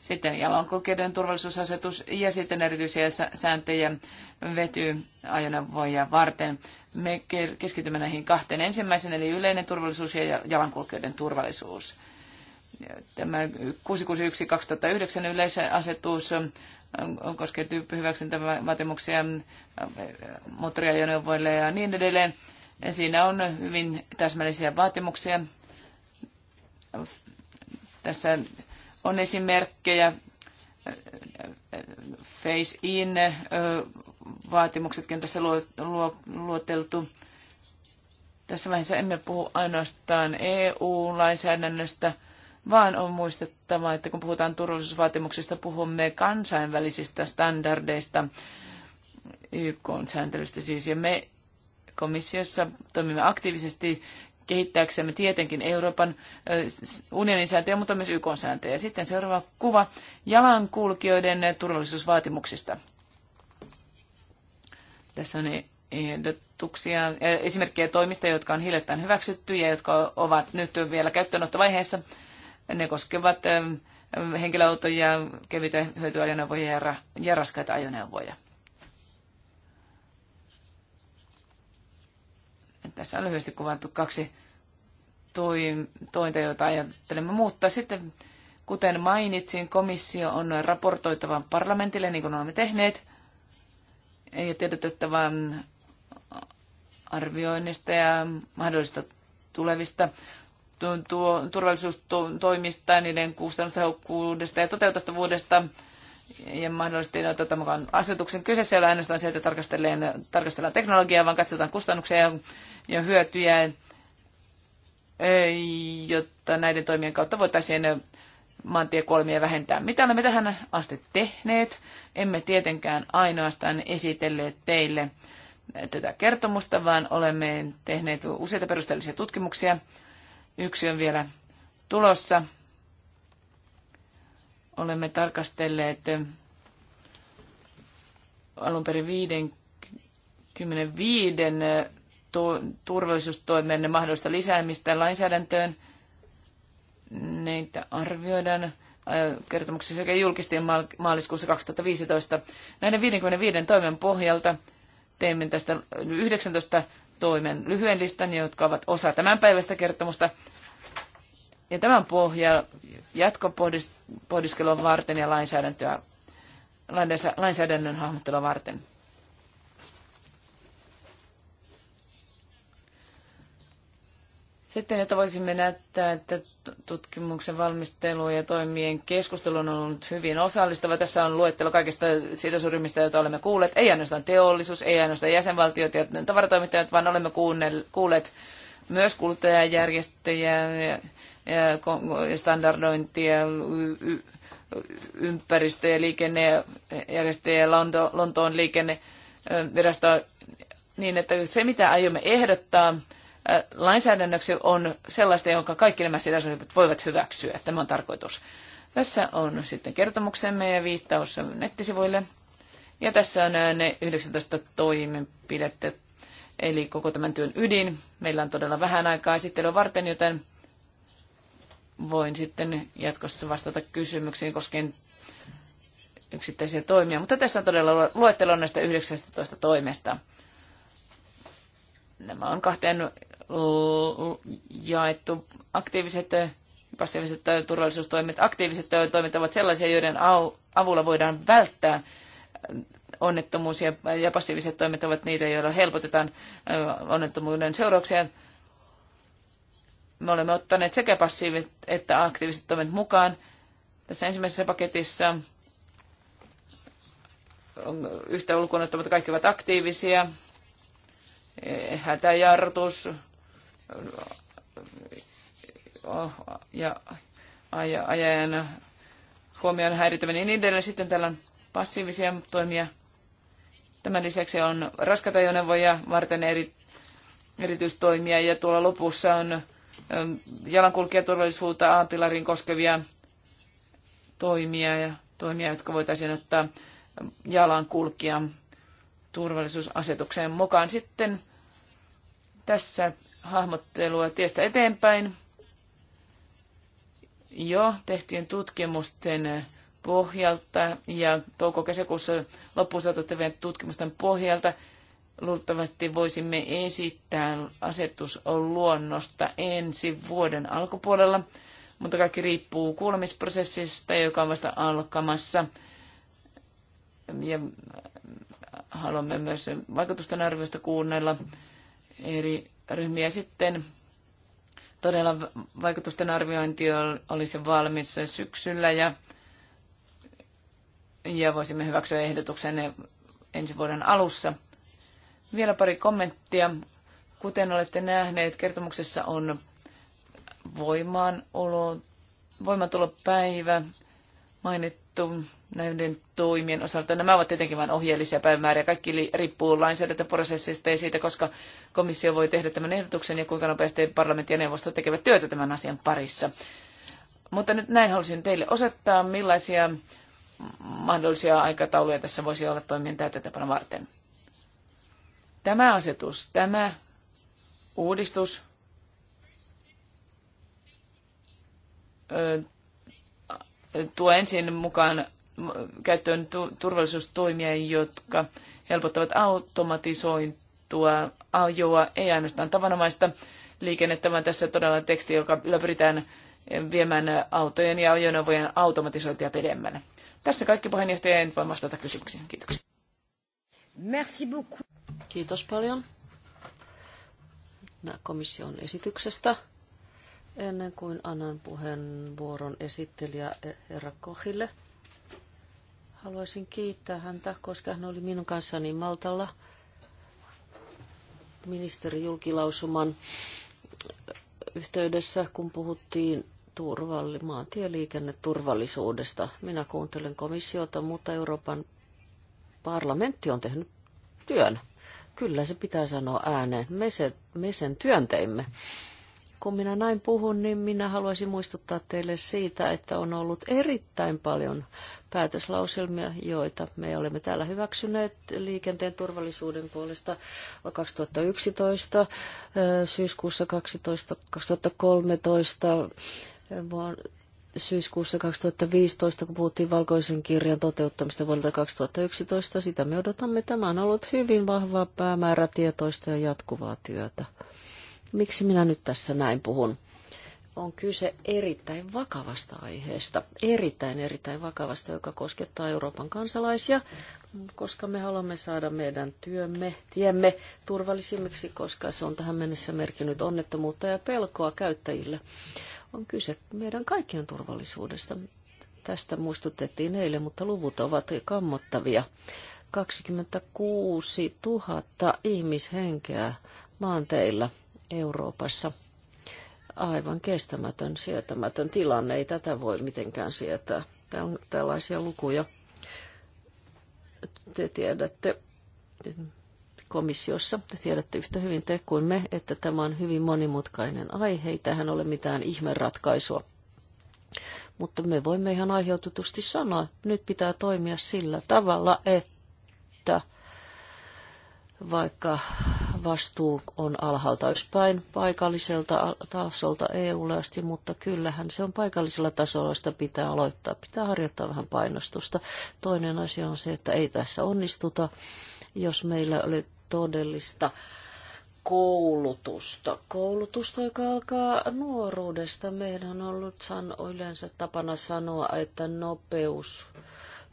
sitten jalankulkijoiden turvallisuusasetus ja sitten erityisiä sääntöjä vetyajoneuvoja varten. Me keskitymme näihin kahteen ensimmäisen, eli yleinen turvallisuus ja jalankulkijoiden turvallisuus tämä 661 2009 yleisasetus äh, koskee tyyppihyväksyntävaatimuksia äh, moottoriajoneuvoille ja niin edelleen. Siinä on hyvin täsmällisiä vaatimuksia. Tässä on esimerkkejä. Äh, Face in vaatimuksetkin tässä luoteltu. Tässä vaiheessa emme puhu ainoastaan EU-lainsäädännöstä, vaan on muistettava, että kun puhutaan turvallisuusvaatimuksista, puhumme kansainvälisistä standardeista, YK-sääntelystä siis, ja me komissiossa toimimme aktiivisesti kehittääksemme tietenkin Euroopan unionin sääntöjä, mutta myös YK sääntöjä. Sitten seuraava kuva jalankulkijoiden turvallisuusvaatimuksista. Tässä on ehdotuksia, esimerkkejä toimista, jotka on hiljattain hyväksytty ja jotka ovat nyt vielä käyttöönottovaiheessa vaiheessa ne koskevat ähm, henkilöautoja, kevyitä hyötyajoneuvoja ja raskaita ajoneuvoja. Tässä on lyhyesti kuvattu kaksi tointa, joita ajattelemme muuttaa. Sitten, kuten mainitsin, komissio on raportoitava parlamentille, niin kuin olemme tehneet, ja tiedotettava arvioinnista ja mahdollisista tulevista tuo, ja niiden kustannustehokkuudesta ja toteutettavuudesta ja mahdollisesti no, tota, mukaan asetuksen kyseessä ei ole ainoastaan se, että tarkastellaan, tarkastellaan teknologiaa, vaan katsotaan kustannuksia ja, ja hyötyjä, e, jotta näiden toimien kautta voitaisiin maantiekuolemia vähentää. Mitä olemme tähän asti tehneet? Emme tietenkään ainoastaan esitelleet teille tätä kertomusta, vaan olemme tehneet useita perusteellisia tutkimuksia Yksi on vielä tulossa. Olemme tarkastelleet alun perin 55 turvallisuustoimen mahdollista lisäämistä lainsäädäntöön. Neitä arvioidaan äh, kertomuksessa sekä julkisesti maaliskuussa 2015. Näiden 55 toimen pohjalta teemme tästä 19 toimen lyhyen listan, jotka ovat osa tämän päivästä kertomusta. Ja tämän pohja jatkopohdiskelua varten ja lainsäädäntöä, lainsäädännön hahmottelua varten. Sitten, että voisimme näyttää, että tutkimuksen valmistelu ja toimien keskustelu on ollut hyvin osallistava. Tässä on luettelo kaikista siitä suurimmista, joita olemme kuulleet. Ei ainoastaan teollisuus, ei ainoastaan jäsenvaltiot ja tavaratoimittajat, vaan olemme kuulleet myös kuluttajajärjestöjä ja, ja standardointia, ympäristö- ja liikennejärjestöjä Lonto, Lontoon liikennevirasto, niin että se mitä aiomme ehdottaa, lainsäädännöksi on sellaista, jonka kaikki nämä sidosryhmät voivat hyväksyä. Tämä on tarkoitus. Tässä on sitten kertomuksemme ja viittaus nettisivuille. Ja tässä on äh, ne 19 toimenpidettä, eli koko tämän työn ydin. Meillä on todella vähän aikaa esittelyä varten, joten voin sitten jatkossa vastata kysymyksiin koskien yksittäisiä toimia. Mutta tässä on todella luettelo näistä 19 toimesta. Nämä on kahteen jaettu. Aktiiviset passiiviset turvallisuustoimet, aktiiviset toimet ovat sellaisia, joiden avulla voidaan välttää onnettomuus ja, passiiviset toimet ovat niitä, joilla helpotetaan onnettomuuden seurauksia. Me olemme ottaneet sekä passiiviset että aktiiviset toimet mukaan. Tässä ensimmäisessä paketissa on yhtä ulkoon kaikki ovat aktiivisia. Hätäjarrutus, ja ajajan huomioon häirittävän ja niin edelleen. Sitten täällä on passiivisia toimia. Tämän lisäksi on raskaita ajoneuvoja varten eri, erityistoimia ja tuolla lopussa on jalankulkijaturvallisuutta A-pilarin koskevia toimia ja toimia, jotka voitaisiin ottaa jalankulkijan turvallisuusasetukseen mukaan. Sitten tässä hahmottelua tiestä eteenpäin jo tehtyjen tutkimusten pohjalta ja touko-kesäkuussa loppuun tutkimusten pohjalta luultavasti voisimme esittää luonnosta ensi vuoden alkupuolella, mutta kaikki riippuu kuulemisprosessista, joka on vasta alkamassa. Ja haluamme myös vaikutusten arviosta kuunnella eri ryhmiä. Sitten todella vaikutusten arviointi olisi valmis syksyllä ja, ja voisimme hyväksyä ehdotuksen ensi vuoden alussa. Vielä pari kommenttia. Kuten olette nähneet, kertomuksessa on voimaan olo, mainittu näiden toimien osalta. Nämä ovat tietenkin vain ohjeellisia päivämääriä. Kaikki riippuu lainsäädäntöprosessista ja siitä, koska komissio voi tehdä tämän ehdotuksen ja kuinka nopeasti parlamentti ja neuvosto tekevät työtä tämän asian parissa. Mutta nyt näin halusin teille osoittaa, millaisia mahdollisia aikatauluja tässä voisi olla toimien täytäntöpano varten. Tämä asetus, tämä uudistus tuo ensin mukaan käyttöön turvallisuustoimia, jotka helpottavat automatisointua ajoa, ei ainoastaan tavanomaista liikennettä, vaan tässä todella teksti, joka pyritään viemään autojen ja ajoneuvojen automatisointia pidemmälle. Tässä kaikki puheenjohtaja, en voi vastata kysymyksiin. Kiitoksia. Merci beaucoup. Kiitos paljon komission esityksestä. Ennen kuin annan puheenvuoron esittelijä eh, herra Kohille, haluaisin kiittää häntä, koska hän oli minun kanssani Maltalla ministeri julkilausuman yhteydessä, kun puhuttiin turvalli, maantieliikenneturvallisuudesta. Minä kuuntelen komissiota, mutta Euroopan parlamentti on tehnyt työn. Kyllä se pitää sanoa ääneen. Me sen, me sen työn teimme. Kun minä näin puhun, niin minä haluaisin muistuttaa teille siitä, että on ollut erittäin paljon päätöslauselmia, joita me olemme täällä hyväksyneet liikenteen turvallisuuden puolesta 2011, syyskuussa 12, 2013, syyskuussa 2015, kun puhuttiin valkoisen kirjan toteuttamista vuodelta 2011. Sitä me odotamme. Tämä on ollut hyvin vahvaa päämäärätietoista ja jatkuvaa työtä. Miksi minä nyt tässä näin puhun? On kyse erittäin vakavasta aiheesta, erittäin erittäin vakavasta, joka koskettaa Euroopan kansalaisia, koska me haluamme saada meidän työmme, tiemme turvallisimmiksi, koska se on tähän mennessä merkinnyt onnettomuutta ja pelkoa käyttäjille. On kyse meidän kaikkien turvallisuudesta. Tästä muistutettiin eilen, mutta luvut ovat kammottavia. 26 000 ihmishenkeä maanteilla – Euroopassa. Aivan kestämätön, sietämätön tilanne. Ei tätä voi mitenkään sietää. Täällä on tällaisia lukuja. Te tiedätte komissiossa, te tiedätte yhtä hyvin te kuin me, että tämä on hyvin monimutkainen aihe. Ei tähän ole mitään ihmeratkaisua. Mutta me voimme ihan aiheutetusti sanoa, nyt pitää toimia sillä tavalla, että vaikka vastuu on alhaalta ylöspäin paikalliselta tasolta EUlle asti, mutta kyllähän se on paikallisella tasolla, sitä pitää aloittaa, pitää harjoittaa vähän painostusta. Toinen asia on se, että ei tässä onnistuta, jos meillä oli todellista koulutusta. Koulutusta, joka alkaa nuoruudesta. Meidän on ollut san, yleensä tapana sanoa, että nopeus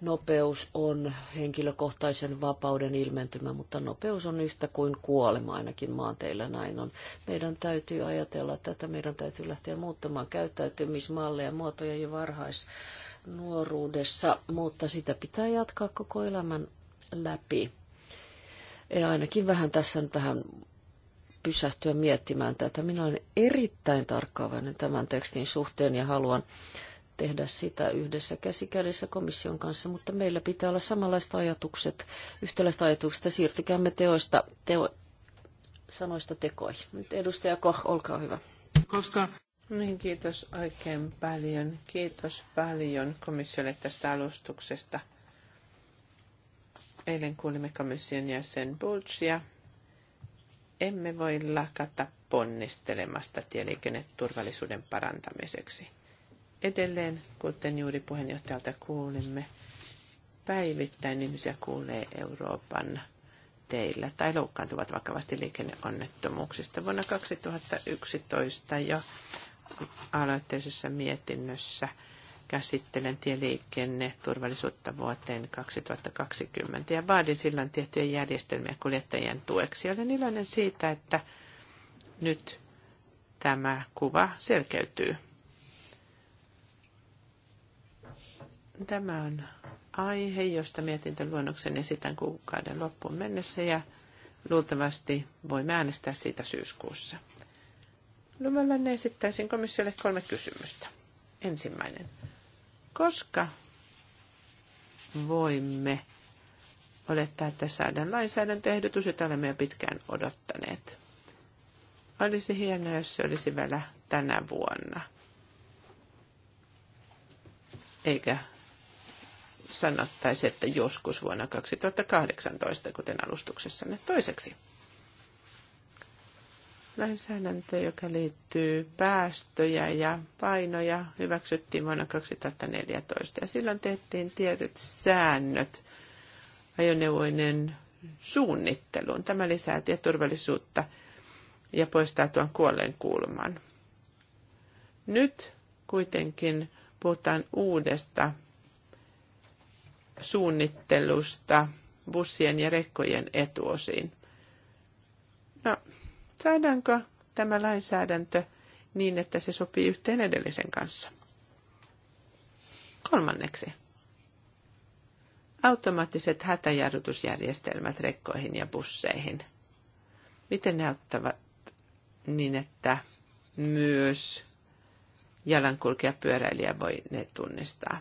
Nopeus on henkilökohtaisen vapauden ilmentymä, mutta nopeus on yhtä kuin kuolema ainakin maanteillä näin on. Meidän täytyy ajatella tätä, meidän täytyy lähteä muuttamaan käyttäytymismalleja, muotoja jo varhaisnuoruudessa, mutta sitä pitää jatkaa koko elämän läpi. Ja ainakin vähän tässä nyt vähän pysähtyä miettimään tätä. Minä olen erittäin tarkkaavainen tämän tekstin suhteen ja haluan tehdä sitä yhdessä käsikädessä komission kanssa, mutta meillä pitää olla samanlaiset ajatukset, yhtäläiset ajatukset ja siirtykäämme teoista, teo, sanoista tekoihin. Nyt edustaja Koch, olkaa hyvä. Koska... Niin, kiitos oikein paljon. Kiitos paljon komissiolle tästä alustuksesta. Eilen kuulimme komission jäsen Bulgia. Emme voi lakata ponnistelemasta tieliikenneturvallisuuden parantamiseksi. Edelleen, kuten juuri puheenjohtajalta kuulimme, päivittäin ihmisiä kuulee Euroopan teillä tai loukkaantuvat vakavasti liikenneonnettomuuksista. Vuonna 2011 jo aloitteisessa mietinnössä käsittelen turvallisuutta vuoteen 2020 ja vaadin silloin tiettyjä järjestelmiä kuljettajien tueksi. Olen iloinen siitä, että nyt tämä kuva selkeytyy Tämä on aihe, josta mietintöluonnoksen esitän kuukauden loppuun mennessä ja luultavasti voimme äänestää siitä syyskuussa. Luvallanne esittäisin komissiolle kolme kysymystä. Ensimmäinen. Koska voimme olettaa, että saadaan lainsäädäntöehdotus, jota olemme jo pitkään odottaneet? Olisi hienoa, jos se olisi vielä tänä vuonna. Eikä sanottaisi, että joskus vuonna 2018, kuten alustuksessanne toiseksi. Lainsäädäntö, joka liittyy päästöjä ja painoja, hyväksyttiin vuonna 2014 ja silloin tehtiin tietyt säännöt ajoneuvoinen suunnitteluun. Tämä lisää tieturvallisuutta ja poistaa tuon kuolleen kulman. Nyt kuitenkin puhutaan uudesta suunnittelusta bussien ja rekkojen etuosiin. No, saadaanko tämä lainsäädäntö niin, että se sopii yhteen edellisen kanssa? Kolmanneksi. Automaattiset hätäjarrutusjärjestelmät rekkoihin ja busseihin. Miten ne auttavat niin, että myös jalankulkija pyöräilijä voi ne tunnistaa?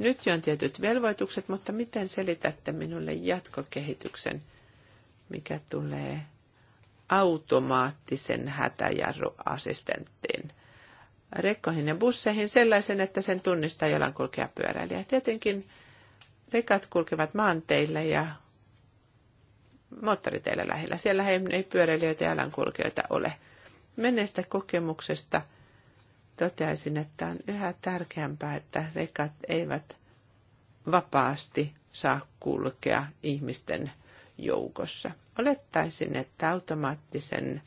Nyt jo on tietyt velvoitukset, mutta miten selitätte minulle jatkokehityksen, mikä tulee automaattisen hätäjarruassistenttiin? rekkoihin ja busseihin sellaisen, että sen tunnistaa jalankulkija pyöräilijä. Tietenkin rekat kulkevat maanteille ja moottoriteillä lähellä. Siellä ei pyöräilijöitä ja jalankulkijoita ole. Menneistä kokemuksesta – toteaisin, että on yhä tärkeämpää, että rekat eivät vapaasti saa kulkea ihmisten joukossa. Olettaisin, että automaattisen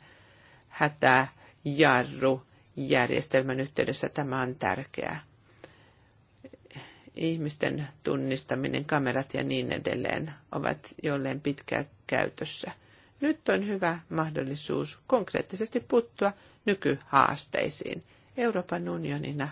hätäjarrujärjestelmän yhteydessä tämä on tärkeää. Ihmisten tunnistaminen, kamerat ja niin edelleen ovat jolleen pitkään käytössä. Nyt on hyvä mahdollisuus konkreettisesti puuttua nykyhaasteisiin – Euroopan unionina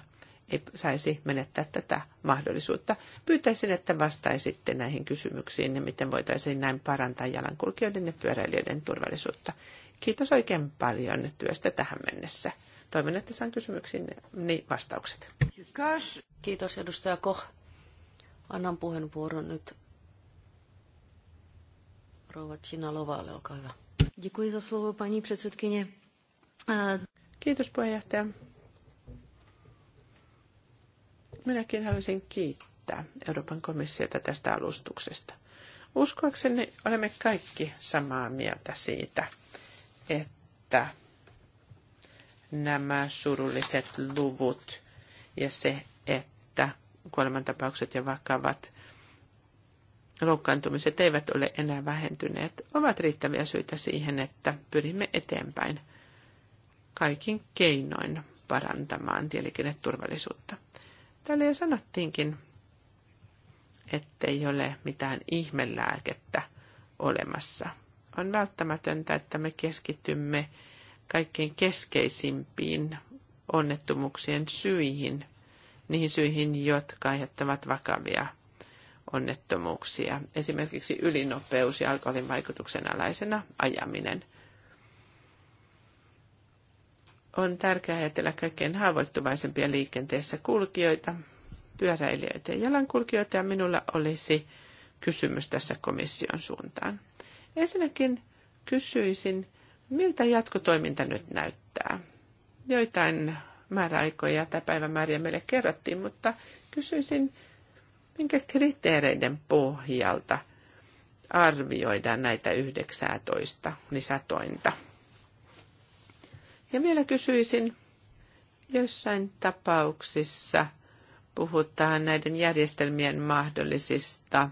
ei saisi menettää tätä mahdollisuutta. Pyytäisin, että vastaisitte näihin kysymyksiin ja miten voitaisiin näin parantaa jalankulkijoiden ja pyöräilijöiden turvallisuutta. Kiitos oikein paljon työstä tähän mennessä. Toivon, että saan kysymyksiin niin vastaukset. Kiitos edustaja Koh. Annan puheenvuoron nyt rouva Chinalovalle, olkaa hyvä. Kiitos puheenjohtaja. Minäkin haluaisin kiittää Euroopan komissiota tästä alustuksesta. Uskoakseni olemme kaikki samaa mieltä siitä, että nämä surulliset luvut ja se, että kuolemantapaukset ja vakavat loukkaantumiset eivät ole enää vähentyneet, ovat riittäviä syitä siihen, että pyrimme eteenpäin kaikin keinoin parantamaan tieliikenneturvallisuutta. Täällä jo sanottiinkin, ettei ole mitään ihmelääkettä olemassa. On välttämätöntä, että me keskitymme kaikkein keskeisimpiin onnettomuuksien syihin, niihin syihin, jotka aiheuttavat vakavia onnettomuuksia. Esimerkiksi ylinopeus ja alkoholin vaikutuksen alaisena ajaminen on tärkeää ajatella kaikkein haavoittuvaisempia liikenteessä kulkijoita, pyöräilijöitä ja jalankulkijoita, ja minulla olisi kysymys tässä komission suuntaan. Ensinnäkin kysyisin, miltä jatkotoiminta nyt näyttää? Joitain määräaikoja tai päivämääriä meille kerrottiin, mutta kysyisin, minkä kriteereiden pohjalta arvioidaan näitä 19 lisätointa? Ja vielä kysyisin, joissain tapauksissa puhutaan näiden järjestelmien mahdollisista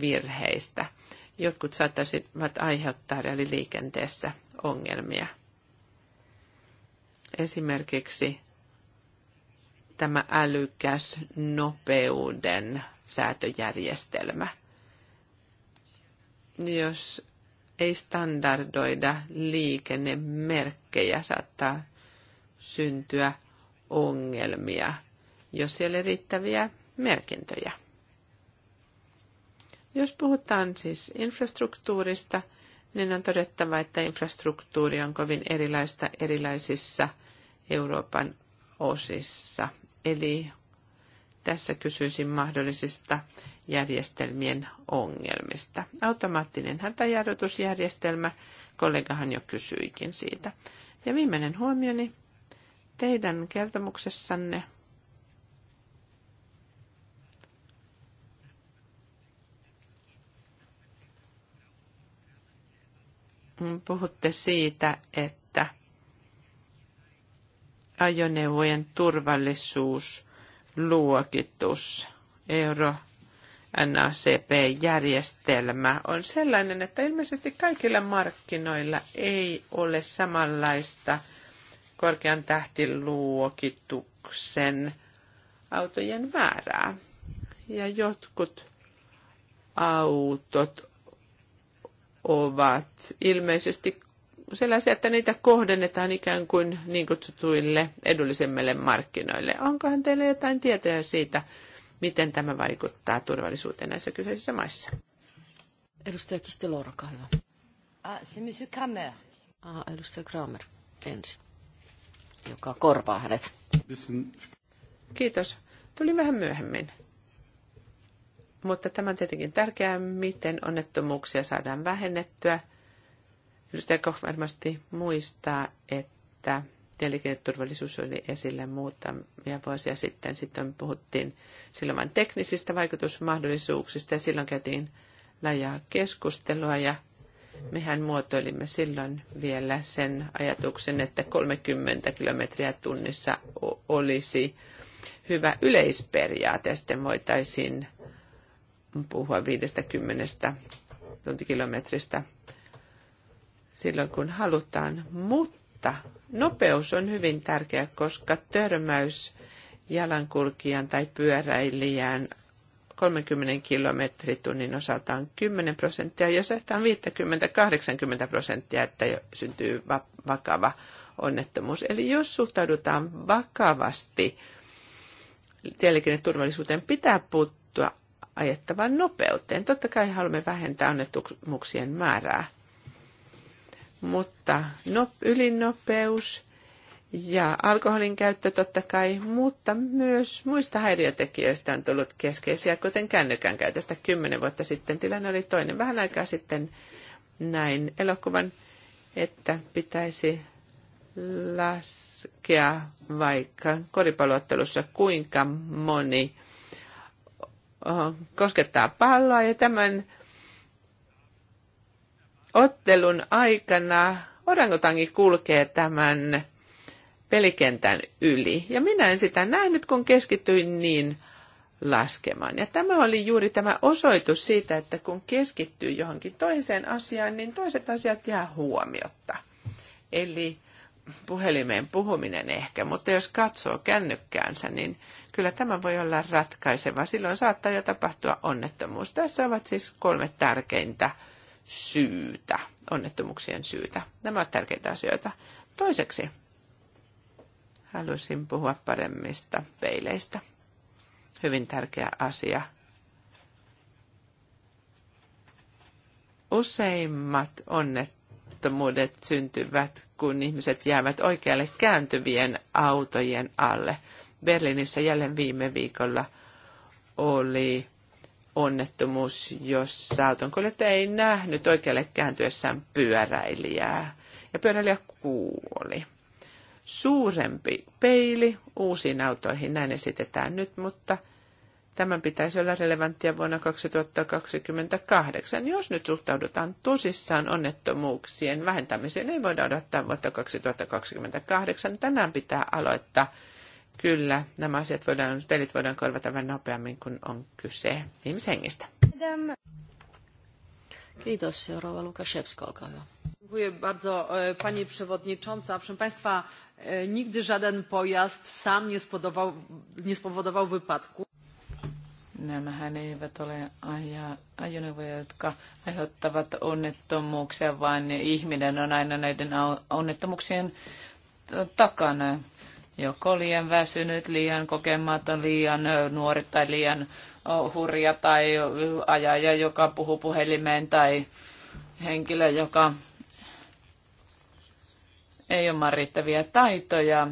virheistä. Jotkut saattaisivat aiheuttaa eli liikenteessä ongelmia. Esimerkiksi tämä älykäs nopeuden säätöjärjestelmä. Jos ei standardoida liikennemerkkejä, saattaa syntyä ongelmia, jos siellä ei riittäviä merkintöjä. Jos puhutaan siis infrastruktuurista, niin on todettava, että infrastruktuuri on kovin erilaista erilaisissa Euroopan osissa. Eli tässä kysyisin mahdollisista järjestelmien ongelmista. Automaattinen hätäjarrutusjärjestelmä, kollegahan jo kysyikin siitä. Ja viimeinen huomioni teidän kertomuksessanne puhutte siitä, että ajoneuvojen turvallisuusluokitus Euro NACP-järjestelmä on sellainen, että ilmeisesti kaikilla markkinoilla ei ole samanlaista korkean tähtiluokituksen autojen määrää. Ja jotkut autot ovat ilmeisesti sellaisia, että niitä kohdennetaan ikään kuin niin kutsutuille edullisemmille markkinoille. Onkohan teillä jotain tietoja siitä, miten tämä vaikuttaa turvallisuuteen näissä kyseisissä maissa. Edustaja Kistelor, olkaa hyvä. Ah, se Monsieur Kramer. Ah, edustaja Kramer ensin, joka korvaa hänet. Kiitos. Tuli vähän myöhemmin. Mutta tämä on tietenkin tärkeää, miten onnettomuuksia saadaan vähennettyä. Edustaja Koch varmasti muistaa, että Tieliikenneturvallisuus oli esillä muutamia vuosia sitten. Sitten puhuttiin silloin vain teknisistä vaikutusmahdollisuuksista ja silloin käytiin laajaa keskustelua ja mehän muotoilimme silloin vielä sen ajatuksen, että 30 kilometriä tunnissa olisi hyvä yleisperiaate. Sitten voitaisiin puhua 50 tuntikilometristä silloin, kun halutaan, mutta mutta nopeus on hyvin tärkeä, koska törmäys jalankulkijan tai pyöräilijän 30 kilometritunnin osalta on 10 prosenttia, jos ehtaan 50-80 prosenttia, että syntyy vakava onnettomuus. Eli jos suhtaudutaan vakavasti tieliikenneturvallisuuteen, pitää puuttua ajettavan nopeuteen. Totta kai haluamme vähentää onnettomuuksien määrää mutta no, ylinopeus ja alkoholin käyttö totta kai, mutta myös muista häiriötekijöistä on tullut keskeisiä, kuten kännykän käytöstä. Kymmenen vuotta sitten tilanne oli toinen. Vähän aikaa sitten näin elokuvan, että pitäisi laskea vaikka koripalloottelussa kuinka moni oh, koskettaa palloa ja tämän ottelun aikana orangutangi kulkee tämän pelikentän yli. Ja minä en sitä nähnyt, kun keskityin niin laskemaan. Ja tämä oli juuri tämä osoitus siitä, että kun keskittyy johonkin toiseen asiaan, niin toiset asiat jää huomiotta. Eli puhelimeen puhuminen ehkä, mutta jos katsoo kännykkäänsä, niin kyllä tämä voi olla ratkaiseva. Silloin saattaa jo tapahtua onnettomuus. Tässä ovat siis kolme tärkeintä syytä, onnettomuuksien syytä. Nämä ovat tärkeitä asioita. Toiseksi halusin puhua paremmista peileistä. Hyvin tärkeä asia. Useimmat onnettomuudet syntyvät, kun ihmiset jäävät oikealle kääntyvien autojen alle. Berliinissä jälleen viime viikolla oli onnettomuus, jossa autonkuljettaja ei nähnyt oikealle kääntyessään pyöräilijää ja pyöräilijä kuoli. Suurempi peili uusiin autoihin, näin esitetään nyt, mutta tämän pitäisi olla relevanttia vuonna 2028. Jos nyt suhtaudutaan tosissaan onnettomuuksien vähentämiseen, ei voida odottaa vuotta 2028. Tänään pitää aloittaa kyllä nämä asiat voidaan, pelit voidaan korvata vähän nopeammin, kun on kyse ihmishengistä. Kiitos. Seuraava Lukashevska, olkaa hyvä. Dziękuję bardzo e, Pani Przewodnicząca. Proszę Państwa, e, nigdy żaden pojazd sam nie, spodował, nie spowodował wypadku. Nämähän eivät ole aja, ajoneuvoja, jotka aiheuttavat onnettomuuksia, vaan ihminen on aina näiden onnettomuuksien takana joko liian väsynyt, liian kokematon, liian nuori tai liian hurja tai ajaja, joka puhuu puhelimeen tai henkilö, joka ei ole riittäviä taitoja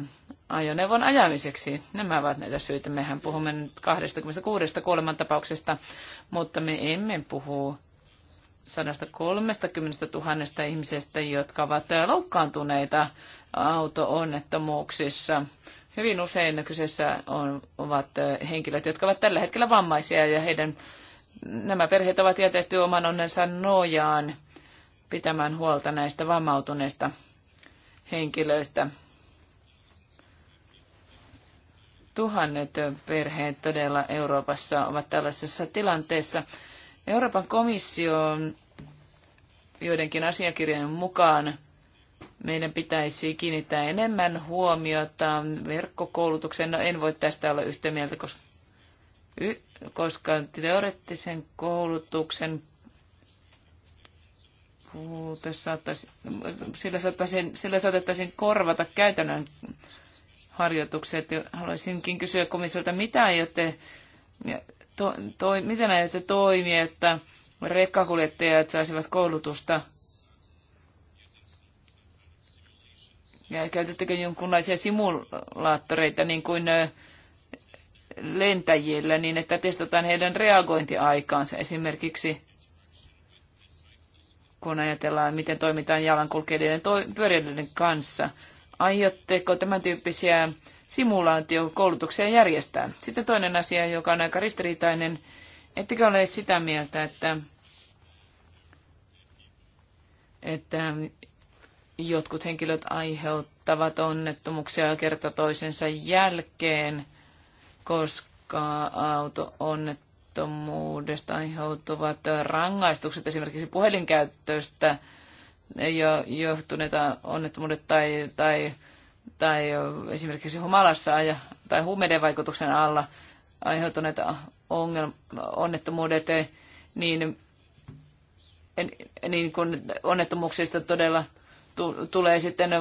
ajoneuvon ajamiseksi. Nämä ovat näitä syitä. Mehän puhumme nyt 26 kuolemantapauksesta, mutta me emme puhu 130 000 ihmisestä, jotka ovat loukkaantuneita auto-onnettomuuksissa. Hyvin usein kyseessä on, ovat henkilöt, jotka ovat tällä hetkellä vammaisia ja heidän, nämä perheet ovat jätetty oman onnensa nojaan pitämään huolta näistä vammautuneista henkilöistä. Tuhannet perheet todella Euroopassa ovat tällaisessa tilanteessa. Euroopan komissio joidenkin asiakirjojen mukaan meidän pitäisi kiinnittää enemmän huomiota verkkokoulutukseen. No en voi tästä olla yhtä mieltä, koska, y, koska teoreettisen koulutuksen puute saattaisi, sillä, saattaisi, sillä saatettaisiin korvata käytännön harjoitukset. Haluaisinkin kysyä komissiolta, mitä aiotte to, to, miten näette toimia, että rekkakuljettajat saisivat koulutusta? Ja käytettekö jonkunlaisia simulaattoreita niin kuin lentäjillä niin, että testataan heidän reagointiaikaansa esimerkiksi, kun ajatellaan, miten toimitaan jalankulkeiden to- pyöräilijöiden kanssa. Aiotteko tämän tyyppisiä simulaatiokoulutuksia järjestää. Sitten toinen asia, joka on aika ristiriitainen. Ettekö ole sitä mieltä, että, että jotkut henkilöt aiheuttavat onnettomuuksia kerta toisensa jälkeen, koska auto-onnettomuudesta aiheutuvat rangaistukset, esimerkiksi puhelinkäyttöstä jo johtuneita onnettomuudet tai, tai tai esimerkiksi humalassa ja, tai huumeiden vaikutuksen alla aiheutuneet ongelma, onnettomuudet, eh, niin, niin kun onnettomuuksista todella tulee sitten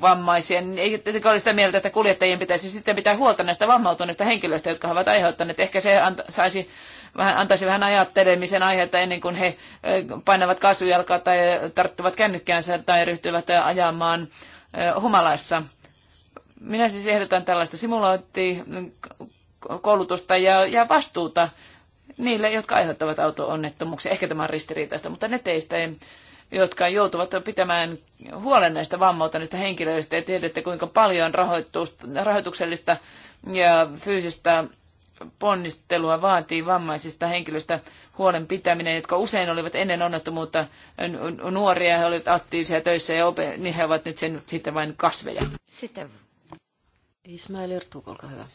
vammaisia, niin ei tietenkään ole sitä mieltä, että kuljettajien pitäisi sitten pitää huolta näistä vammautuneista henkilöistä, jotka ovat aiheuttaneet. Ehkä se anta, saisi vähän, antaisi vähän ajattelemisen aiheita ennen kuin he eh, painavat kasvujalkaa tai tarttuvat kännykkäänsä tai ryhtyvät ajamaan humalassa. Minä siis ehdotan tällaista simulointikoulutusta ja, ja vastuuta niille, jotka aiheuttavat auto-onnettomuuksia. Ehkä tämä on ristiriitaista, mutta ne teistä, jotka joutuvat pitämään huolen näistä näistä henkilöistä ja tiedätte, kuinka paljon rahoituksellista ja fyysistä ponnistelua vaatii vammaisista henkilöistä huolen pitäminen, jotka usein olivat ennen onnettomuutta nuoria, he olivat aktiivisia töissä ja opet- niin he ovat nyt sen, sitten vain kasveja. Sitten. Ismail olkaa hyvä.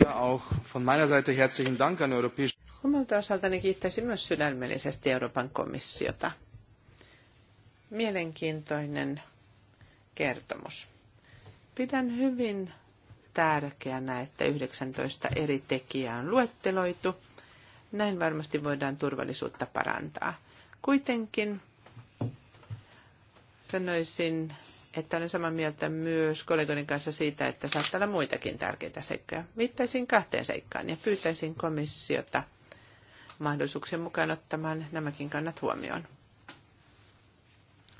Ja auch von meiner Seite herzlichen Dank an Omalta osaltani kiittäisin myös sydämellisesti Euroopan komissiota. Mielenkiintoinen kertomus. Pidän hyvin tärkeänä, että 19 eri tekijää on luetteloitu näin varmasti voidaan turvallisuutta parantaa. Kuitenkin sanoisin, että olen samaa mieltä myös kollegoiden kanssa siitä, että saattaa olla muitakin tärkeitä seikkoja. Viittaisin kahteen seikkaan ja pyytäisin komissiota mahdollisuuksien mukaan ottamaan nämäkin kannat huomioon.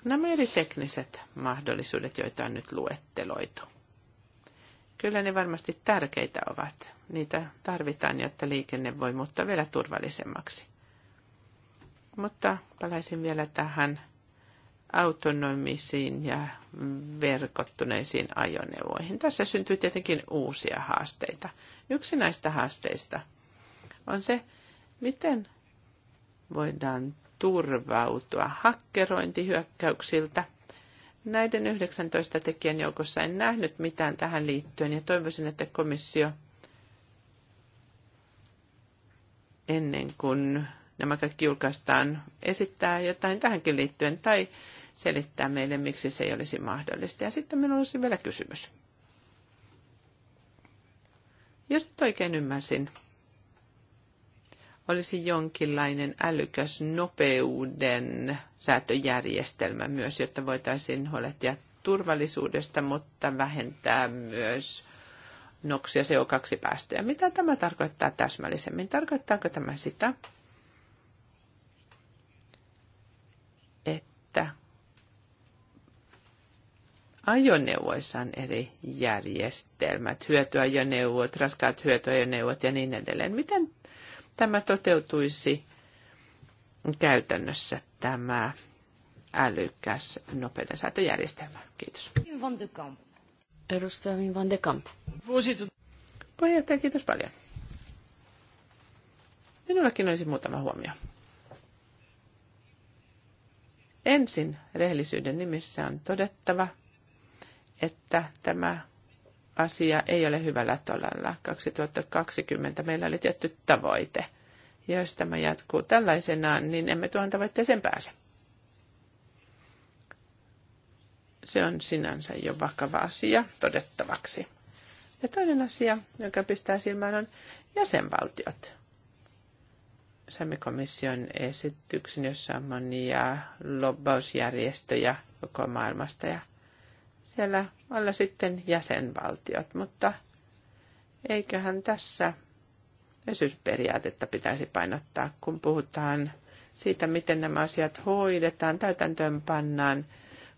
Nämä eri tekniset mahdollisuudet, joita on nyt luetteloitu – Kyllä ne varmasti tärkeitä ovat. Niitä tarvitaan, jotta liikenne voi muuttaa vielä turvallisemmaksi. Mutta palaisin vielä tähän autonomisiin ja verkottuneisiin ajoneuvoihin. Tässä syntyy tietenkin uusia haasteita. Yksi näistä haasteista on se, miten voidaan turvautua hakkerointihyökkäyksiltä – Näiden 19 tekijän joukossa en nähnyt mitään tähän liittyen ja toivoisin, että komissio ennen kuin nämä kaikki julkaistaan esittää jotain tähänkin liittyen tai selittää meille, miksi se ei olisi mahdollista. Ja sitten minulla olisi vielä kysymys. Jos nyt oikein ymmärsin, olisi jonkinlainen älykäs nopeuden säätöjärjestelmä myös, jotta voitaisiin huolehtia turvallisuudesta, mutta vähentää myös noksia CO2-päästöjä. Mitä tämä tarkoittaa täsmällisemmin? Tarkoittaako tämä sitä, että ajoneuvoissa on eri järjestelmät, hyötyajoneuvot, raskaat hyötyajoneuvot ja niin edelleen. Miten tämä toteutuisi käytännössä? tämä älykäs nopeuden säätöjärjestelmä. Kiitos. Van de Kamp. Edustaja Van de Kamp. Puheenjohtaja, kiitos paljon. Minullakin olisi muutama huomio. Ensin rehellisyyden nimissä on todettava, että tämä asia ei ole hyvällä tolalla. 2020 meillä oli tietty tavoite. Ja jos tämä jatkuu tällaisenaan, niin emme tuon tavoitteeseen pääse. Se on sinänsä jo vakava asia todettavaksi. Ja toinen asia, joka pistää silmään, on jäsenvaltiot. Saimme komission esityksen, jossa on monia lobbausjärjestöjä koko maailmasta ja siellä olla sitten jäsenvaltiot, mutta eiköhän tässä Vesyysperiaatetta pitäisi painottaa, kun puhutaan siitä, miten nämä asiat hoidetaan, täytäntöön pannaan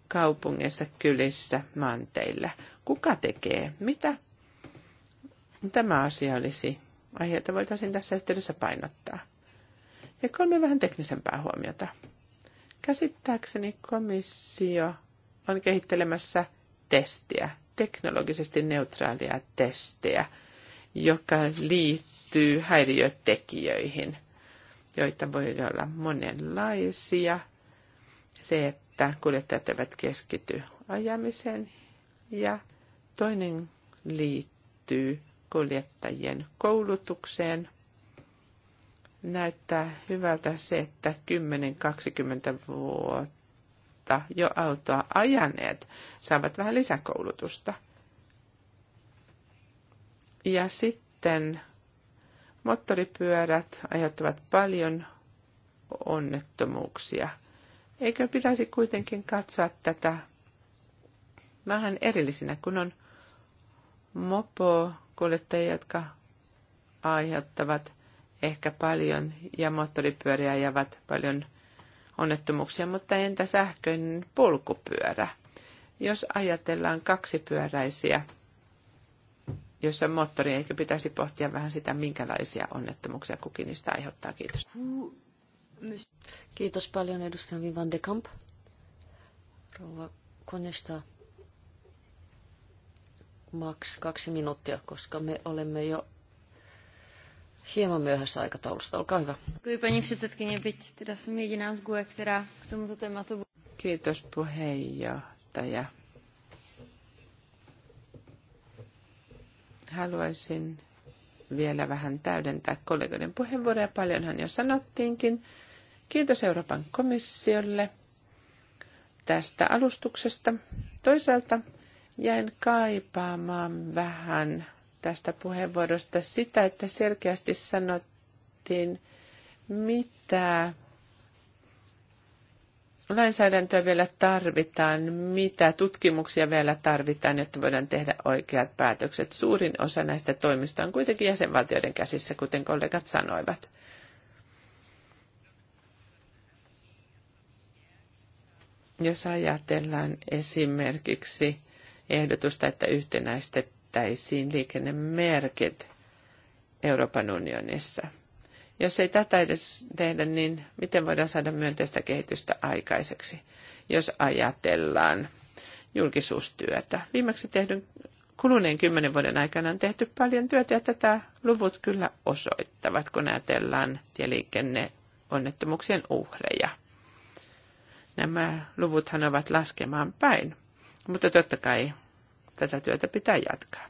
kaupungissa, kylissä, manteilla. Kuka tekee mitä? Tämä asia olisi aiheita voitaisiin tässä yhteydessä painottaa. Ja kolme vähän teknisempää huomiota. Käsittääkseni komissio on kehittelemässä testiä, teknologisesti neutraalia testiä, joka liittyy liittyy häiriötekijöihin, joita voi olla monenlaisia. Se, että kuljettajat eivät keskity ajamiseen ja toinen liittyy kuljettajien koulutukseen. Näyttää hyvältä se, että 10-20 vuotta jo autoa ajaneet saavat vähän lisäkoulutusta. Ja sitten Moottoripyörät aiheuttavat paljon onnettomuuksia. Eikö pitäisi kuitenkin katsoa tätä vähän erillisinä, kun on mopokuljettajia, jotka aiheuttavat ehkä paljon ja moottoripyöriä ajavat paljon onnettomuuksia, mutta entä sähköinen polkupyörä? Jos ajatellaan kaksipyöräisiä joissa moottori, ehkä pitäisi pohtia vähän sitä, minkälaisia onnettomuuksia kukin niistä aiheuttaa. Kiitos. Kiitos paljon edustaja Vivan de Kamp. Rouva Konesta maks kaksi minuuttia, koska me olemme jo hieman myöhässä aikataulusta. Olkaa hyvä. Kiitos puheenjohtaja. Haluaisin vielä vähän täydentää kollegoiden puheenvuoroja. Paljonhan jo sanottiinkin. Kiitos Euroopan komissiolle tästä alustuksesta. Toisaalta jäin kaipaamaan vähän tästä puheenvuorosta sitä, että selkeästi sanottiin, mitä lainsäädäntöä vielä tarvitaan, mitä tutkimuksia vielä tarvitaan, jotta voidaan tehdä oikeat päätökset. Suurin osa näistä toimista on kuitenkin jäsenvaltioiden käsissä, kuten kollegat sanoivat. Jos ajatellaan esimerkiksi ehdotusta, että yhtenäistettäisiin liikennemerkit Euroopan unionissa – jos ei tätä edes tehdä, niin miten voidaan saada myönteistä kehitystä aikaiseksi, jos ajatellaan julkisuustyötä? Viimeksi tehdyn kuluneen kymmenen vuoden aikana on tehty paljon työtä ja tätä luvut kyllä osoittavat, kun ajatellaan onnettomuuksien uhreja. Nämä luvuthan ovat laskemaan päin, mutta totta kai tätä työtä pitää jatkaa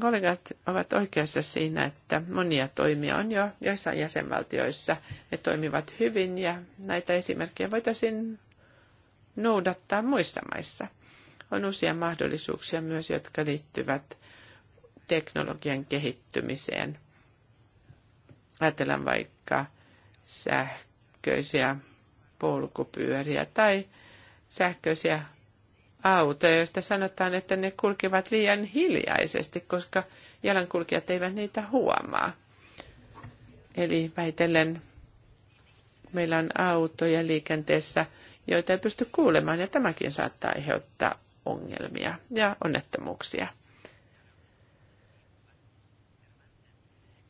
kollegat ovat oikeassa siinä, että monia toimia on jo joissain jäsenvaltioissa. Ne toimivat hyvin ja näitä esimerkkejä voitaisiin noudattaa muissa maissa. On uusia mahdollisuuksia myös, jotka liittyvät teknologian kehittymiseen. Ajatellaan vaikka sähköisiä polkupyöriä tai sähköisiä autoja, joista sanotaan, että ne kulkevat liian hiljaisesti, koska jalankulkijat eivät niitä huomaa. Eli väitellen meillä on autoja liikenteessä, joita ei pysty kuulemaan, ja tämäkin saattaa aiheuttaa ongelmia ja onnettomuuksia.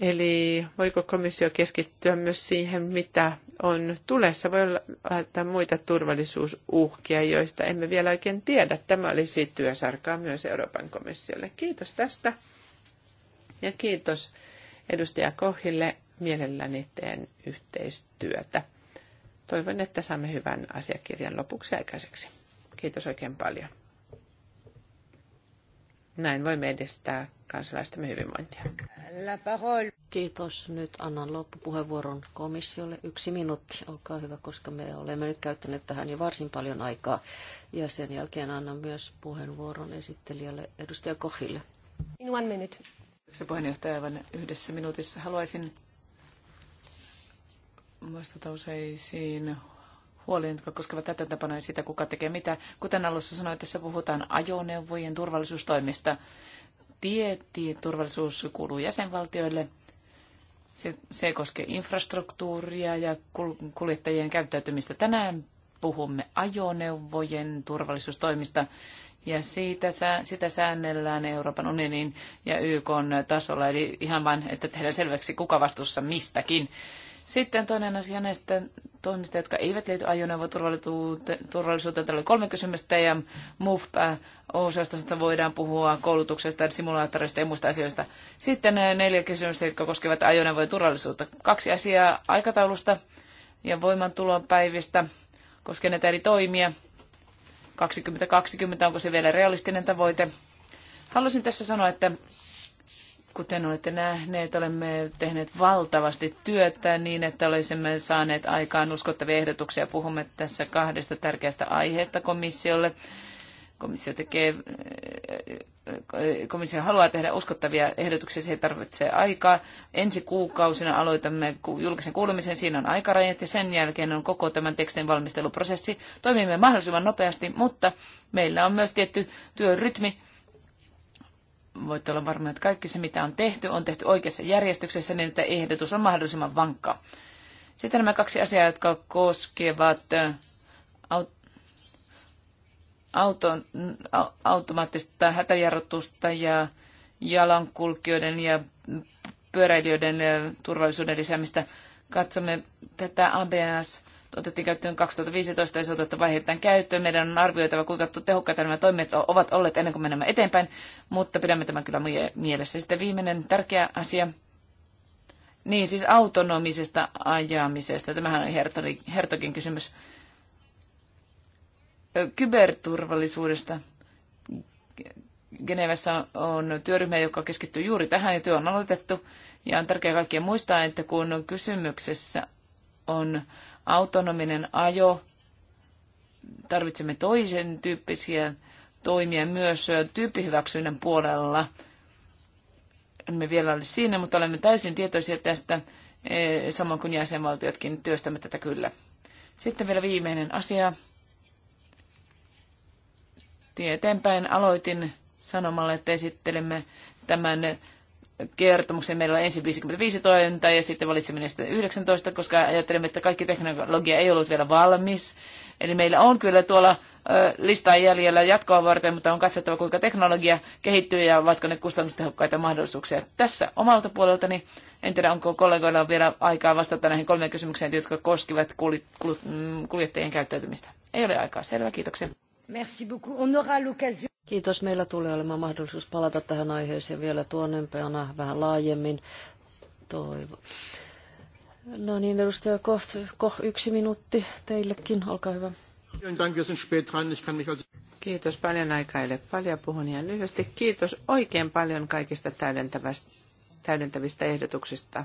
Eli voiko komissio keskittyä myös siihen, mitä on tulessa. Voi olla että muita turvallisuusuhkia, joista emme vielä oikein tiedä. Tämä olisi työsarkaa myös Euroopan komissiolle. Kiitos tästä ja kiitos edustaja Kohille. Mielelläni teen yhteistyötä. Toivon, että saamme hyvän asiakirjan lopuksi aikaiseksi. Kiitos oikein paljon. Näin voimme edistää kansalaistemme hyvinvointia. Kiitos. Nyt annan loppupuheenvuoron komissiolle. Yksi minuutti, olkaa hyvä, koska me olemme nyt käyttäneet tähän jo varsin paljon aikaa. Ja sen jälkeen annan myös puheenvuoron esittelijälle edustaja Kohille. In one minute. Se puheenjohtaja aivan yhdessä minuutissa. Haluaisin vastata useisiin huoliin, jotka koskevat täytäntöpanoja sitä, kuka tekee mitä. Kuten alussa sanoin, tässä puhutaan ajoneuvojen turvallisuustoimista. Tiettiin turvallisuus kuuluu jäsenvaltioille. Se, se koskee infrastruktuuria ja kuljettajien käyttäytymistä. Tänään puhumme ajoneuvojen turvallisuustoimista ja siitä, sitä säännellään Euroopan unionin ja YK tasolla. Eli ihan vain, että tehdään selväksi, kuka vastuussa mistäkin. Sitten toinen asia näistä toimista, jotka eivät liity ajoneuvoturvallisuuteen. Täällä oli kolme kysymystä ja MUFPA osastosta voidaan puhua koulutuksesta, simulaattoreista ja muista asioista. Sitten neljä kysymystä, jotka koskevat ajoneuvojen turvallisuutta. Kaksi asiaa aikataulusta ja voimantulon päivistä koskien näitä eri toimia. 2020, onko se vielä realistinen tavoite? Haluaisin tässä sanoa, että Kuten olette nähneet, olemme tehneet valtavasti työtä niin, että olisimme saaneet aikaan uskottavia ehdotuksia. Puhumme tässä kahdesta tärkeästä aiheesta komissiolle. Komissio tekee komissio haluaa tehdä uskottavia ehdotuksia, se tarvitse aikaa. Ensi kuukausina aloitamme julkisen kuulumisen siinä on aikarajat ja sen jälkeen on koko tämän tekstin valmisteluprosessi. Toimimme mahdollisimman nopeasti, mutta meillä on myös tietty työrytmi, voitte olla varma, että kaikki se, mitä on tehty, on tehty oikeassa järjestyksessä niin, että ehdotus on mahdollisimman vankka. Sitten nämä kaksi asiaa, jotka koskevat auto- automaattista hätäjarrutusta ja jalankulkijoiden ja pyöräilijöiden turvallisuuden lisäämistä. Katsomme tätä ABS otettiin käyttöön 2015 ja se otettu vaiheittain käyttöön. Meidän on arvioitava, kuinka tehokkaita nämä toimet ovat olleet ennen kuin menemme eteenpäin, mutta pidämme tämän kyllä mielessä. Sitten viimeinen tärkeä asia. Niin, siis autonomisesta ajamisesta. Tämähän on Hertogin kysymys. Kyberturvallisuudesta. Genevessä on työryhmä, joka keskittyy juuri tähän ja työ on aloitettu. Ja on tärkeää kaikkien muistaa, että kun kysymyksessä on autonominen ajo. Tarvitsemme toisen tyyppisiä toimia myös tyyppihyväksynnän puolella. Emme vielä ole siinä, mutta olemme täysin tietoisia tästä, eh, samoin kuin jäsenvaltiotkin työstämme tätä kyllä. Sitten vielä viimeinen asia. Tieteenpäin aloitin sanomalla, että esittelemme tämän kertomuksia. Meillä on ensin 55 toimintaa ja sitten valitsimme niistä 19, koska ajattelemme, että kaikki teknologia ei ollut vielä valmis. Eli meillä on kyllä tuolla listaa jäljellä jatkoa varten, mutta on katsottava, kuinka teknologia kehittyy ja ovatko ne kustannustehokkaita mahdollisuuksia. Tässä omalta puoleltani, en tiedä onko kollegoilla vielä aikaa vastata näihin kolmeen kysymykseen, jotka koskivat mm, kuljettajien käyttäytymistä. Ei ole aikaa, selvä, kiitoksia. Merci beaucoup. On aura l'occasion. Kiitos. Meillä tulee olemaan mahdollisuus palata tähän aiheeseen vielä tuonnempana vähän laajemmin. Toivo. No niin, edustaja Koh, Koh yksi minuutti teillekin. Olkaa hyvä. Kiitos paljon aikaille. Paljon puhun ihan lyhyesti. Kiitos oikein paljon kaikista täydentävistä ehdotuksista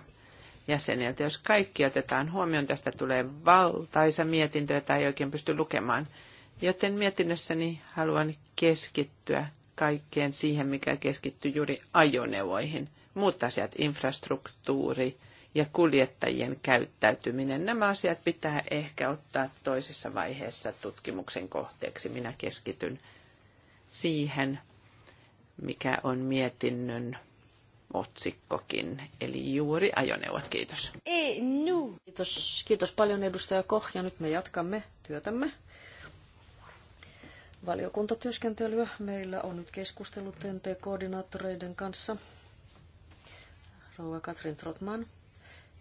jäseniltä. Jos kaikki otetaan huomioon, tästä tulee valtaisa mietintö, jota ei oikein pysty lukemaan. Joten mietinnössäni haluan keskittyä kaikkeen siihen, mikä keskittyy juuri ajoneuvoihin. Muut asiat, infrastruktuuri ja kuljettajien käyttäytyminen, nämä asiat pitää ehkä ottaa toisessa vaiheessa tutkimuksen kohteeksi. Minä keskityn siihen, mikä on mietinnön otsikkokin, eli juuri ajoneuvot. Kiitos. Ei, nu. kiitos. Kiitos paljon edustaja Koh, ja nyt me jatkamme työtämme valiokuntatyöskentelyä. Meillä on nyt keskustelu TNT-koordinaattoreiden kanssa. Rouva Katrin Trotman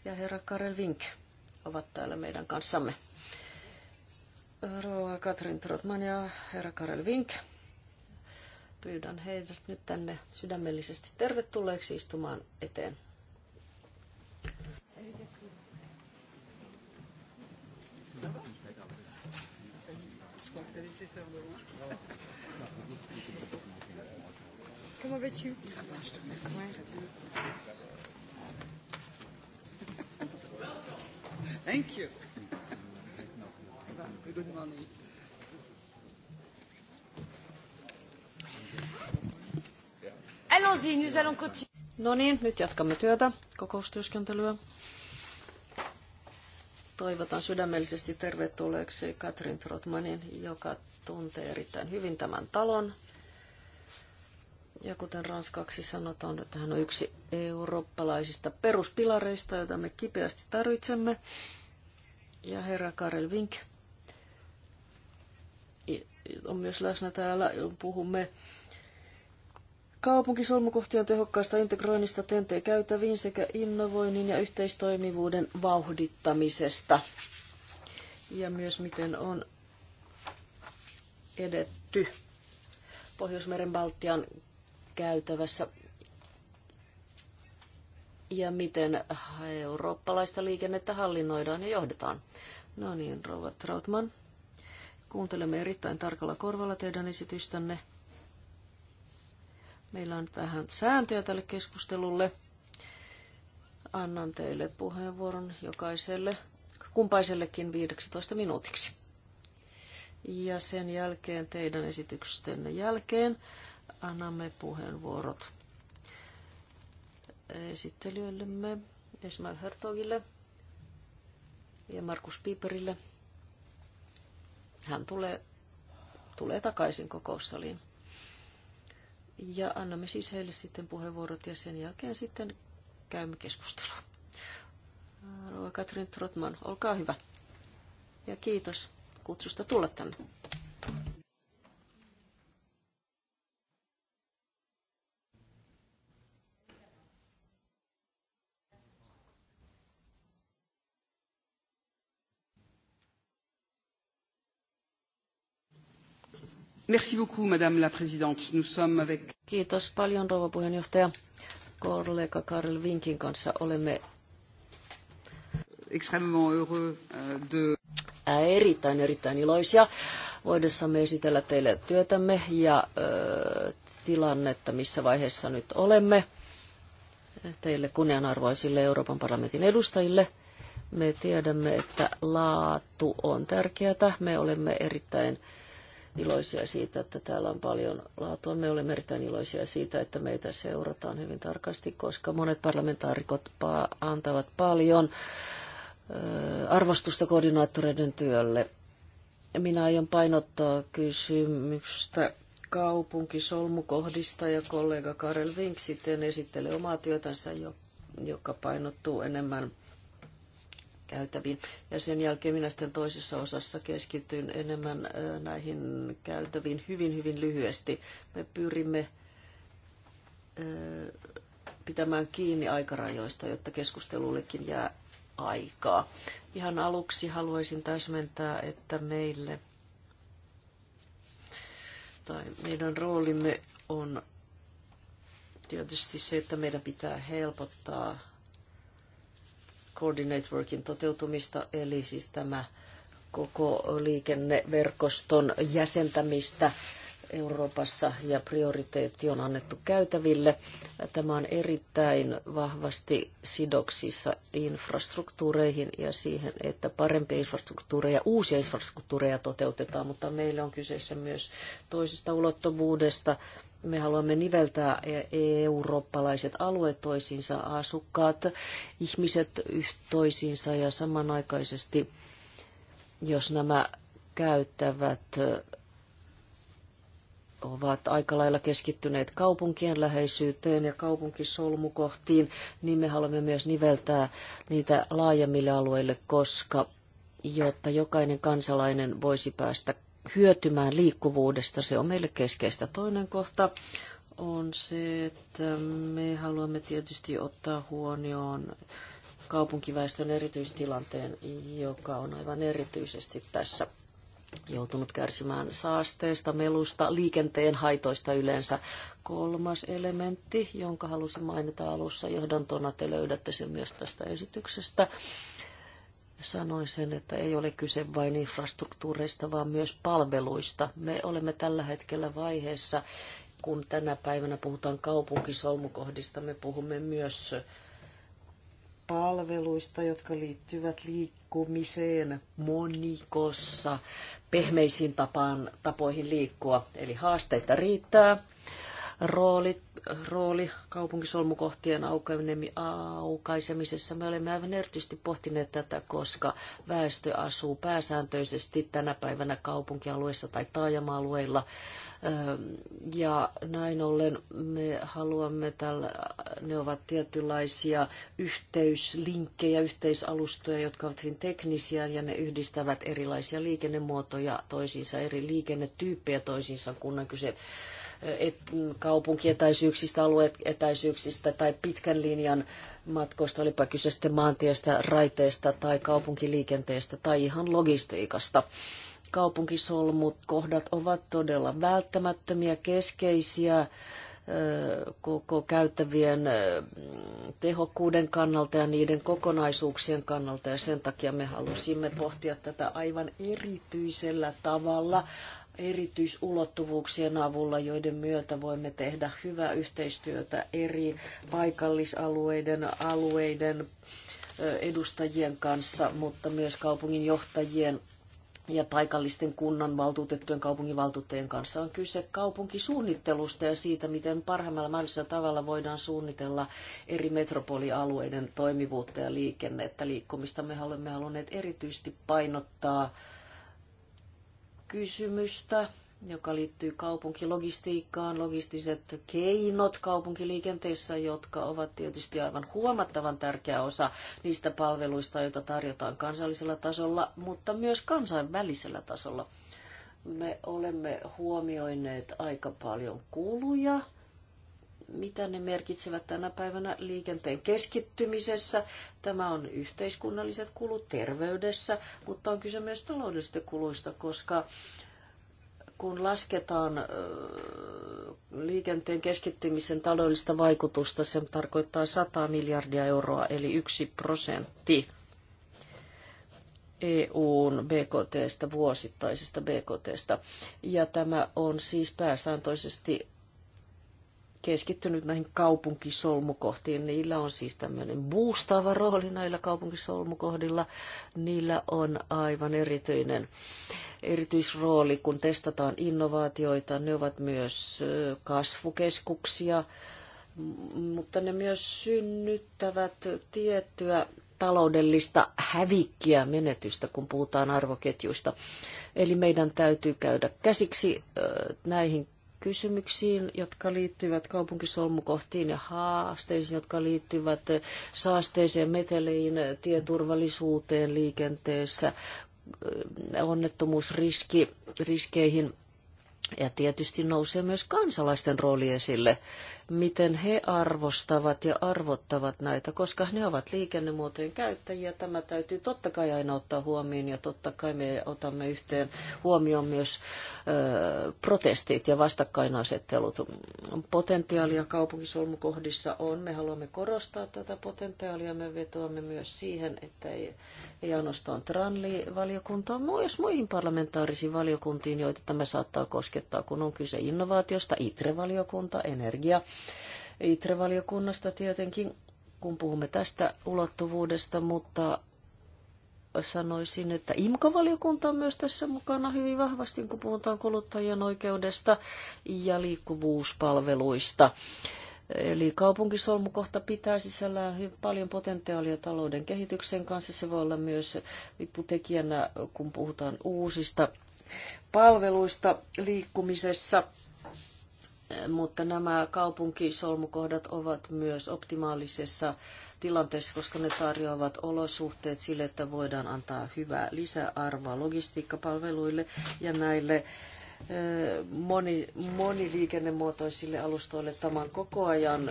ja herra Karel Vink ovat täällä meidän kanssamme. Rouva Katrin Trotman ja herra Karel Vink. Pyydän heidät nyt tänne sydämellisesti tervetulleeksi istumaan eteen c'est ça, on Comment vas-tu Ça va, je te remercie. Ouais. Thank you. Good morning. Allons-y, nous allons continuer. No niin, nyt jatkamme työtä, kokoustyöskentelyä. Toivotan sydämellisesti tervetulleeksi Katrin Trotmanin, joka tuntee erittäin hyvin tämän talon. Ja kuten ranskaksi sanotaan, että hän on yksi eurooppalaisista peruspilareista, joita me kipeästi tarvitsemme. Ja herra Karel Vink on myös läsnä täällä. Puhumme Kaupunkisolmukohtien tehokkaasta integroinnista TNT-käytäviin sekä innovoinnin ja yhteistoimivuuden vauhdittamisesta. Ja myös miten on edetty Pohjoismeren Baltian käytävässä ja miten eurooppalaista liikennettä hallinnoidaan ja johdetaan. No niin, rouva Trautman, kuuntelemme erittäin tarkalla korvalla teidän esitystänne – Meillä on vähän sääntöjä tälle keskustelulle. Annan teille puheenvuoron jokaiselle, kumpaisellekin 15 minuutiksi. Ja sen jälkeen, teidän esitystenne jälkeen, annamme puheenvuorot esittelijöillemme, Esmail Hertogille ja Markus Piiperille. Hän tulee, tulee takaisin kokoussaliin. Ja annamme siis heille sitten puheenvuorot ja sen jälkeen sitten käymme keskustelua. Rouva Katrin Trotman, olkaa hyvä. Ja kiitos kutsusta tulla tänne. Merci beaucoup, Madame la Présidente. Nous sommes avec... Kiitos paljon, rouva puheenjohtaja. Kollega Karl Vinkin kanssa olemme extrêmement heureux euh, de... Erittäin, erittäin iloisia voidessamme esitellä teille työtämme ja ö, tilannetta, missä vaiheessa nyt olemme teille kunnianarvoisille Euroopan parlamentin edustajille. Me tiedämme, että laatu on tärkeää. Me olemme erittäin iloisia siitä, että täällä on paljon laatua. Me olemme erittäin iloisia siitä, että meitä seurataan hyvin tarkasti, koska monet parlamentaarikot antavat paljon arvostusta koordinaattoreiden työlle. Minä aion painottaa kysymystä kaupunkisolmukohdista ja kollega Karel Vink sitten esittelee omaa työtänsä, joka painottuu enemmän käytäviin. Ja sen jälkeen minä sitten toisessa osassa keskityn enemmän näihin käytäviin hyvin, hyvin lyhyesti. Me pyrimme pitämään kiinni aikarajoista, jotta keskustelullekin jää aikaa. Ihan aluksi haluaisin täsmentää, että meille tai meidän roolimme on tietysti se, että meidän pitää helpottaa Coordinate toteutumista, eli siis tämä koko liikenneverkoston jäsentämistä Euroopassa ja prioriteetti on annettu käytäville. Tämä on erittäin vahvasti sidoksissa infrastruktuureihin ja siihen, että parempia infrastruktuureja, uusia infrastruktuureja toteutetaan, mutta meillä on kyseessä myös toisesta ulottuvuudesta, me haluamme niveltää eurooppalaiset alueet toisiinsa, asukkaat, ihmiset toisiinsa ja samanaikaisesti, jos nämä käyttävät ovat aika lailla keskittyneet kaupunkien läheisyyteen ja kaupunkisolmukohtiin, niin me haluamme myös niveltää niitä laajemmille alueille, koska jotta jokainen kansalainen voisi päästä hyötymään liikkuvuudesta. Se on meille keskeistä. Toinen kohta on se, että me haluamme tietysti ottaa huomioon kaupunkiväestön erityistilanteen, joka on aivan erityisesti tässä joutunut kärsimään saasteesta, melusta, liikenteen haitoista yleensä. Kolmas elementti, jonka halusin mainita alussa johdantona, te löydätte sen myös tästä esityksestä, sanoin sen, että ei ole kyse vain infrastruktuureista, vaan myös palveluista. Me olemme tällä hetkellä vaiheessa, kun tänä päivänä puhutaan kaupunkisolmukohdista, me puhumme myös palveluista, jotka liittyvät liikkumiseen monikossa, pehmeisiin tapaan, tapoihin liikkua. Eli haasteita riittää rooli, rooli kaupunkisolmukohtien aukaisemisessa. Me olemme aivan erityisesti pohtineet tätä, koska väestö asuu pääsääntöisesti tänä päivänä kaupunkialueissa tai taajama-alueilla. Ja näin ollen me haluamme, tällä, ne ovat tietynlaisia yhteyslinkkejä, yhteisalustoja, jotka ovat hyvin teknisiä ja ne yhdistävät erilaisia liikennemuotoja toisiinsa, eri liikennetyyppejä toisiinsa, kun on kyse et, kaupunkietäisyyksistä, alueetäisyyksistä tai pitkän linjan matkoista, olipa kyse sitten maantiestä, raiteesta tai kaupunkiliikenteestä tai ihan logistiikasta. Kaupunkisolmut kohdat ovat todella välttämättömiä, keskeisiä koko käyttävien tehokkuuden kannalta ja niiden kokonaisuuksien kannalta ja sen takia me halusimme pohtia tätä aivan erityisellä tavalla erityisulottuvuuksien avulla, joiden myötä voimme tehdä hyvää yhteistyötä eri paikallisalueiden, alueiden edustajien kanssa, mutta myös kaupungin johtajien ja paikallisten kunnan valtuutettujen kaupunginvaltuuttajien kanssa on kyse kaupunkisuunnittelusta ja siitä, miten parhaimmalla mahdollisella tavalla voidaan suunnitella eri metropolialueiden toimivuutta ja liikennettä, liikkumista. Me olemme halunneet erityisesti painottaa kysymystä, joka liittyy kaupunkilogistiikkaan, logistiset keinot kaupunkiliikenteessä, jotka ovat tietysti aivan huomattavan tärkeä osa niistä palveluista, joita tarjotaan kansallisella tasolla, mutta myös kansainvälisellä tasolla. Me olemme huomioineet aika paljon kuluja, mitä ne merkitsevät tänä päivänä liikenteen keskittymisessä. Tämä on yhteiskunnalliset kulut terveydessä, mutta on kyse myös taloudellisista kuluista, koska kun lasketaan liikenteen keskittymisen taloudellista vaikutusta, se tarkoittaa 100 miljardia euroa, eli yksi prosentti EUn BKTstä, vuosittaisesta BKTstä. Ja tämä on siis pääsääntöisesti keskittynyt näihin kaupunkisolmukohtiin. Niillä on siis tämmöinen buustava rooli näillä kaupunkisolmukohdilla. Niillä on aivan erityinen erityisrooli, kun testataan innovaatioita. Ne ovat myös kasvukeskuksia, mutta ne myös synnyttävät tiettyä taloudellista hävikkiä, menetystä, kun puhutaan arvoketjuista. Eli meidän täytyy käydä käsiksi näihin kysymyksiin, jotka liittyvät kaupunkisolmukohtiin ja haasteisiin, jotka liittyvät saasteeseen, meteliin, tieturvallisuuteen liikenteessä, onnettomuusriski, riskeihin. Ja tietysti nousee myös kansalaisten rooli esille miten he arvostavat ja arvottavat näitä, koska ne ovat liikennemuotojen käyttäjiä. Tämä täytyy totta kai aina ottaa huomioon ja totta kai me otamme yhteen huomioon myös ö, protestit ja vastakkainasettelut. Potentiaalia kaupunkisolmukohdissa on. Me haluamme korostaa tätä potentiaalia. Me vetoamme myös siihen, että ei, ei ainoastaan tranli valiokuntaa myös muihin parlamentaarisiin valiokuntiin, joita tämä saattaa koskettaa, kun on kyse innovaatiosta, ITRE-valiokunta, energia, ITRE-valiokunnasta tietenkin, kun puhumme tästä ulottuvuudesta, mutta sanoisin, että imco valiokunta on myös tässä mukana hyvin vahvasti, kun puhutaan kuluttajien oikeudesta ja liikkuvuuspalveluista. Eli kaupunkisolmukohta pitää sisällään paljon potentiaalia talouden kehityksen kanssa. Se voi olla myös vipputekijänä, kun puhutaan uusista palveluista liikkumisessa mutta nämä kaupunkisolmukohdat ovat myös optimaalisessa tilanteessa, koska ne tarjoavat olosuhteet sille, että voidaan antaa hyvää lisäarvoa logistiikkapalveluille ja näille moni, moniliikennemuotoisille alustoille. Tämä on koko ajan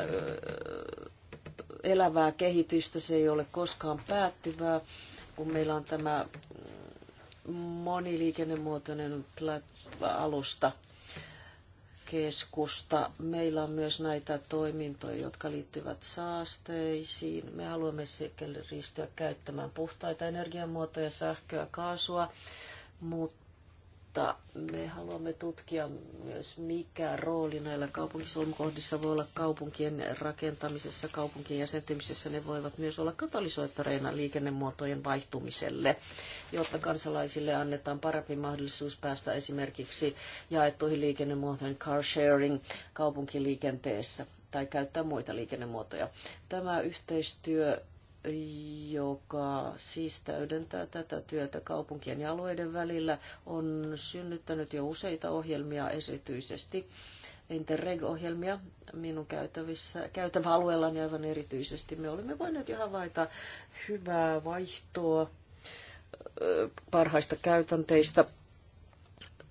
elävää kehitystä, se ei ole koskaan päättyvää, kun meillä on tämä moniliikennemuotoinen alusta keskusta. Meillä on myös näitä toimintoja, jotka liittyvät saasteisiin. Me haluamme ristyä käyttämään puhtaita energiamuotoja, sähköä, kaasua, mutta mutta me haluamme tutkia myös, mikä rooli näillä kaupunkisolmukohdissa voi olla kaupunkien rakentamisessa, kaupunkien jäsentymisessä. Ne voivat myös olla katalysoittareina liikennemuotojen vaihtumiselle, jotta kansalaisille annetaan parempi mahdollisuus päästä esimerkiksi jaettuihin liikennemuotoihin car sharing kaupunkiliikenteessä tai käyttää muita liikennemuotoja. Tämä yhteistyö joka siis täydentää tätä työtä kaupunkien ja alueiden välillä, on synnyttänyt jo useita ohjelmia esityisesti. Interreg-ohjelmia minun käytävissä, alueellani aivan erityisesti. Me olemme voineet jo havaita hyvää vaihtoa parhaista käytänteistä,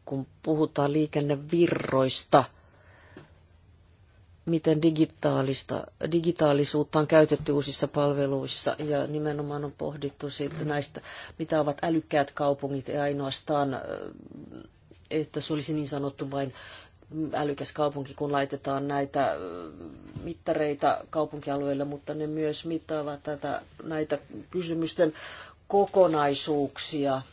kun puhutaan liikennevirroista – miten digitaalista, digitaalisuutta on käytetty uusissa palveluissa ja nimenomaan on pohdittu siitä näistä, mitä ovat älykkäät kaupungit ja ainoastaan, äh, että se olisi niin sanottu vain älykäs kaupunki, kun laitetaan näitä äh, mittareita kaupunkialueille, mutta ne myös mittaavat tätä, näitä kysymysten kokonaisuuksia –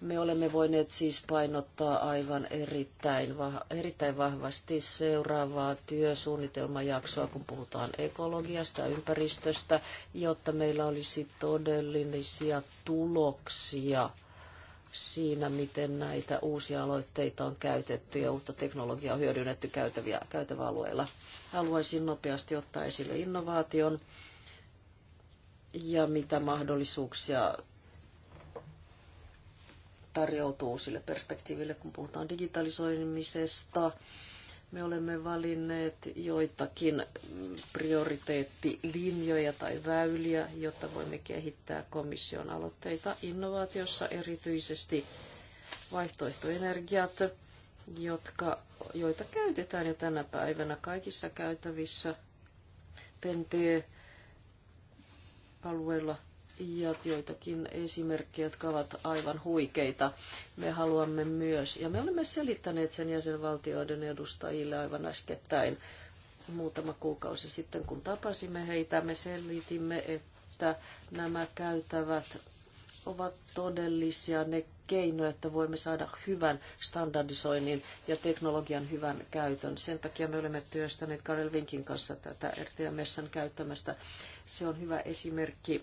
me olemme voineet siis painottaa aivan erittäin, vah, erittäin vahvasti seuraavaa työsuunnitelmajaksoa, kun puhutaan ekologiasta, ympäristöstä, jotta meillä olisi todellisia tuloksia siinä, miten näitä uusia aloitteita on käytetty ja uutta teknologiaa on hyödynnetty käytäviä, käytäväalueilla. Haluaisin nopeasti ottaa esille innovaation ja mitä mahdollisuuksia tarjoutuu sille perspektiiville, kun puhutaan digitalisoimisesta. Me olemme valinneet joitakin prioriteettilinjoja tai väyliä, jotta voimme kehittää komission aloitteita innovaatiossa, erityisesti vaihtoehtoenergiat, jotka, joita käytetään jo tänä päivänä kaikissa käytävissä TNT-alueilla – ja joitakin esimerkkejä, jotka ovat aivan huikeita. Me haluamme myös, ja me olemme selittäneet sen jäsenvaltioiden edustajille aivan äskettäin muutama kuukausi sitten, kun tapasimme heitä, me selitimme, että nämä käytävät ovat todellisia ne keino, että voimme saada hyvän standardisoinnin ja teknologian hyvän käytön. Sen takia me olemme työstäneet Karel Vinkin kanssa tätä RTMSn käyttämästä. Se on hyvä esimerkki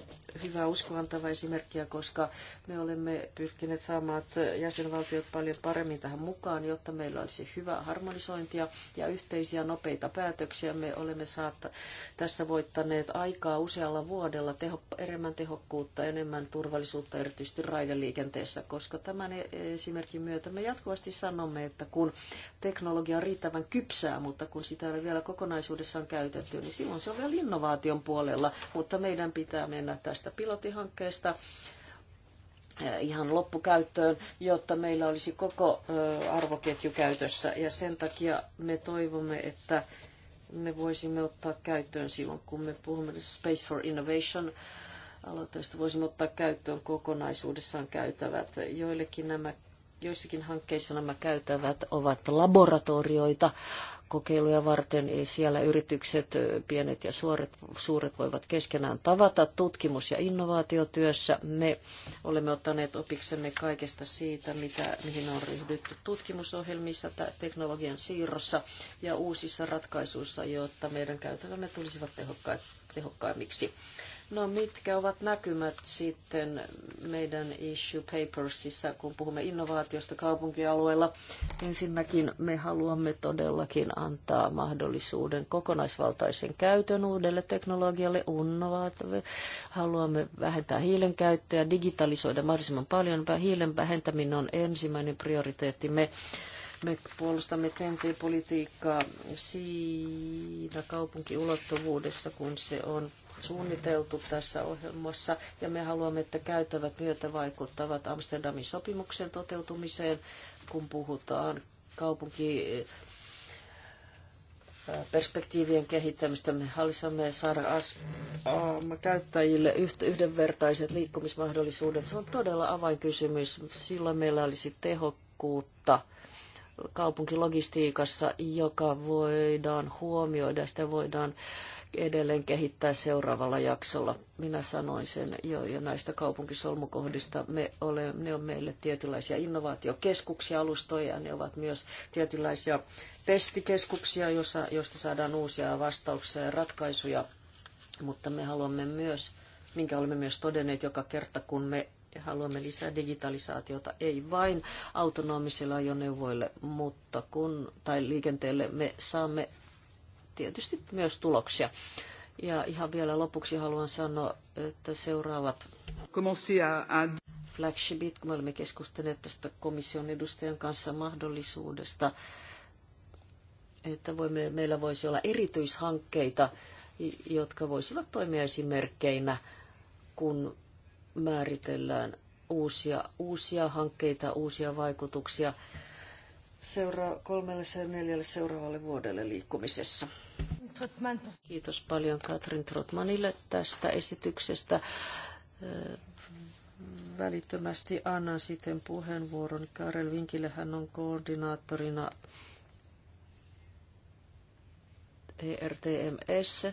hyvää uskovantava esimerkkiä, koska me olemme pyrkineet saamaan jäsenvaltiot paljon paremmin tähän mukaan, jotta meillä olisi hyvää harmonisointia ja yhteisiä nopeita päätöksiä. Me olemme saatta, tässä voittaneet aikaa usealla vuodella teho, enemmän tehokkuutta, enemmän turvallisuutta, erityisesti raideliikenteessä, koska tämän e- esimerkin myötä me jatkuvasti sanomme, että kun teknologia on riittävän kypsää, mutta kun sitä ei ole vielä kokonaisuudessaan käytetty, niin silloin se on vielä innovaation puolella, mutta meidän pitää mennä tästä tästä pilotihankkeesta eh, ihan loppukäyttöön, jotta meillä olisi koko eh, arvoketju käytössä. Ja sen takia me toivomme, että me voisimme ottaa käyttöön silloin, kun me puhumme Space for Innovation aloitteesta, voisimme ottaa käyttöön kokonaisuudessaan käytävät. Joillekin nämä Joissakin hankkeissa nämä käytävät ovat laboratorioita kokeiluja varten. siellä yritykset, pienet ja suuret suuret voivat keskenään tavata tutkimus- ja innovaatiotyössä. Me olemme ottaneet opiksemme kaikesta siitä, mitä, mihin on ryhdytty tutkimusohjelmissa, teknologian siirrossa ja uusissa ratkaisuissa, jotta meidän käytävämme tulisivat tehokkaita tehokkaimmiksi. No mitkä ovat näkymät sitten meidän issue papersissa, kun puhumme innovaatiosta kaupunkialueella? Ensinnäkin me haluamme todellakin antaa mahdollisuuden kokonaisvaltaisen käytön uudelle teknologialle, innovaatiolle. Haluamme vähentää hiilen käyttöä, digitalisoida mahdollisimman paljon. Hiilen vähentäminen on ensimmäinen prioriteetti. Me me puolustamme TNT-politiikkaa siinä kaupunkiulottuvuudessa, kun se on suunniteltu tässä ohjelmassa ja me haluamme, että käytävät myötä vaikuttavat Amsterdamin sopimuksen toteutumiseen, kun puhutaan kaupunki perspektiivien kehittämistä. Me haluamme saada as- käyttäjille yhdenvertaiset liikkumismahdollisuudet. Se on todella avainkysymys. Silloin meillä olisi tehokkuutta kaupunkilogistiikassa, joka voidaan huomioida, sitä voidaan edelleen kehittää seuraavalla jaksolla. Minä sanoin sen jo, jo näistä kaupunkisolmukohdista. Me ole, ne on meille tietynlaisia innovaatiokeskuksia, alustoja, ja ne ovat myös tietynlaisia testikeskuksia, jossa, josta saadaan uusia vastauksia ja ratkaisuja. Mutta me haluamme myös, minkä olemme myös todenneet joka kerta, kun me haluamme lisää digitalisaatiota, ei vain autonomisilla ajoneuvoille, mutta kun, tai liikenteelle me saamme tietysti myös tuloksia. Ja ihan vielä lopuksi haluan sanoa, että seuraavat flagshipit, kun me olemme keskustelleet tästä komission edustajan kanssa mahdollisuudesta, että voimme, meillä voisi olla erityishankkeita, jotka voisivat toimia esimerkkeinä, kun määritellään uusia, uusia hankkeita, uusia vaikutuksia seura- kolmelle ja neljälle seuraavalle vuodelle liikkumisessa. Kiitos paljon Katrin Trotmanille tästä esityksestä. Välittömästi annan sitten puheenvuoron Karel Vinkille. Hän on koordinaattorina ERTMS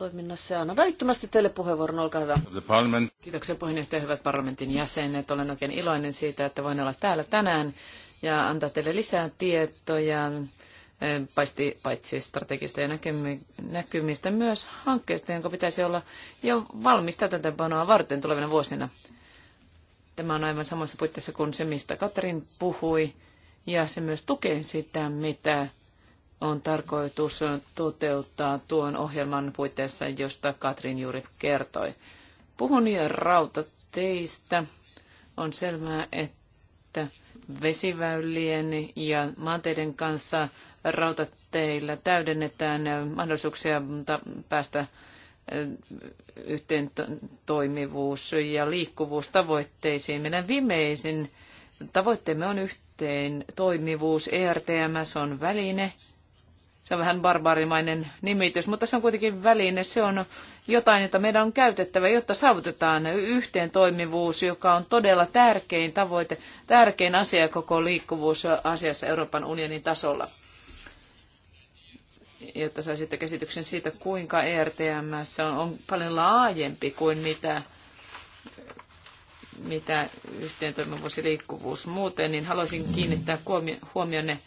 toiminnassa. Ja annan välittömästi teille puheenvuoron, olkaa hyvä. Kiitoksia puheenjohtaja, hyvät parlamentin jäsenet. Olen oikein iloinen siitä, että voin olla täällä tänään ja antaa teille lisää tietoja eh, paitsi, paitsi strategista ja näkymistä, myös hankkeista, jonka pitäisi olla jo valmis täytäntöönpanoa varten tulevina vuosina. Tämä on aivan samassa puitteissa kuin se, mistä Katrin puhui, ja se myös tukee sitä, mitä on tarkoitus toteuttaa tuon ohjelman puitteissa, josta Katrin juuri kertoi. Puhun jo rautateistä. On selvää, että vesiväylien ja maanteiden kanssa rautateillä täydennetään mahdollisuuksia päästä yhteen toimivuus ja liikkuvuustavoitteisiin. Meidän viimeisin tavoitteemme on yhteen toimivuus. ERTMS on väline, se on vähän barbarimainen nimitys, mutta se on kuitenkin väline. Se on jotain, jota meidän on käytettävä, jotta saavutetaan yhteen toimivuus, joka on todella tärkein tavoite, tärkein asia koko liikkuvuusasiassa Euroopan unionin tasolla. Jotta saisitte käsityksen siitä, kuinka ERTM on, on paljon laajempi kuin mitä mitä yhteen toimivuus ja liikkuvuus muuten, niin haluaisin kiinnittää huomionne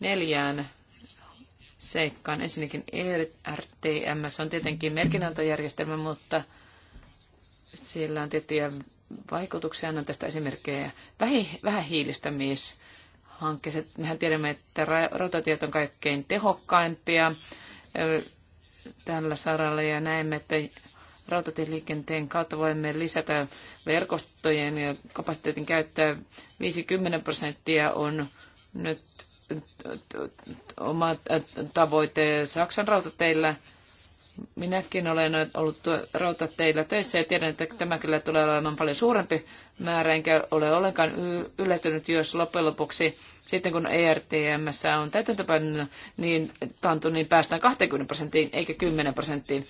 neljään seikkaan. Ensinnäkin se on tietenkin merkinantojärjestelmä, mutta sillä on tiettyjä vaikutuksia. Annan tästä esimerkkejä. Vähähiilistämishankkeeseen. Mehän tiedämme, että rautatiet on kaikkein tehokkaimpia tällä saralla ja näemme, että rautatieliikenteen kautta voimme lisätä verkostojen ja kapasiteetin käyttöä 50 prosenttia on nyt oma tavoite Saksan rautateillä. Minäkin olen ollut rautateillä töissä ja tiedän, että tämä kyllä tulee olemaan paljon suurempi määrä, enkä ole ollenkaan yllätynyt, jos loppujen lopuksi sitten kun ERTM on täytäntöpäin niin pantu, niin päästään 20 prosenttiin eikä 10 prosenttiin.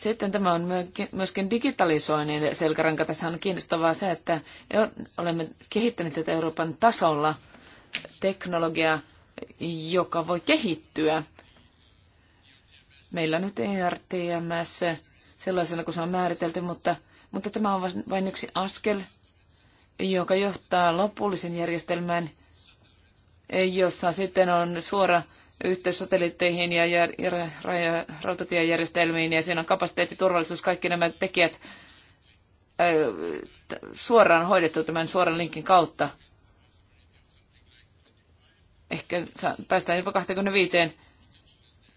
Sitten tämä on myöskin digitalisoinnin selkäranka. Tässä on kiinnostavaa se, että olemme kehittäneet tätä Euroopan tasolla teknologiaa, joka voi kehittyä. Meillä on nyt ERTMS sellaisena kuin se on määritelty, mutta, mutta tämä on vain yksi askel, joka johtaa lopullisen järjestelmään, jossa sitten on suora yhteys satelliitteihin ja rautatiejärjestelmiin ja siinä on kapasiteetti, turvallisuus, kaikki nämä tekijät suoraan hoidettu tämän suoran linkin kautta. Ehkä päästään jopa 25.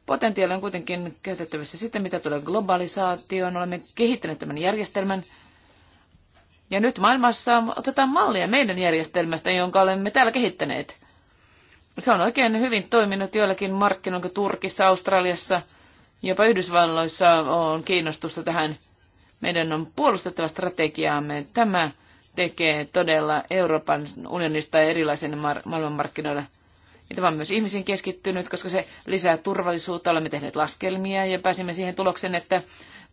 Potentiaali on kuitenkin käytettävissä sitten, mitä tulee globalisaatioon. Olemme kehittäneet tämän järjestelmän. Ja nyt maailmassa otetaan mallia meidän järjestelmästä, jonka olemme täällä kehittäneet. Se on oikein hyvin toiminut joillakin markkinoilla, Turkissa, Australiassa, jopa Yhdysvalloissa on kiinnostusta tähän. Meidän on puolustettava strategiaamme. Tämä tekee todella Euroopan unionista erilaisen maailmanmarkkinoilla. Ja tämä on myös ihmisiin keskittynyt, koska se lisää turvallisuutta. Olemme tehneet laskelmia ja pääsimme siihen tulokseen, että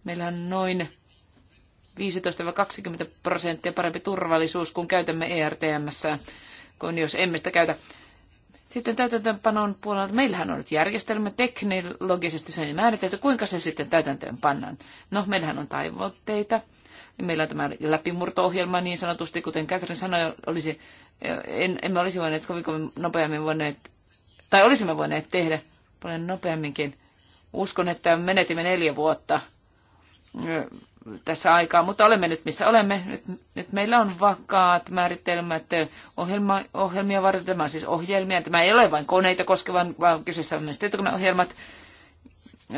meillä on noin 15-20 prosenttia parempi turvallisuus, kun käytämme ERTMssä, kuin jos emme sitä käytä. Sitten täytäntöönpanon puolella, meillähän on nyt järjestelmä teknologisesti sen määritelty, kuinka se sitten täytäntöön pannaan. No, meillähän on tavoitteita. Meillä on tämä läpimurto-ohjelma niin sanotusti, kuten Catherine sanoi, olisi, eh, en, emme olisi voineet kovin, kovin nopeammin voineet, tai olisimme voineet tehdä paljon nopeamminkin. Uskon, että menetimme neljä vuotta eh, tässä aikaa, mutta olemme nyt missä olemme. Nyt, nyt meillä on vakaat määritelmät ohjelma, ohjelmia varten. Tämä on siis ohjelmia. Tämä ei ole vain koneita koskevan, vaan kyseessä on myös tietokoneohjelmat.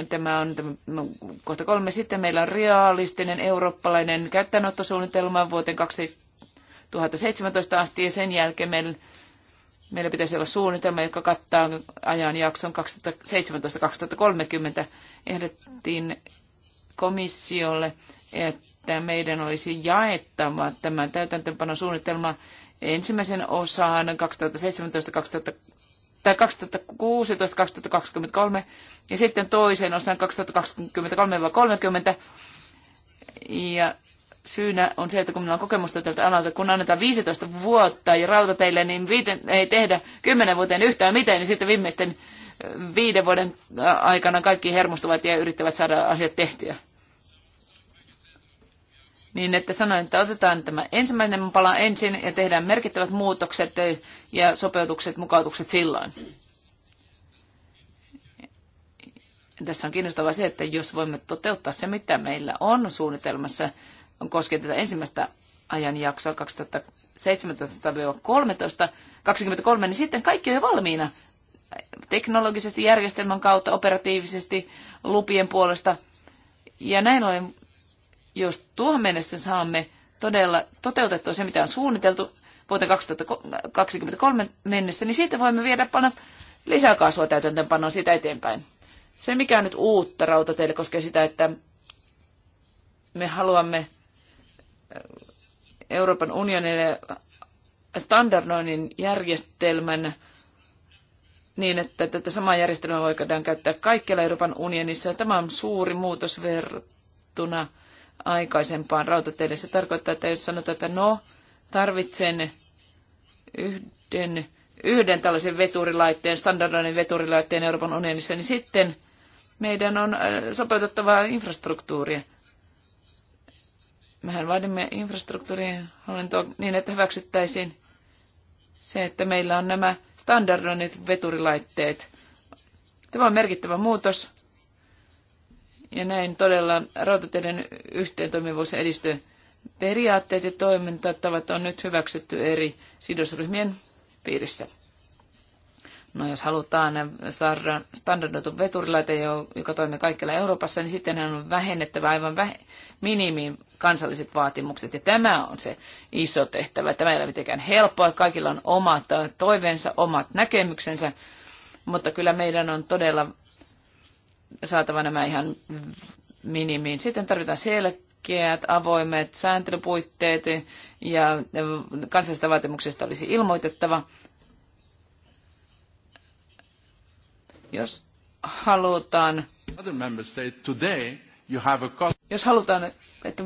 Tämä on tämä, no, kohta kolme. Sitten meillä on realistinen eurooppalainen käyttäjänottosuunnitelma vuoteen 2017 asti ja sen jälkeen meillä Meillä pitäisi olla suunnitelma, joka kattaa ajanjakson 2017-2030. Ehdettiin komissiolle että meidän olisi jaettava tämä täytäntöönpanosuunnitelma ensimmäisen osaan 2017 tai 2016-2023 ja sitten toisen osan 2023 2030 Ja syynä on se, että kun meillä on kokemusta tältä alalta, kun annetaan 15 vuotta ja teille, niin viite, ei tehdä 10 vuoteen yhtään mitään, niin sitten viimeisten viiden vuoden aikana kaikki hermostuvat ja yrittävät saada asiat tehtyä niin että sanoin, että otetaan tämä ensimmäinen pala ensin ja tehdään merkittävät muutokset ja sopeutukset, mukautukset silloin. Tässä on kiinnostavaa se, että jos voimme toteuttaa se, mitä meillä on suunnitelmassa, on koskien tätä ensimmäistä ajanjaksoa 2017-2023, niin sitten kaikki on jo valmiina teknologisesti, järjestelmän kautta, operatiivisesti, lupien puolesta. Ja näin ollen jos tuohon mennessä saamme todella toteutettua se, mitä on suunniteltu vuoteen 2023 mennessä, niin siitä voimme viedä panna lisää kasvua täytäntöönpanoon siitä eteenpäin. Se, mikä on nyt uutta rautateille, koskee sitä, että me haluamme äh, Euroopan unionille standardoinnin järjestelmän niin, että tätä samaa järjestelmää voidaan käyttää kaikkialla Euroopan unionissa. Tämä on suuri muutos verrattuna aikaisempaan rautateille. Se tarkoittaa, että jos sanotaan, että no, tarvitsen yhden, yhden tällaisen veturilaitteen, standardoinnin veturilaitteen Euroopan unionissa, niin sitten meidän on äh, sopeutettava infrastruktuuria. Mehän vaadimme infrastruktuurin hallintoa niin, että hyväksyttäisiin se, että meillä on nämä standardoinnit veturilaitteet. Tämä on merkittävä muutos ja näin todella rautateiden yhteentoimivuus edistyy. Periaatteet ja toimintatavat on nyt hyväksytty eri sidosryhmien piirissä. No jos halutaan saada standardoitu veturilaite, joka toimii kaikkialla Euroopassa, niin hän on vähennettävä aivan vähe- minimiin kansalliset vaatimukset. Ja tämä on se iso tehtävä. Tämä ei ole mitenkään helppoa. Kaikilla on omat toiveensa, omat näkemyksensä, mutta kyllä meidän on todella saatava nämä ihan minimiin. Sitten tarvitaan selkeät, avoimet sääntelypuitteet ja kansallisista vaatimuksista olisi ilmoitettava. Jos halutaan, jos halutaan, että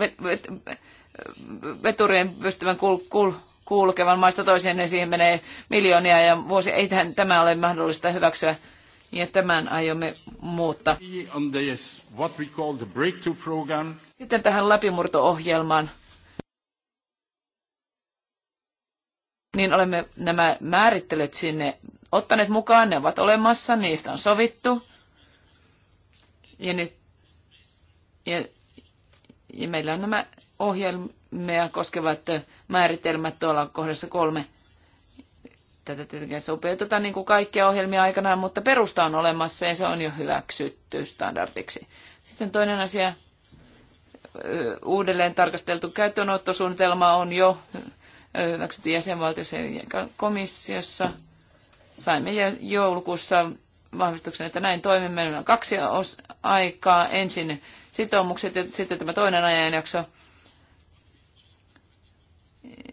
veturien pystyvän kul, kul, kulkevan maista toiseen, niin siihen menee miljoonia ja vuosi. Ei tämä ole mahdollista hyväksyä ja tämän aiomme muuttaa. Sitten tähän läpimurto-ohjelmaan. Niin olemme nämä määrittelyt sinne ottaneet mukaan, ne ovat olemassa, niistä on sovittu. Ja, nyt, ja, ja meillä on nämä ohjelmia koskevat määritelmät tuolla kohdassa kolme. Tätä tietenkin sopeutetaan niin kuin kaikkia ohjelmia aikanaan, mutta perusta on olemassa ja se on jo hyväksytty standardiksi. Sitten toinen asia, uudelleen tarkasteltu käyttöönottosuunnitelma on jo hyväksytty jäsenvaltiossa ja komissiossa. Saimme joulukuussa vahvistuksen, että näin toimimme. Meillä on kaksi aikaa. Ensin sitoumukset ja sitten tämä toinen ajanjakso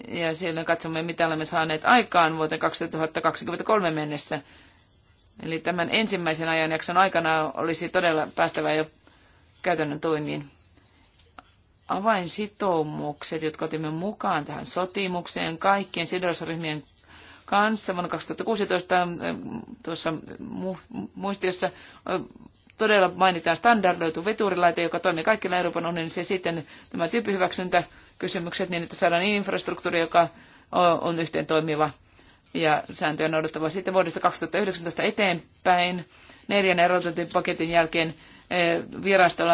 ja siellä katsomme, mitä olemme saaneet aikaan vuoteen 2023 mennessä. Eli tämän ensimmäisen ajanjakson aikana olisi todella päästävä jo käytännön toimiin. Avainsitoumukset, jotka otimme mukaan tähän sotimukseen kaikkien sidosryhmien kanssa vuonna 2016 eh, tuossa muistiossa eh, todella mainitaan standardoitu veturilaite, joka toimii kaikilla Euroopan unionissa ja sitten tämä tyyppihyväksyntä kysymykset niin, että saadaan infrastruktuuri, joka on yhteen toimiva ja sääntöjä noudattava. Sitten vuodesta 2019 eteenpäin neljännen rautatiepaketin jälkeen e, virastolla,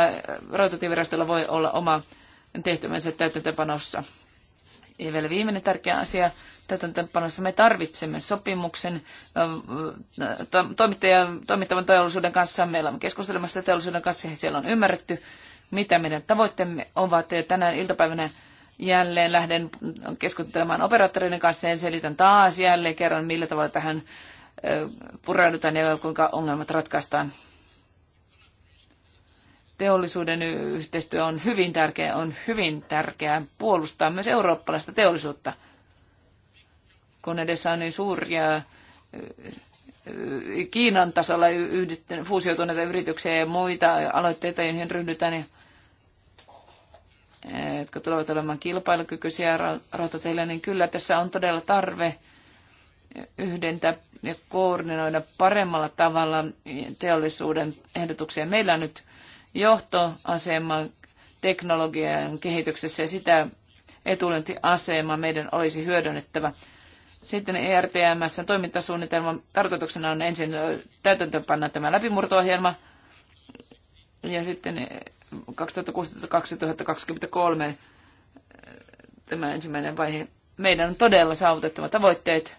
rautatievirastolla voi olla oma tehtävänsä täytäntöpanossa. Ja vielä viimeinen tärkeä asia täytäntöpanossa. Me tarvitsemme sopimuksen toimittajan, toimittavan teollisuuden kanssa. Meillä on keskustelemassa teollisuuden kanssa ja siellä on ymmärretty, mitä meidän tavoitteemme ovat. Ja tänään iltapäivänä jälleen lähden keskustelemaan operaattoreiden kanssa ja selitän taas jälleen kerran, millä tavalla tähän pureudutaan ja kuinka ongelmat ratkaistaan. Teollisuuden yhteistyö on hyvin tärkeä, on hyvin tärkeää puolustaa myös eurooppalaista teollisuutta, kun edessä on niin suuria Kiinan tasolla fuusioituneita yrityksiä ja muita aloitteita, joihin ryhdytään, niin Eh, jotka tulevat olemaan kilpailukykyisiä rautateillä, niin kyllä tässä on todella tarve yhdentää ja koordinoida paremmalla tavalla teollisuuden ehdotuksia. Meillä on nyt johtoasema teknologian kehityksessä ja sitä etulyöntiasemaa meidän olisi hyödynnettävä. Sitten ERTMS toimintasuunnitelman tarkoituksena on ensin täytäntöönpanna tämä läpimurto-ohjelma – ja sitten 2016-2023 eh, eh, tämä ensimmäinen vaihe. Meidän on todella saavutettava tavoitteet.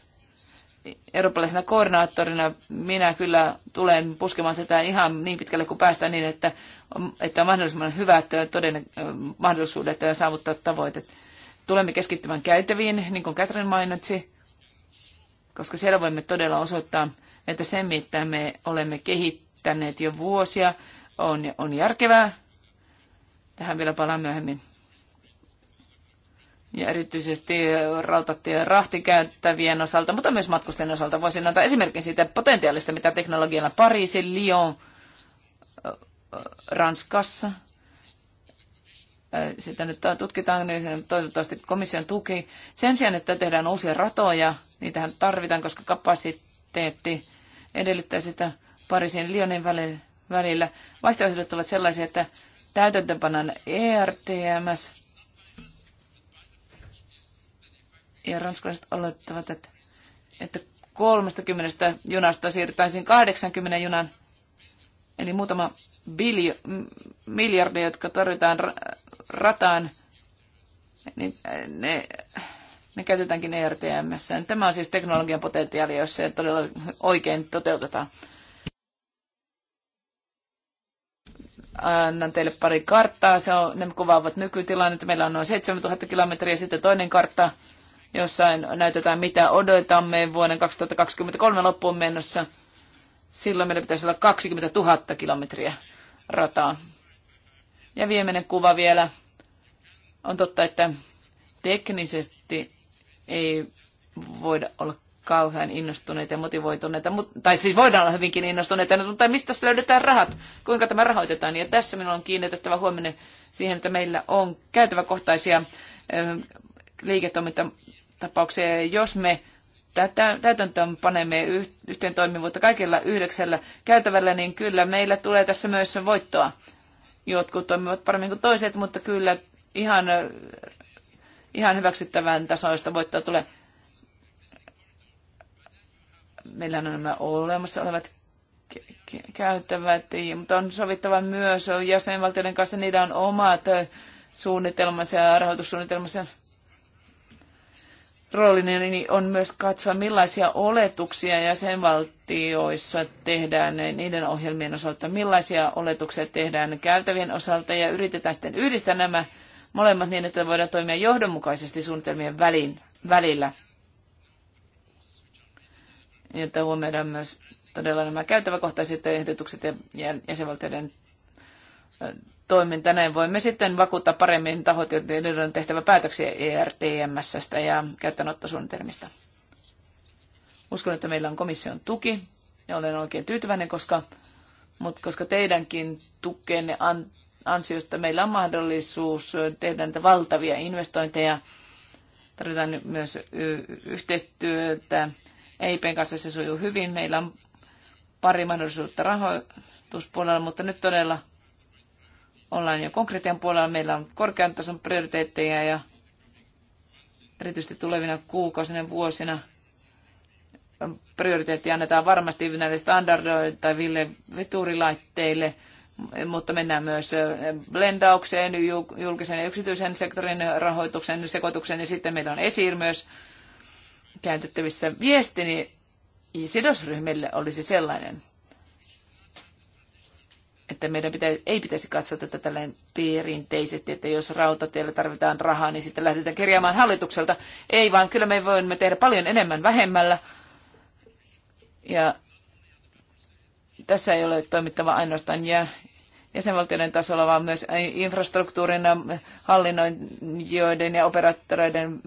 Eurooppalaisena koordinaattorina minä kyllä tulen puskemaan tätä ihan niin pitkälle kuin päästään niin, että, että on mahdollisimman hyvät toden, eh, mahdollisuudet saavuttaa tavoitteet. Tulemme keskittymään käytäviin, niin kuin Katrin mainitsi, koska siellä voimme todella osoittaa, että se, mitä me olemme kehittäneet jo vuosia, on, on järkevää. Tähän vielä palaan myöhemmin. Ja erityisesti ja rahtikäyttävien osalta, mutta myös matkustajien osalta voisin antaa esimerkin siitä potentiaalista, mitä teknologialla Pariisin, Lyon, Ranskassa. Sitä nyt tutkitaan, niin toivottavasti komission tuki. Sen sijaan, että tehdään uusia ratoja, niitähän tarvitaan, koska kapasiteetti edellyttää sitä Pariisin Lyonin välillä välillä. Vaihtoehdot ovat sellaisia, että täytäntöpanan ERTMS ja ranskalaiset olettavat, että, että 30 junasta sinne 80 junan, eli muutama biljo, miljardi, jotka tarvitaan rataan, niin äh, ne, ne käytetäänkin ERTMS. Tämä on siis teknologian potentiaali, jos se todella oikein toteutetaan. annan teille pari karttaa. Se on, ne kuvaavat nykytilannetta. Meillä on noin 7000 kilometriä. Sitten toinen kartta, jossa näytetään, mitä odotamme vuoden 2023 loppuun mennessä. Silloin meillä pitäisi olla 20 000 kilometriä rataa. Ja viimeinen kuva vielä. On totta, että teknisesti ei voida olla kauhean innostuneita ja motivoituneita, tai siis voidaan olla hyvinkin innostuneita, mutta mistä löydetään rahat, kuinka tämä rahoitetaan. Ja tässä minulla on kiinnitettävä huomenna siihen, että meillä on käytäväkohtaisia liiketoimintatapauksia, jos me täytäntöön panemme yhteen toimivuutta kaikilla yhdeksällä käytävällä, niin kyllä meillä tulee tässä myös voittoa. Jotkut toimivat paremmin kuin toiset, mutta kyllä ihan, ihan hyväksyttävän tasoista voittoa tulee meillä on nämä olemassa olevat käyttävät, mutta on sovittava myös jäsenvaltioiden kanssa, niillä on omat suunnitelmansa ja rahoitussuunnitelmansa rooli, niin, niin on myös katsoa, millaisia oletuksia jäsenvaltioissa tehdään niiden ohjelmien osalta, millaisia oletuksia tehdään käytävien osalta ja yritetään sitten yhdistää nämä molemmat niin, että voidaan toimia johdonmukaisesti suunnitelmien välin, välillä että huomioidaan myös todella nämä käytäväkohtaiset ehdotukset ja jäsenvaltioiden toiminta. Näin voimme sitten vakuuttaa paremmin tahot, joiden on tehtävä päätöksiä ERTMSstä ja käyttöönottosuunnitelmista. Uskon, että meillä on komission tuki ja olen oikein tyytyväinen, koska, mutta koska teidänkin tukenne ansiosta meillä on mahdollisuus tehdä näitä valtavia investointeja. Tarvitaan myös yhteistyötä EIPn kanssa se sujuu hyvin. Meillä on pari mahdollisuutta rahoituspuolella, mutta nyt todella ollaan jo konkretian puolella. Meillä on korkean tason prioriteetteja ja erityisesti tulevina kuukausina vuosina prioriteetti annetaan varmasti näille standardoitaville veturilaitteille, mutta mennään myös blendaukseen, julkisen ja yksityisen sektorin rahoituksen sekoitukseen ja sitten meillä on esiin myös käytettävissä. Viestini sidosryhmille olisi sellainen, että meidän pitä, ei pitäisi katsoa tätä tälleen perinteisesti, että jos rautatielle tarvitaan rahaa, niin sitten lähdetään kirjaamaan hallitukselta. Ei, vaan kyllä me voimme tehdä paljon enemmän vähemmällä. Ja tässä ei ole toimittava ainoastaan jä, jäsenvaltioiden tasolla, vaan myös infrastruktuurin ähm, hallinnoijoiden ja operaattoreiden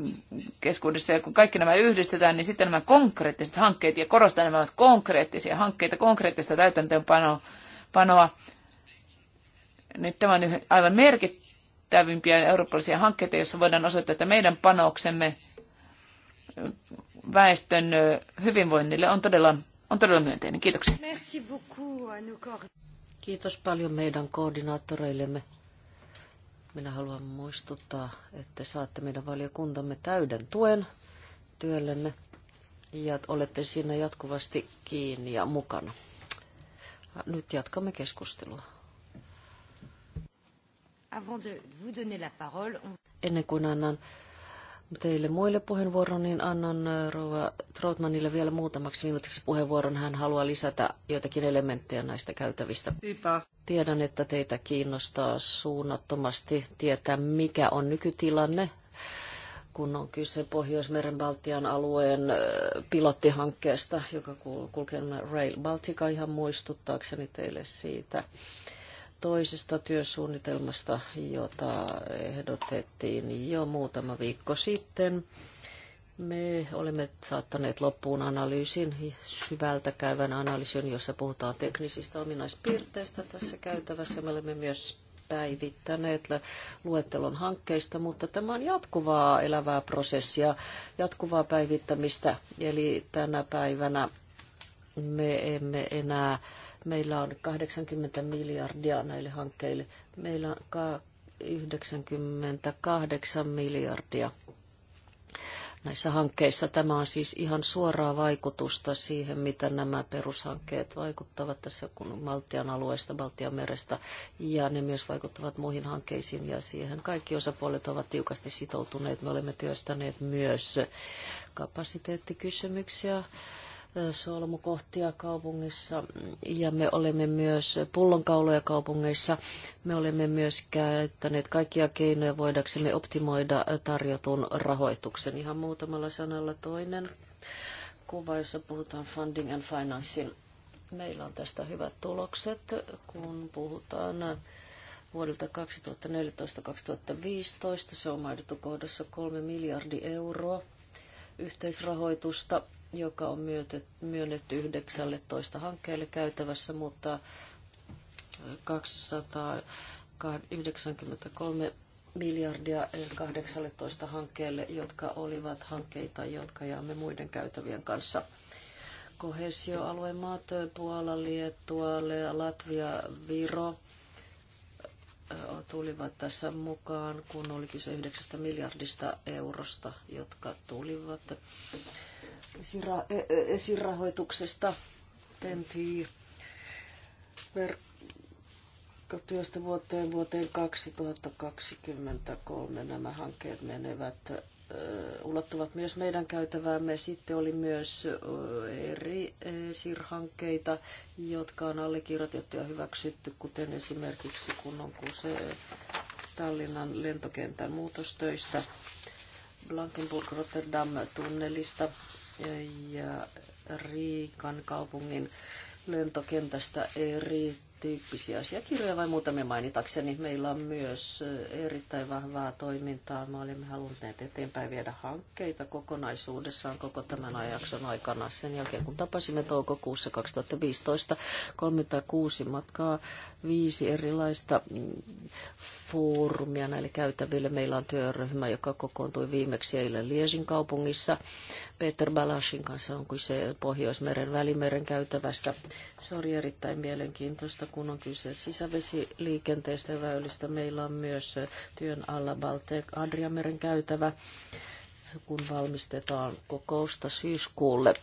keskuudessa. Ja kun kaikki nämä yhdistetään, niin sitten nämä konkreettiset hankkeet, ja korostan nämä ovat konkreettisia hankkeita, konkreettista täytäntöönpanoa, niin tämä on aivan merkittävimpiä eurooppalaisia hankkeita, joissa voidaan osoittaa, että meidän panoksemme väestön hyvinvoinnille on todella, on todella myönteinen. Kiitoksia. Kiitos paljon meidän koordinaattoreillemme. Minä haluan muistuttaa, että saatte meidän valiokuntamme täyden tuen työllenne ja olette siinä jatkuvasti kiinni ja mukana. Nyt jatkamme keskustelua. Ennen kuin annan teille muille puheenvuoron, niin annan äh, Rova Trotmanille vielä muutamaksi minuutiksi puheenvuoron. Hän haluaa lisätä joitakin elementtejä näistä käytävistä. Tiedän, että teitä kiinnostaa suunnattomasti tietää, mikä on nykytilanne kun on kyse Pohjoismeren Baltian alueen äh, pilottihankkeesta, joka kulkee Rail Baltica ihan muistuttaakseni teille siitä toisesta työsuunnitelmasta, jota ehdotettiin jo muutama viikko sitten. Me olemme saattaneet loppuun analyysin, syvältä käyvän analyysin, jossa puhutaan teknisistä ominaispiirteistä tässä käytävässä. Me olemme myös päivittäneet luettelon hankkeista, mutta tämä on jatkuvaa elävää prosessia, jatkuvaa päivittämistä. Eli tänä päivänä me emme enää Meillä on 80 miljardia näille hankkeille. Meillä on 98 miljardia näissä hankkeissa. Tämä on siis ihan suoraa vaikutusta siihen, mitä nämä perushankkeet vaikuttavat tässä kun Maltian alueesta, Baltian merestä, ja ne myös vaikuttavat muihin hankkeisiin, ja siihen kaikki osapuolet ovat tiukasti sitoutuneet. Me olemme työstäneet myös kapasiteettikysymyksiä solmukohtia kaupungissa ja me olemme myös pullonkauloja kaupungeissa. Me olemme myös käyttäneet kaikkia keinoja voidaksemme optimoida tarjotun rahoituksen. Ihan muutamalla sanalla toinen kuva, jossa puhutaan funding and financing. Meillä on tästä hyvät tulokset, kun puhutaan vuodelta 2014-2015. Se on mainittu kohdassa 3 miljardi euroa yhteisrahoitusta joka on myönnetty 19 hankkeelle käytävässä, mutta 293 miljardia 18 hankkeelle, jotka olivat hankkeita, jotka jaamme muiden käytävien kanssa. Kohesioalueen maat, Puola, Liettua, Latvia, Viro tulivat tässä mukaan, kun oli kyse 9 miljardista eurosta, jotka tulivat E, e, esirahoituksesta TENTI verkkotyöstä vuoteen vuoteen 2023 nämä hankkeet menevät ulottuvat myös meidän käytäväämme. Sitten oli myös eri SIR-hankkeita, jotka on allekirjoitettu ja hyväksytty, kuten esimerkiksi kun on se Tallinnan lentokentän muutostöistä, Blankenburg-Rotterdam-tunnelista, ja Riikan kaupungin lentokentästä eri eri-tyyppisiä asiakirjoja vai muutamia mainitakseni. Meillä on myös erittäin vahvaa toimintaa. Me olemme halunneet eteenpäin viedä hankkeita kokonaisuudessaan koko tämän ajakson aikana. Sen jälkeen kun tapasimme toukokuussa 2015 36 matkaa, viisi erilaista foorumia näille käytäville. Meillä on työryhmä, joka kokoontui viimeksi eilen Liesin kaupungissa. Peter Balashin kanssa on kyse Pohjoismeren välimeren käytävästä. Se oli erittäin mielenkiintoista, kun on kyse sisävesiliikenteestä ja väylistä. Meillä on myös työn alla Baltic Adriameren käytävä, kun valmistetaan kokousta syyskuulle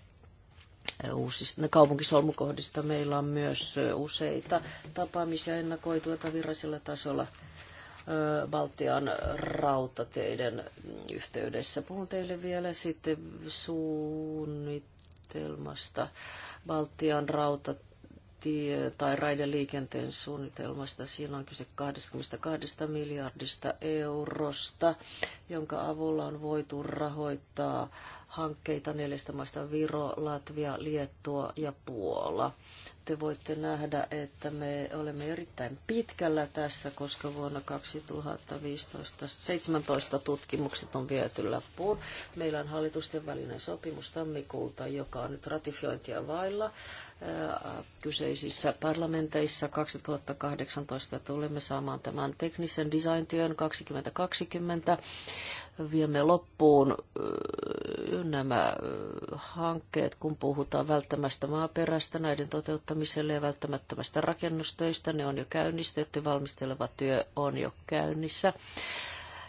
uusista kaupunkisolmukohdista meillä on myös useita tapaamisia ennakoituja virallisella tasolla Baltian rautateiden yhteydessä. Puhun teille vielä sitten suunnitelmasta Baltian rautateiden tai raideliikenteen suunnitelmasta. Siinä on kyse 22 miljardista eurosta, jonka avulla on voitu rahoittaa hankkeita neljästä maista Viro, Latvia, Liettua ja Puola. Te voitte nähdä, että me olemme erittäin pitkällä tässä, koska vuonna 2015-2017 tutkimukset on viety läppuun. Meillä on hallitusten välinen sopimus tammikuulta, joka on nyt ratifiointia vailla äh, kyseisissä parlamenteissa 2018 tulemme saamaan tämän teknisen design-työn 2020 viemme loppuun nämä hankkeet, kun puhutaan välttämästä maaperästä näiden toteuttamiselle ja välttämättömästä rakennustöistä. Ne on jo käynnistetty, valmisteleva työ on jo käynnissä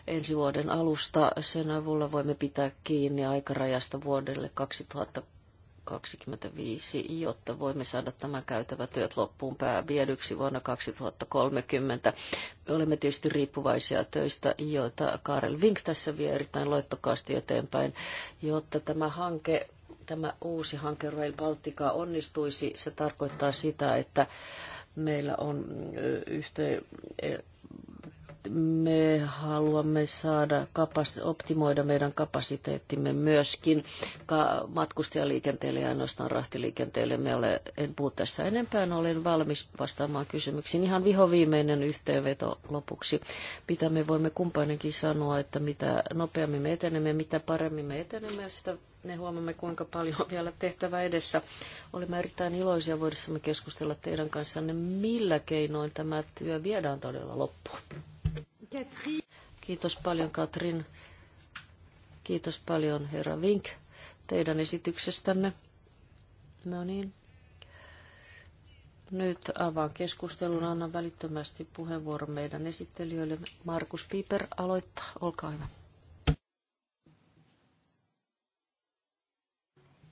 ensi vuoden alusta. Sen avulla voimme pitää kiinni aikarajasta vuodelle 2020. 25, jotta voimme saada tämän työt loppuun pääviedyksi vuonna 2030. Me olemme tietysti riippuvaisia töistä, joita Karel Vink tässä vie erittäin loittokaasti eteenpäin, jotta tämä hanke tämä uusi hanke Rail Baltica onnistuisi, se tarkoittaa sitä, että meillä on yhteen me haluamme saada kapas- optimoida meidän kapasiteettimme myöskin ka- matkustajaliikenteelle ja ainoastaan rahtiliikenteelle. Me ole, en puhu tässä enempää, no olen valmis vastaamaan kysymyksiin. Ihan vihoviimeinen yhteenveto lopuksi, mitä me voimme kumpainenkin sanoa, että mitä nopeammin me etenemme, mitä paremmin me etenemme, sitä me huomaamme, kuinka paljon on vielä tehtävä edessä. Olemme erittäin iloisia voidessamme keskustella teidän kanssanne, millä keinoin tämä työ viedään todella loppuun. Kiitos paljon Katrin. Kiitos paljon herra Vink teidän esityksestänne. No niin. Nyt avaan keskustelun. Annan välittömästi puheenvuoron meidän esittelijöille. Markus Piper aloittaa. Olkaa hyvä.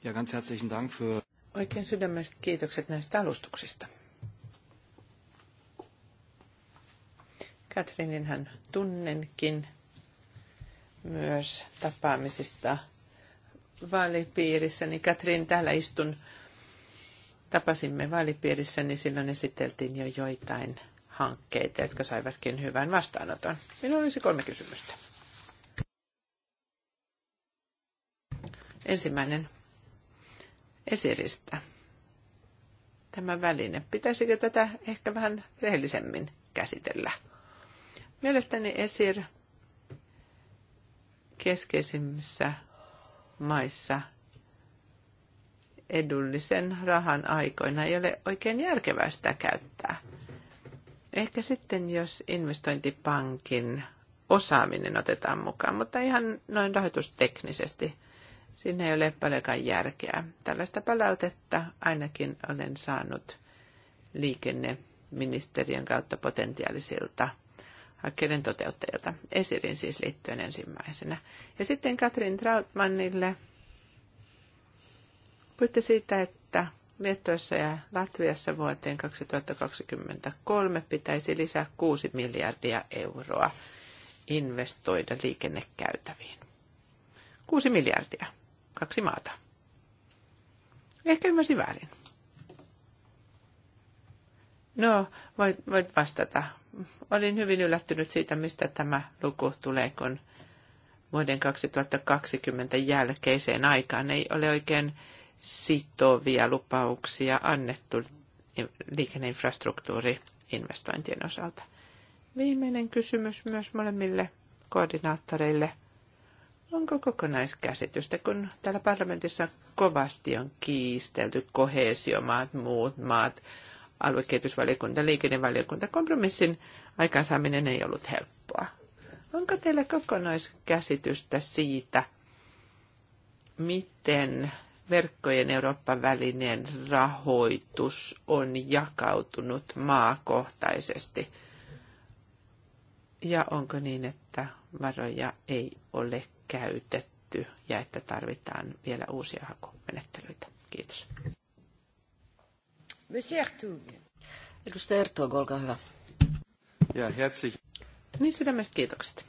Ja ganz herzlichen Dank für... Oikein sydämestä kiitokset näistä alustuksista. Katrinin hän tunnenkin myös tapaamisista vaalipiirissä. Niin Katrin, täällä istun. Tapasimme vaalipiirissä, niin silloin esiteltiin jo joitain hankkeita, jotka saivatkin hyvän vastaanoton. Minulla olisi kolme kysymystä. Ensimmäinen esiristä. Tämä väline. Pitäisikö tätä ehkä vähän rehellisemmin käsitellä? Mielestäni Esir keskeisimmissä maissa edullisen rahan aikoina ei ole oikein järkevää sitä käyttää. Ehkä sitten, jos investointipankin osaaminen otetaan mukaan, mutta ihan noin rahoitusteknisesti. Siinä ei ole paljonkaan järkeä. Tällaista palautetta ainakin olen saanut liikenneministeriön kautta potentiaalisilta hankkeiden toteuttajilta. Esirin siis liittyen ensimmäisenä. Ja sitten Katrin Trautmannille. puhutte siitä, että Liettuassa ja Latviassa vuoteen 2023 pitäisi lisää 6 miljardia euroa investoida liikennekäytäviin. 6 miljardia. Kaksi maata. Ehkä ymmärsin väärin. No, voit, voit vastata. Olin hyvin yllättynyt siitä, mistä tämä luku tulee, kun vuoden 2020 jälkeiseen aikaan ei ole oikein sitovia lupauksia annettu liikenneinfrastruktuuri-investointien osalta. Viimeinen kysymys myös molemmille koordinaattoreille. Onko kokonaiskäsitystä, kun täällä parlamentissa kovasti on kiistelty kohesiomaat, muut maat, aluekehitysvaliokunta, liikennevaliokunta. Kompromissin aikaansaaminen ei ollut helppoa. Onko teillä kokonaiskäsitystä siitä, miten verkkojen Euroopan välinen rahoitus on jakautunut maakohtaisesti? Ja onko niin, että varoja ei ole käytetty ja että tarvitaan vielä uusia hakumenettelyitä? Kiitos. Edustaja Ertug, olkaa hyvä. Ja herzlich. Niin sydämestä kiitokset.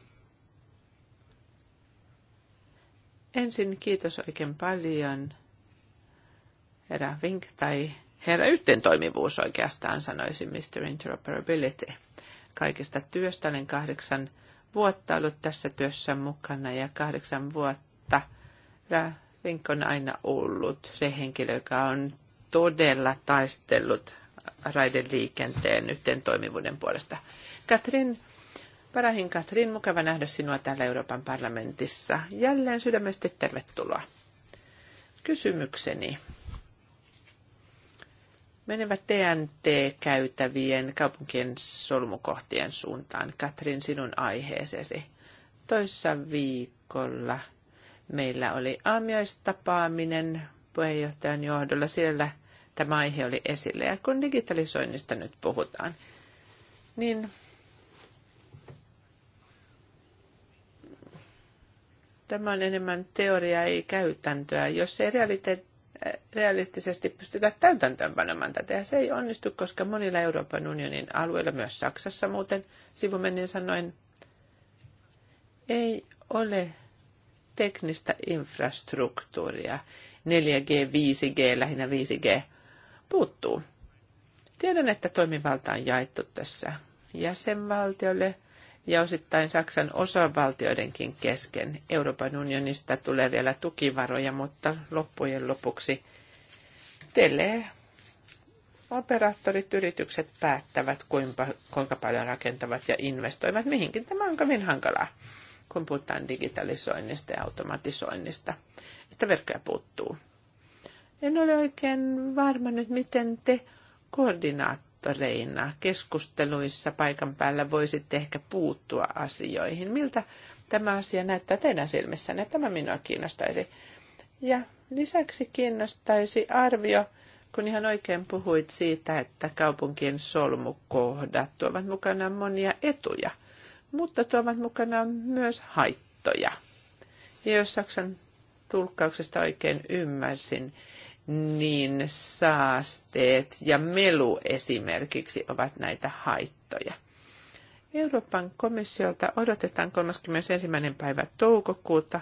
Ensin kiitos oikein paljon herra Vink tai herra yhteentoimivuus oikeastaan sanoisi Mr. Interoperability. Kaikesta työstä olen kahdeksan vuotta ollut tässä työssä mukana ja kahdeksan vuotta Vink on aina ollut se henkilö, joka on todella taistellut raideliikenteen yhteen toimivuuden puolesta. Katrin, Parahin Katrin, mukava nähdä sinua täällä Euroopan parlamentissa. Jälleen sydämestä tervetuloa. Kysymykseni menevät TNT-käytävien kaupunkien solmukohtien suuntaan. Katrin, sinun aiheeseesi. Toissa viikolla meillä oli aamiaistapaaminen puheenjohtajan johdolla. Siellä tämä aihe oli esille, Ja kun digitalisoinnista nyt puhutaan, niin tämä on enemmän teoriaa ei käytäntöä. Jos ei realistisesti pystytä täytäntöönpanemaan tätä, ja se ei onnistu, koska monilla Euroopan unionin alueilla, myös Saksassa muuten, sivumennin sanoen, ei ole teknistä infrastruktuuria 4G, 5G, lähinnä 5G puuttuu. Tiedän, että toimivalta on jaettu tässä jäsenvaltiolle ja osittain Saksan osavaltioidenkin kesken. Euroopan unionista tulee vielä tukivaroja, mutta loppujen lopuksi tele operaattorit, yritykset päättävät, kuinka, kuinka paljon rakentavat ja investoivat mihinkin. Tämä on kovin hankalaa, kun puhutaan digitalisoinnista ja automatisoinnista, että verkkoja puuttuu. En ole oikein varma nyt, miten te koordinaattoreina keskusteluissa paikan päällä voisitte ehkä puuttua asioihin. Miltä tämä asia näyttää teidän silmissänne? Tämä minua kiinnostaisi. Ja lisäksi kiinnostaisi arvio, kun ihan oikein puhuit siitä, että kaupunkien solmukohdat tuovat mukanaan monia etuja, mutta tuovat mukanaan myös haittoja. Ja jos Saksan tulkkauksesta oikein ymmärsin, niin saasteet ja melu esimerkiksi ovat näitä haittoja. Euroopan komissiolta odotetaan 31. päivä toukokuuta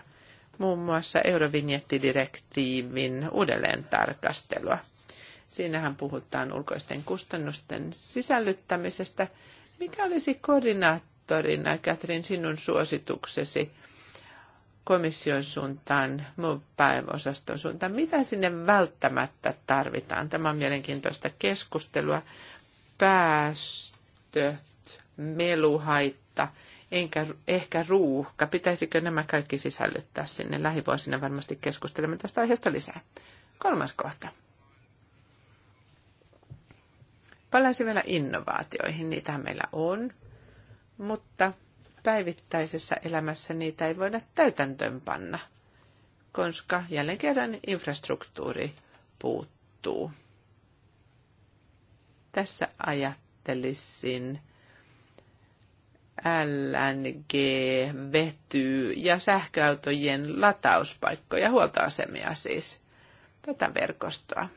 muun muassa eurovinjettidirektiivin uudelleen tarkastelua. Siinähän puhutaan ulkoisten kustannusten sisällyttämisestä. Mikä olisi koordinaattorina, Katrin, sinun suosituksesi – komission suuntaan, muun päiväosaston suuntaan. Mitä sinne välttämättä tarvitaan? Tämä on mielenkiintoista keskustelua. Päästöt, meluhaitta, enkä, ehkä ruuhka. Pitäisikö nämä kaikki sisällyttää sinne? Lähivuosina varmasti keskustelemme tästä aiheesta lisää. Kolmas kohta. Palaisin vielä innovaatioihin. Niitähän meillä on, mutta päivittäisessä elämässä niitä ei voida täytäntöönpanna, koska jälleen kerran infrastruktuuri puuttuu. Tässä ajattelisin LNG, vety ja sähköautojen latauspaikkoja, huoltoasemia siis, tätä verkostoa.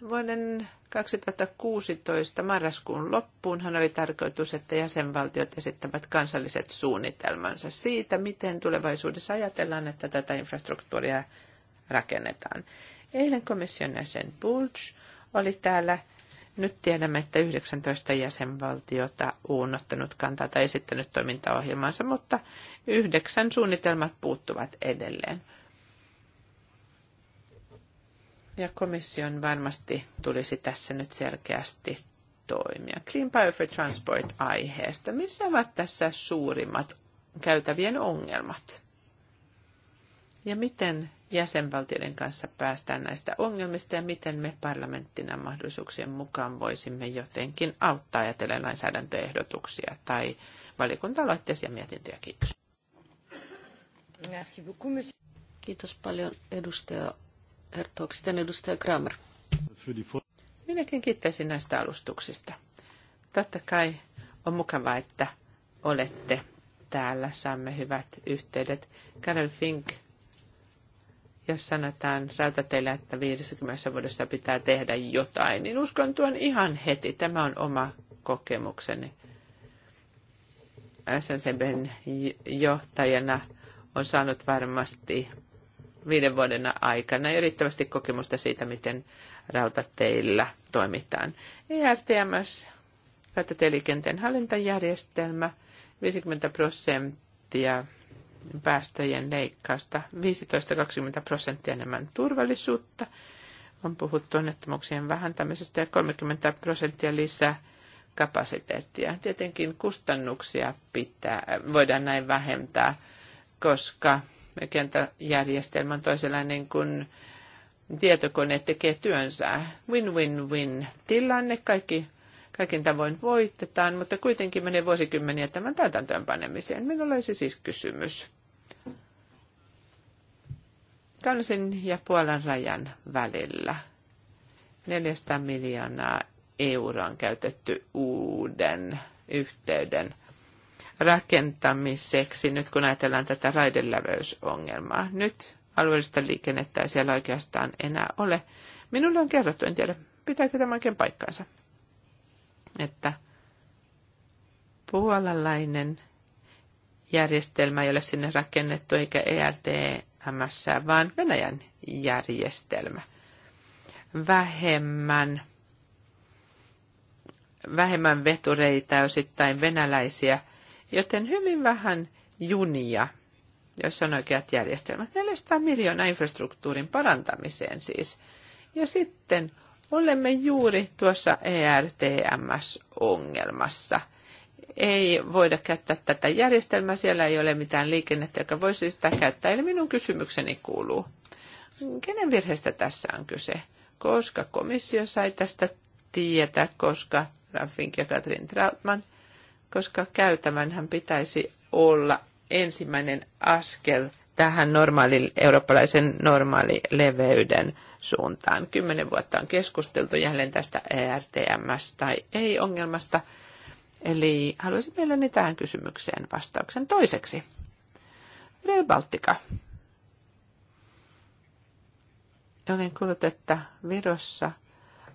Vuoden 2016 marraskuun loppuun hän oli tarkoitus, että jäsenvaltiot esittävät kansalliset suunnitelmansa siitä, miten tulevaisuudessa ajatellaan, että tätä infrastruktuuria rakennetaan. Eilen komission jäsen Bulge oli täällä. Nyt tiedämme, että 19 jäsenvaltiota on ottanut kantaa tai esittänyt toimintaohjelmansa, mutta yhdeksän suunnitelmat puuttuvat edelleen. Ja komission varmasti tulisi tässä nyt selkeästi toimia. Clean Power for Transport-aiheesta. Missä ovat tässä suurimmat käytävien ongelmat? Ja miten jäsenvaltioiden kanssa päästään näistä ongelmista ja miten me parlamenttina mahdollisuuksien mukaan voisimme jotenkin auttaa ajatellen lainsäädäntöehdotuksia tai valiokunta-aloitteisia mietintöjä. Kiitos. Merci beaucoup, monsieur. Kiitos paljon edustaja Hertog, sitten edustaja Kramer. Minäkin kiittäisin näistä alustuksista. Totta kai on mukavaa, että olette täällä. Saamme hyvät yhteydet. Karel Fink, jos sanotaan rautateille, että 50 vuodessa pitää tehdä jotain, niin uskon tuon ihan heti. Tämä on oma kokemukseni. SNCBn johtajana on saanut varmasti viiden vuoden aikana ja riittävästi kokemusta siitä, miten rautateillä toimitaan. ERTMS, rautatieliikenteen hallintajärjestelmä, 50 prosenttia päästöjen leikkausta, 15-20 prosenttia enemmän turvallisuutta, on puhuttu onnettomuuksien vähentämisestä ja 30 prosenttia lisää kapasiteettia. Tietenkin kustannuksia pitää, voidaan näin vähentää, koska kenttäjärjestelmä on toisenlainen kuin tietokone tekee työnsä. Win-win-win tilanne, kaikki kaikin tavoin voitetaan, mutta kuitenkin menee vuosikymmeniä tämän panemiseen. Minulla olisi siis kysymys. Kansin ja Puolan rajan välillä 400 miljoonaa euroa on käytetty uuden yhteyden – rakentamiseksi, nyt kun ajatellaan tätä raideläveysongelmaa. Nyt alueellista liikennettä ei siellä oikeastaan enää ole. Minulle on kerrottu, en tiedä pitääkö tämä oikein paikkaansa, että puolalainen järjestelmä ei ole sinne rakennettu eikä ERTMS, vaan Venäjän järjestelmä. Vähemmän, vähemmän vetureita, osittain venäläisiä Joten hyvin vähän junia, jos on oikeat järjestelmät. 400 miljoonaa infrastruktuurin parantamiseen siis. Ja sitten olemme juuri tuossa ERTMS-ongelmassa. Ei voida käyttää tätä järjestelmää, siellä ei ole mitään liikennettä, joka voisi sitä käyttää. Eli minun kysymykseni kuuluu, kenen virheestä tässä on kyse? Koska komissio sai tästä tietää, koska Raffink ja Katrin Trautman – koska käytämänhän pitäisi olla ensimmäinen askel tähän normaali, eurooppalaisen normaalileveyden suuntaan. Kymmenen vuotta on keskusteltu jälleen tästä ERTMS tai ei-ongelmasta. Eli haluaisin mielelläni tähän kysymykseen vastauksen toiseksi. Rail Baltica. Olen kuullut, että Virossa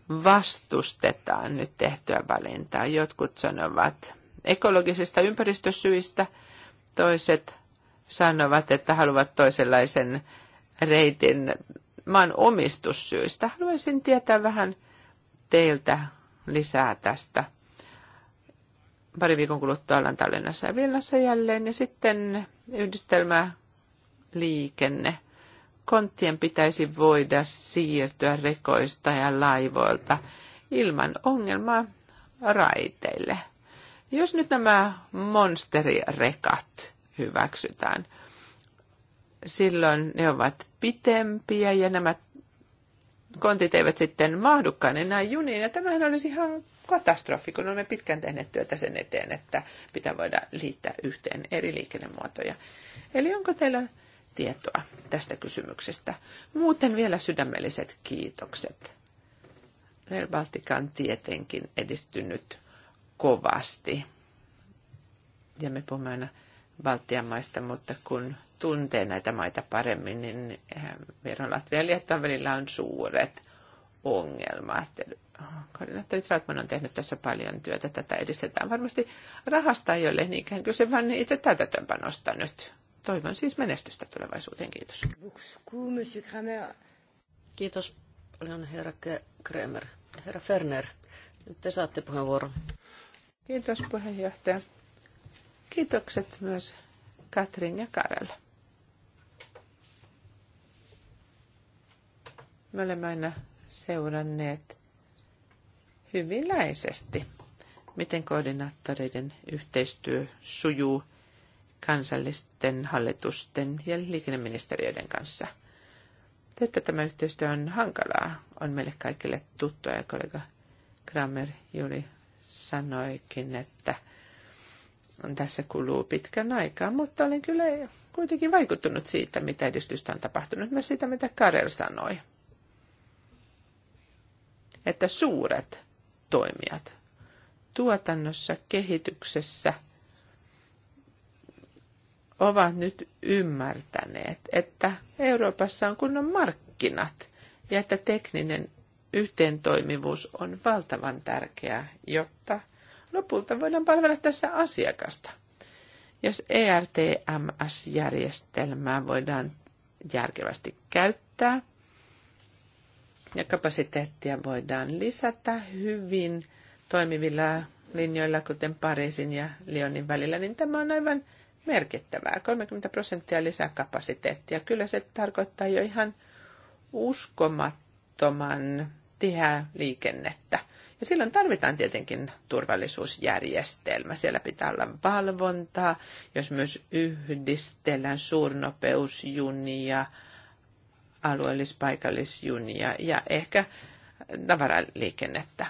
vastustetaan nyt tehtyä valintaa. Jotkut sanovat, ekologisista ympäristösyistä, toiset sanovat, että haluavat toisenlaisen reitin maan omistussyistä. Haluaisin tietää vähän teiltä lisää tästä. Pari viikon kuluttua ollaan Tallinnassa ja Vilnassa jälleen. Ja sitten yhdistelmä liikenne. Konttien pitäisi voida siirtyä rekoista ja laivoilta ilman ongelmaa raiteille. Jos nyt nämä monsterirekat hyväksytään, silloin ne ovat pitempiä ja nämä kontit eivät sitten mahdukaan enää juniin. Ja tämähän olisi ihan katastrofi, kun olemme pitkään tehneet työtä sen eteen, että pitää voida liittää yhteen eri liikennemuotoja. Eli onko teillä tietoa tästä kysymyksestä? Muuten vielä sydämelliset kiitokset. Rail Baltica on tietenkin edistynyt kovasti. Ja me puhumme aina Baltian maista, mutta kun tuntee näitä maita paremmin, niin Viron, Latvia ja Liettuan välillä on suuret ongelmat. Koordinaattori Trautman on tehnyt tässä paljon työtä. Tätä edistetään varmasti rahasta, jolle niinkään kyse, vaan niin itse täytäntöönpanosta nyt. Toivon siis menestystä tulevaisuuteen. Kiitos. Kiitos paljon herra Kremer. Herra Ferner, nyt te saatte puheenvuoron. Kiitos puheenjohtaja. Kiitokset myös Katrin ja Karelle. Me olemme aina seuranneet hyvin läheisesti, miten koordinaattoreiden yhteistyö sujuu kansallisten hallitusten ja liikenneministeriöiden kanssa. Se, että tämä yhteistyö on hankalaa, on meille kaikille tuttua ja kollega Kramer juuri sanoikin, että tässä kuluu pitkän aikaa, mutta olen kyllä kuitenkin vaikuttunut siitä, mitä edistystä on tapahtunut, myös siitä, mitä Karel sanoi. Että suuret toimijat tuotannossa, kehityksessä ovat nyt ymmärtäneet, että Euroopassa on kunnon markkinat ja että tekninen yhteentoimivuus on valtavan tärkeää, jotta lopulta voidaan palvella tässä asiakasta. Jos ERTMS-järjestelmää voidaan järkevästi käyttää ja kapasiteettia voidaan lisätä hyvin toimivilla linjoilla, kuten Pariisin ja Lyonin välillä, niin tämä on aivan merkittävää. 30 prosenttia lisää kapasiteettia. Kyllä se tarkoittaa jo ihan uskomattoman tiheää liikennettä. Ja silloin tarvitaan tietenkin turvallisuusjärjestelmä. Siellä pitää olla valvontaa, jos myös yhdistellään suurnopeusjunia, alueellispaikallisjunia ja ehkä tavaraliikennettä.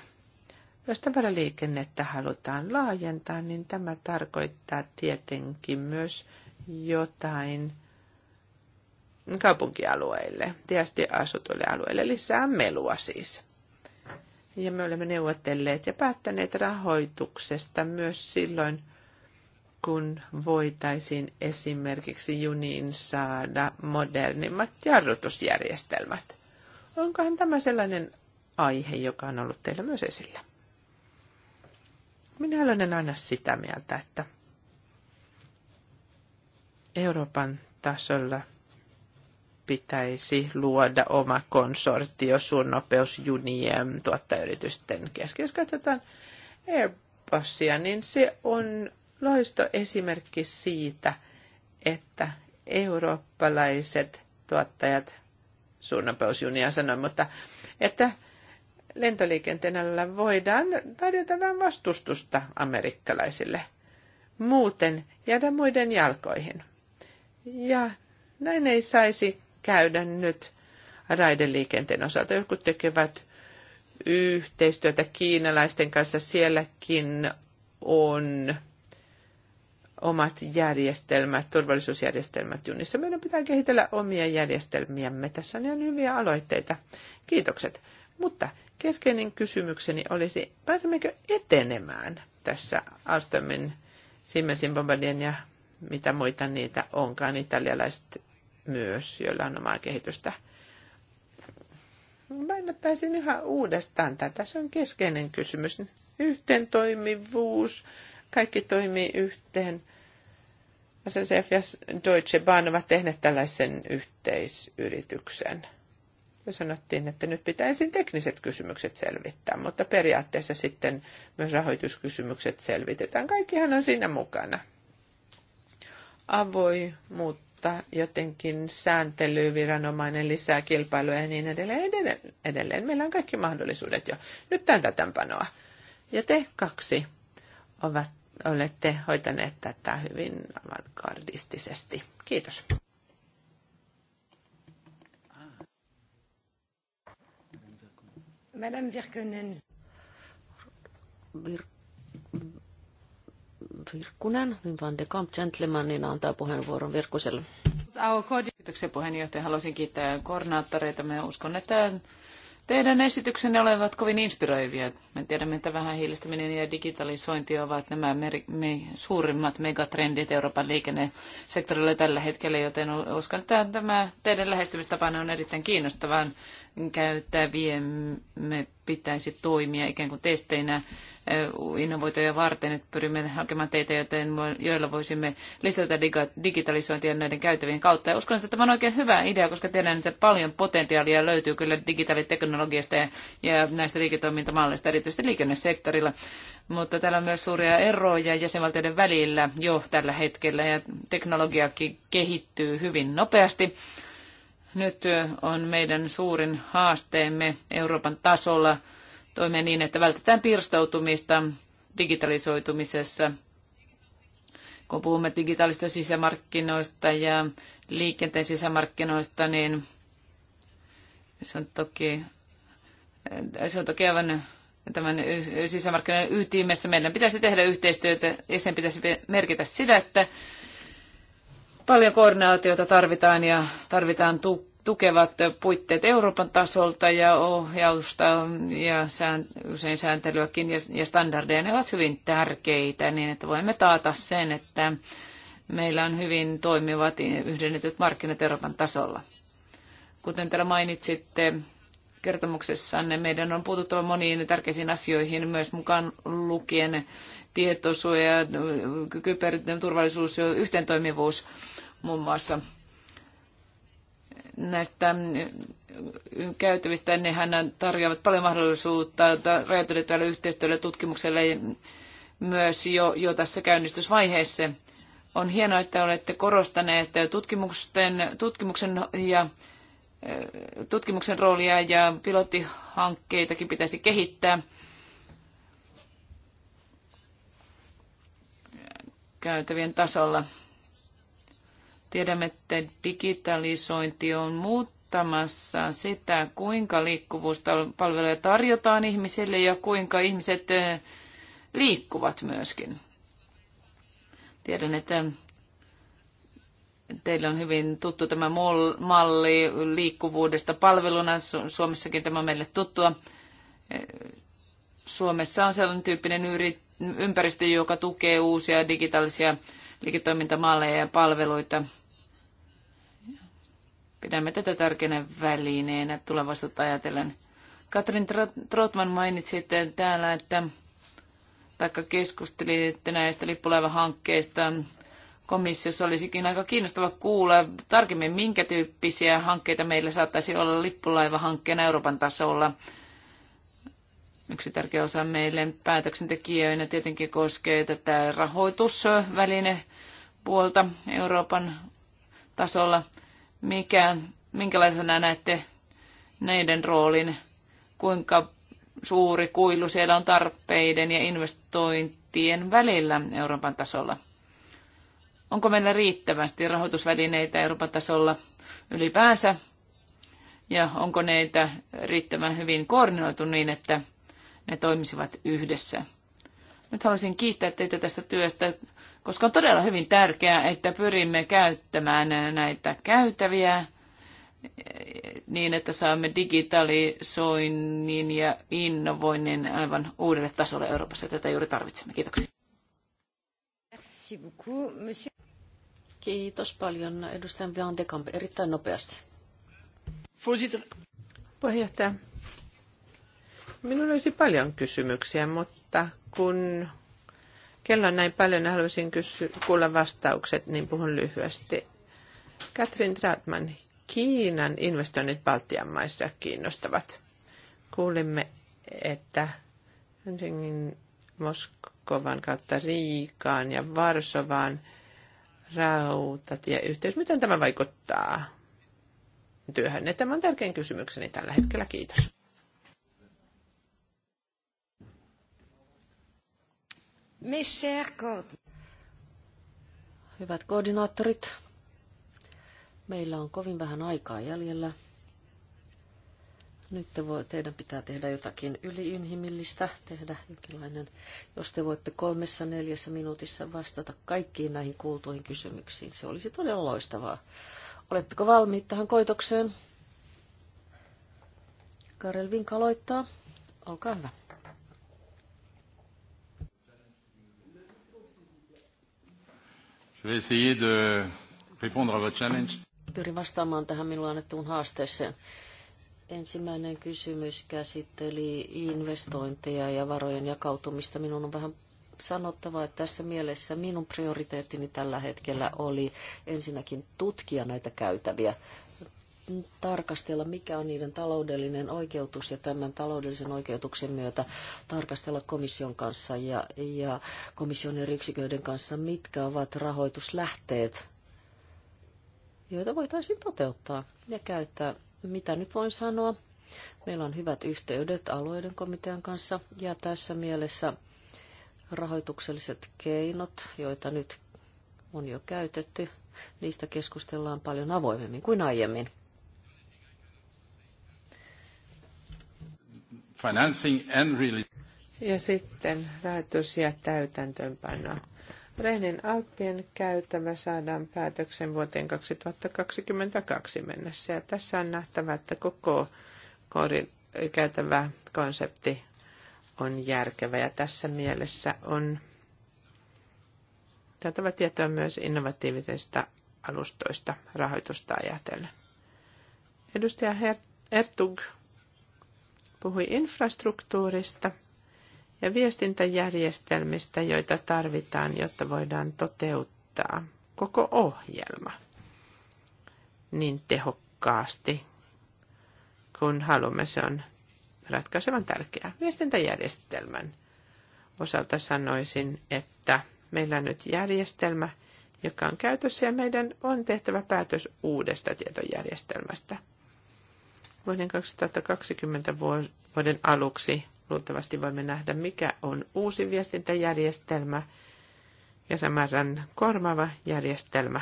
Jos tavaraliikennettä halutaan laajentaa, niin tämä tarkoittaa tietenkin myös jotain kaupunkialueille, tiesti asutuille alueille, lisää melua siis. Ja me olemme neuvotelleet ja päättäneet rahoituksesta myös silloin, kun voitaisiin esimerkiksi juniin saada modernimmat jarrutusjärjestelmät. Onkohan tämä sellainen aihe, joka on ollut teillä myös esillä? Minä olen aina sitä mieltä, että Euroopan tasolla – pitäisi luoda oma konsortio suunnopeusjunien tuottajayritysten kesken. Jos katsotaan Airbusia, niin se on loisto esimerkki siitä, että eurooppalaiset tuottajat, suunnopeusjunia sanoi, mutta että lentoliikenteen alalla voidaan tarjota vähän vastustusta amerikkalaisille. Muuten jäädä muiden jalkoihin. Ja näin ei saisi käydä nyt raideliikenteen osalta. Jotkut tekevät yhteistyötä kiinalaisten kanssa. Sielläkin on omat järjestelmät, turvallisuusjärjestelmät junissa. Meidän pitää kehitellä omia järjestelmiämme. Tässä on ihan hyviä aloitteita. Kiitokset. Mutta keskeinen kysymykseni olisi, pääsemmekö etenemään tässä Alstomin, Siemensin, Bombardien ja mitä muita niitä onkaan, italialaiset myös, joilla on omaa kehitystä. Painottaisin yhä uudestaan tätä. Se on keskeinen kysymys. Yhteen toimivuus, kaikki toimii yhteen. SNCF ja Deutsche Bahn ovat tehneet tällaisen yhteisyrityksen. Ja sanottiin, että nyt pitää ensin tekniset kysymykset selvittää, mutta periaatteessa sitten myös rahoituskysymykset selvitetään. Kaikkihan on siinä mukana. Avoimuutta mutta jotenkin sääntelyviranomainen lisää kilpailua ja niin edelleen, edelleen. edelleen. Meillä on kaikki mahdollisuudet jo. Nyt tämän tätänpanoa. Ja te kaksi ovat, olette hoitaneet tätä hyvin avantgardistisesti. Kiitos. Madame Virkönen. Vir- Virkkunen, Van de Kamp Gentlemanin antaa puheenvuoron Virkkuselle. Kiitoksia puheenjohtaja. Haluaisin kiittää koordinaattoreita. Mä uskon, että teidän esityksenne olevat kovin inspiroivia. Me tiedämme, että vähän hiilistäminen ja digitalisointi ovat nämä meri, me, suurimmat megatrendit Euroopan liikennesektorilla tällä hetkellä, joten uskon, että tämä teidän lähestymistapanne on erittäin kiinnostavaa käyttäviemme pitäisi toimia ikään kuin testeinä innovoituja varten. että pyrimme hakemaan teitä, joten, joilla voisimme lisätä digitalisointia näiden käytävien kautta. Ja uskon, että tämä on oikein hyvä idea, koska tiedän, että paljon potentiaalia löytyy kyllä digitaaliteknologiasta ja, ja näistä liiketoimintamalleista, erityisesti liikennesektorilla. Mutta täällä on myös suuria eroja jäsenvaltioiden välillä jo tällä hetkellä ja teknologiakin kehittyy hyvin nopeasti nyt on meidän suurin haasteemme Euroopan tasolla toimia niin, että vältetään pirstoutumista digitalisoitumisessa. Kun puhumme digitaalista sisämarkkinoista ja liikenteen sisämarkkinoista, niin se on toki, se on toki aivan tämän sisämarkkinoiden ytimessä. Meidän pitäisi tehdä yhteistyötä ja sen pitäisi merkitä sitä, että Paljon koordinaatiota tarvitaan ja tarvitaan tukevat puitteet Euroopan tasolta ja ohjausta ja sään, usein sääntelyäkin ja, ja standardeja. Ne ovat hyvin tärkeitä niin, että voimme taata sen, että meillä on hyvin toimivat yhdennetyt markkinat Euroopan tasolla. Kuten täällä mainitsitte, kertomuksessanne meidän on puututtava moniin tärkeisiin asioihin, myös mukaan lukien tietosuoja, kyberturvallisuus ja yhteentoimivuus muun muassa näistä käytävistä, nehän tarjoavat paljon mahdollisuutta rajatydetyölle yhteistyölle, tutkimukselle myös jo, jo tässä käynnistysvaiheessa. On hienoa, että olette korostaneet tutkimusten, tutkimuksen ja eh, tutkimuksen roolia ja pilottihankkeitakin pitäisi kehittää. käytävien tasolla. Tiedämme, että digitalisointi on muuttamassa sitä, kuinka liikkuvuuspalveluja tarjotaan ihmisille ja kuinka ihmiset eh, liikkuvat myöskin. Tiedän, että teille on hyvin tuttu tämä malli liikkuvuudesta palveluna. Suomessakin tämä on meille tuttua. Eh, Suomessa on sellainen tyyppinen yritys, ympäristö, joka tukee uusia digitaalisia liiketoimintamalleja ja palveluita. Pidämme tätä tärkeänä välineenä tulevaisuutta ajatellen. Katrin Trotman mainitsi täällä, että taikka että näistä lippulaivahankkeista. Komissiossa olisikin aika kiinnostava kuulla tarkemmin, minkä tyyppisiä hankkeita meillä saattaisi olla lippulaivahankkeena Euroopan tasolla. Yksi tärkeä osa meille päätöksentekijöinä tietenkin koskee tätä rahoitusväline puolta Euroopan tasolla. Mikä, minkälaisena näette näiden roolin, kuinka suuri kuilu siellä on tarpeiden ja investointien välillä Euroopan tasolla? Onko meillä riittävästi rahoitusvälineitä Euroopan tasolla ylipäänsä? Ja onko neitä riittävän hyvin koordinoitu niin, että ne toimisivat yhdessä. Nyt haluaisin kiittää teitä tästä työstä, koska on todella hyvin tärkeää, että pyrimme käyttämään näitä käytäviä eh, niin, että saamme digitalisoinnin ja innovoinnin aivan uudelle tasolle Euroopassa. Tätä juuri tarvitsemme. Kiitoksia. Kiitos paljon edustajan Van Kamp, erittäin nopeasti. Puheenjohtaja, Minulla olisi paljon kysymyksiä, mutta kun kello on näin paljon, haluaisin kysy- kuulla vastaukset, niin puhun lyhyesti. Katrin Trautman, Kiinan investoinnit Baltian maissa kiinnostavat. Kuulimme, että ensinnäkin Moskovan kautta Riikaan ja Varsovaan rautatieyhteys. Miten tämä vaikuttaa työhön? Tämä on tärkein kysymykseni tällä hetkellä. Kiitos. Hyvät koordinaattorit, meillä on kovin vähän aikaa jäljellä. Nyt te voi, teidän pitää tehdä jotakin yliinhimillistä, tehdä jonkinlainen, jos te voitte kolmessa neljässä minuutissa vastata kaikkiin näihin kuultuihin kysymyksiin. Se olisi todella loistavaa. Oletteko valmiit tähän koitokseen? Karel Vink aloittaa. Olkaa hyvä. Pyrin vastaamaan tähän minulle annettuun haasteeseen. Ensimmäinen kysymys käsitteli investointeja ja varojen jakautumista. Minun on vähän sanottava, että tässä mielessä minun prioriteettini tällä hetkellä oli ensinnäkin tutkia näitä käytäviä, tarkastella, mikä on niiden taloudellinen oikeutus ja tämän taloudellisen oikeutuksen myötä tarkastella komission kanssa ja, ja komission eri yksiköiden kanssa, mitkä ovat rahoituslähteet, joita voitaisiin toteuttaa ja käyttää. Mitä nyt voin sanoa? Meillä on hyvät yhteydet alueiden komitean kanssa ja tässä mielessä rahoitukselliset keinot, joita nyt on jo käytetty, niistä keskustellaan paljon avoimemmin kuin aiemmin. financing and really... Ja sitten rahoitus ja täytäntöönpano. Reinin Alppien käytävä saadaan päätöksen vuoteen 2022 mennessä. Ja tässä on nähtävä, että koko korin, käytävä konsepti on järkevä ja tässä mielessä on saatava tietoa myös innovatiivisista alustoista rahoitusta ajatellen. Edustaja Hertug puhui infrastruktuurista ja viestintäjärjestelmistä, joita tarvitaan, jotta voidaan toteuttaa koko ohjelma niin tehokkaasti kun haluamme. Se on ratkaisevan tärkeää. Viestintäjärjestelmän osalta sanoisin, että meillä on nyt järjestelmä, joka on käytössä ja meidän on tehtävä päätös uudesta tietojärjestelmästä – Vuoden 2020 vuoden aluksi luultavasti voimme nähdä, mikä on uusi viestintäjärjestelmä ja samaran korvaava järjestelmä.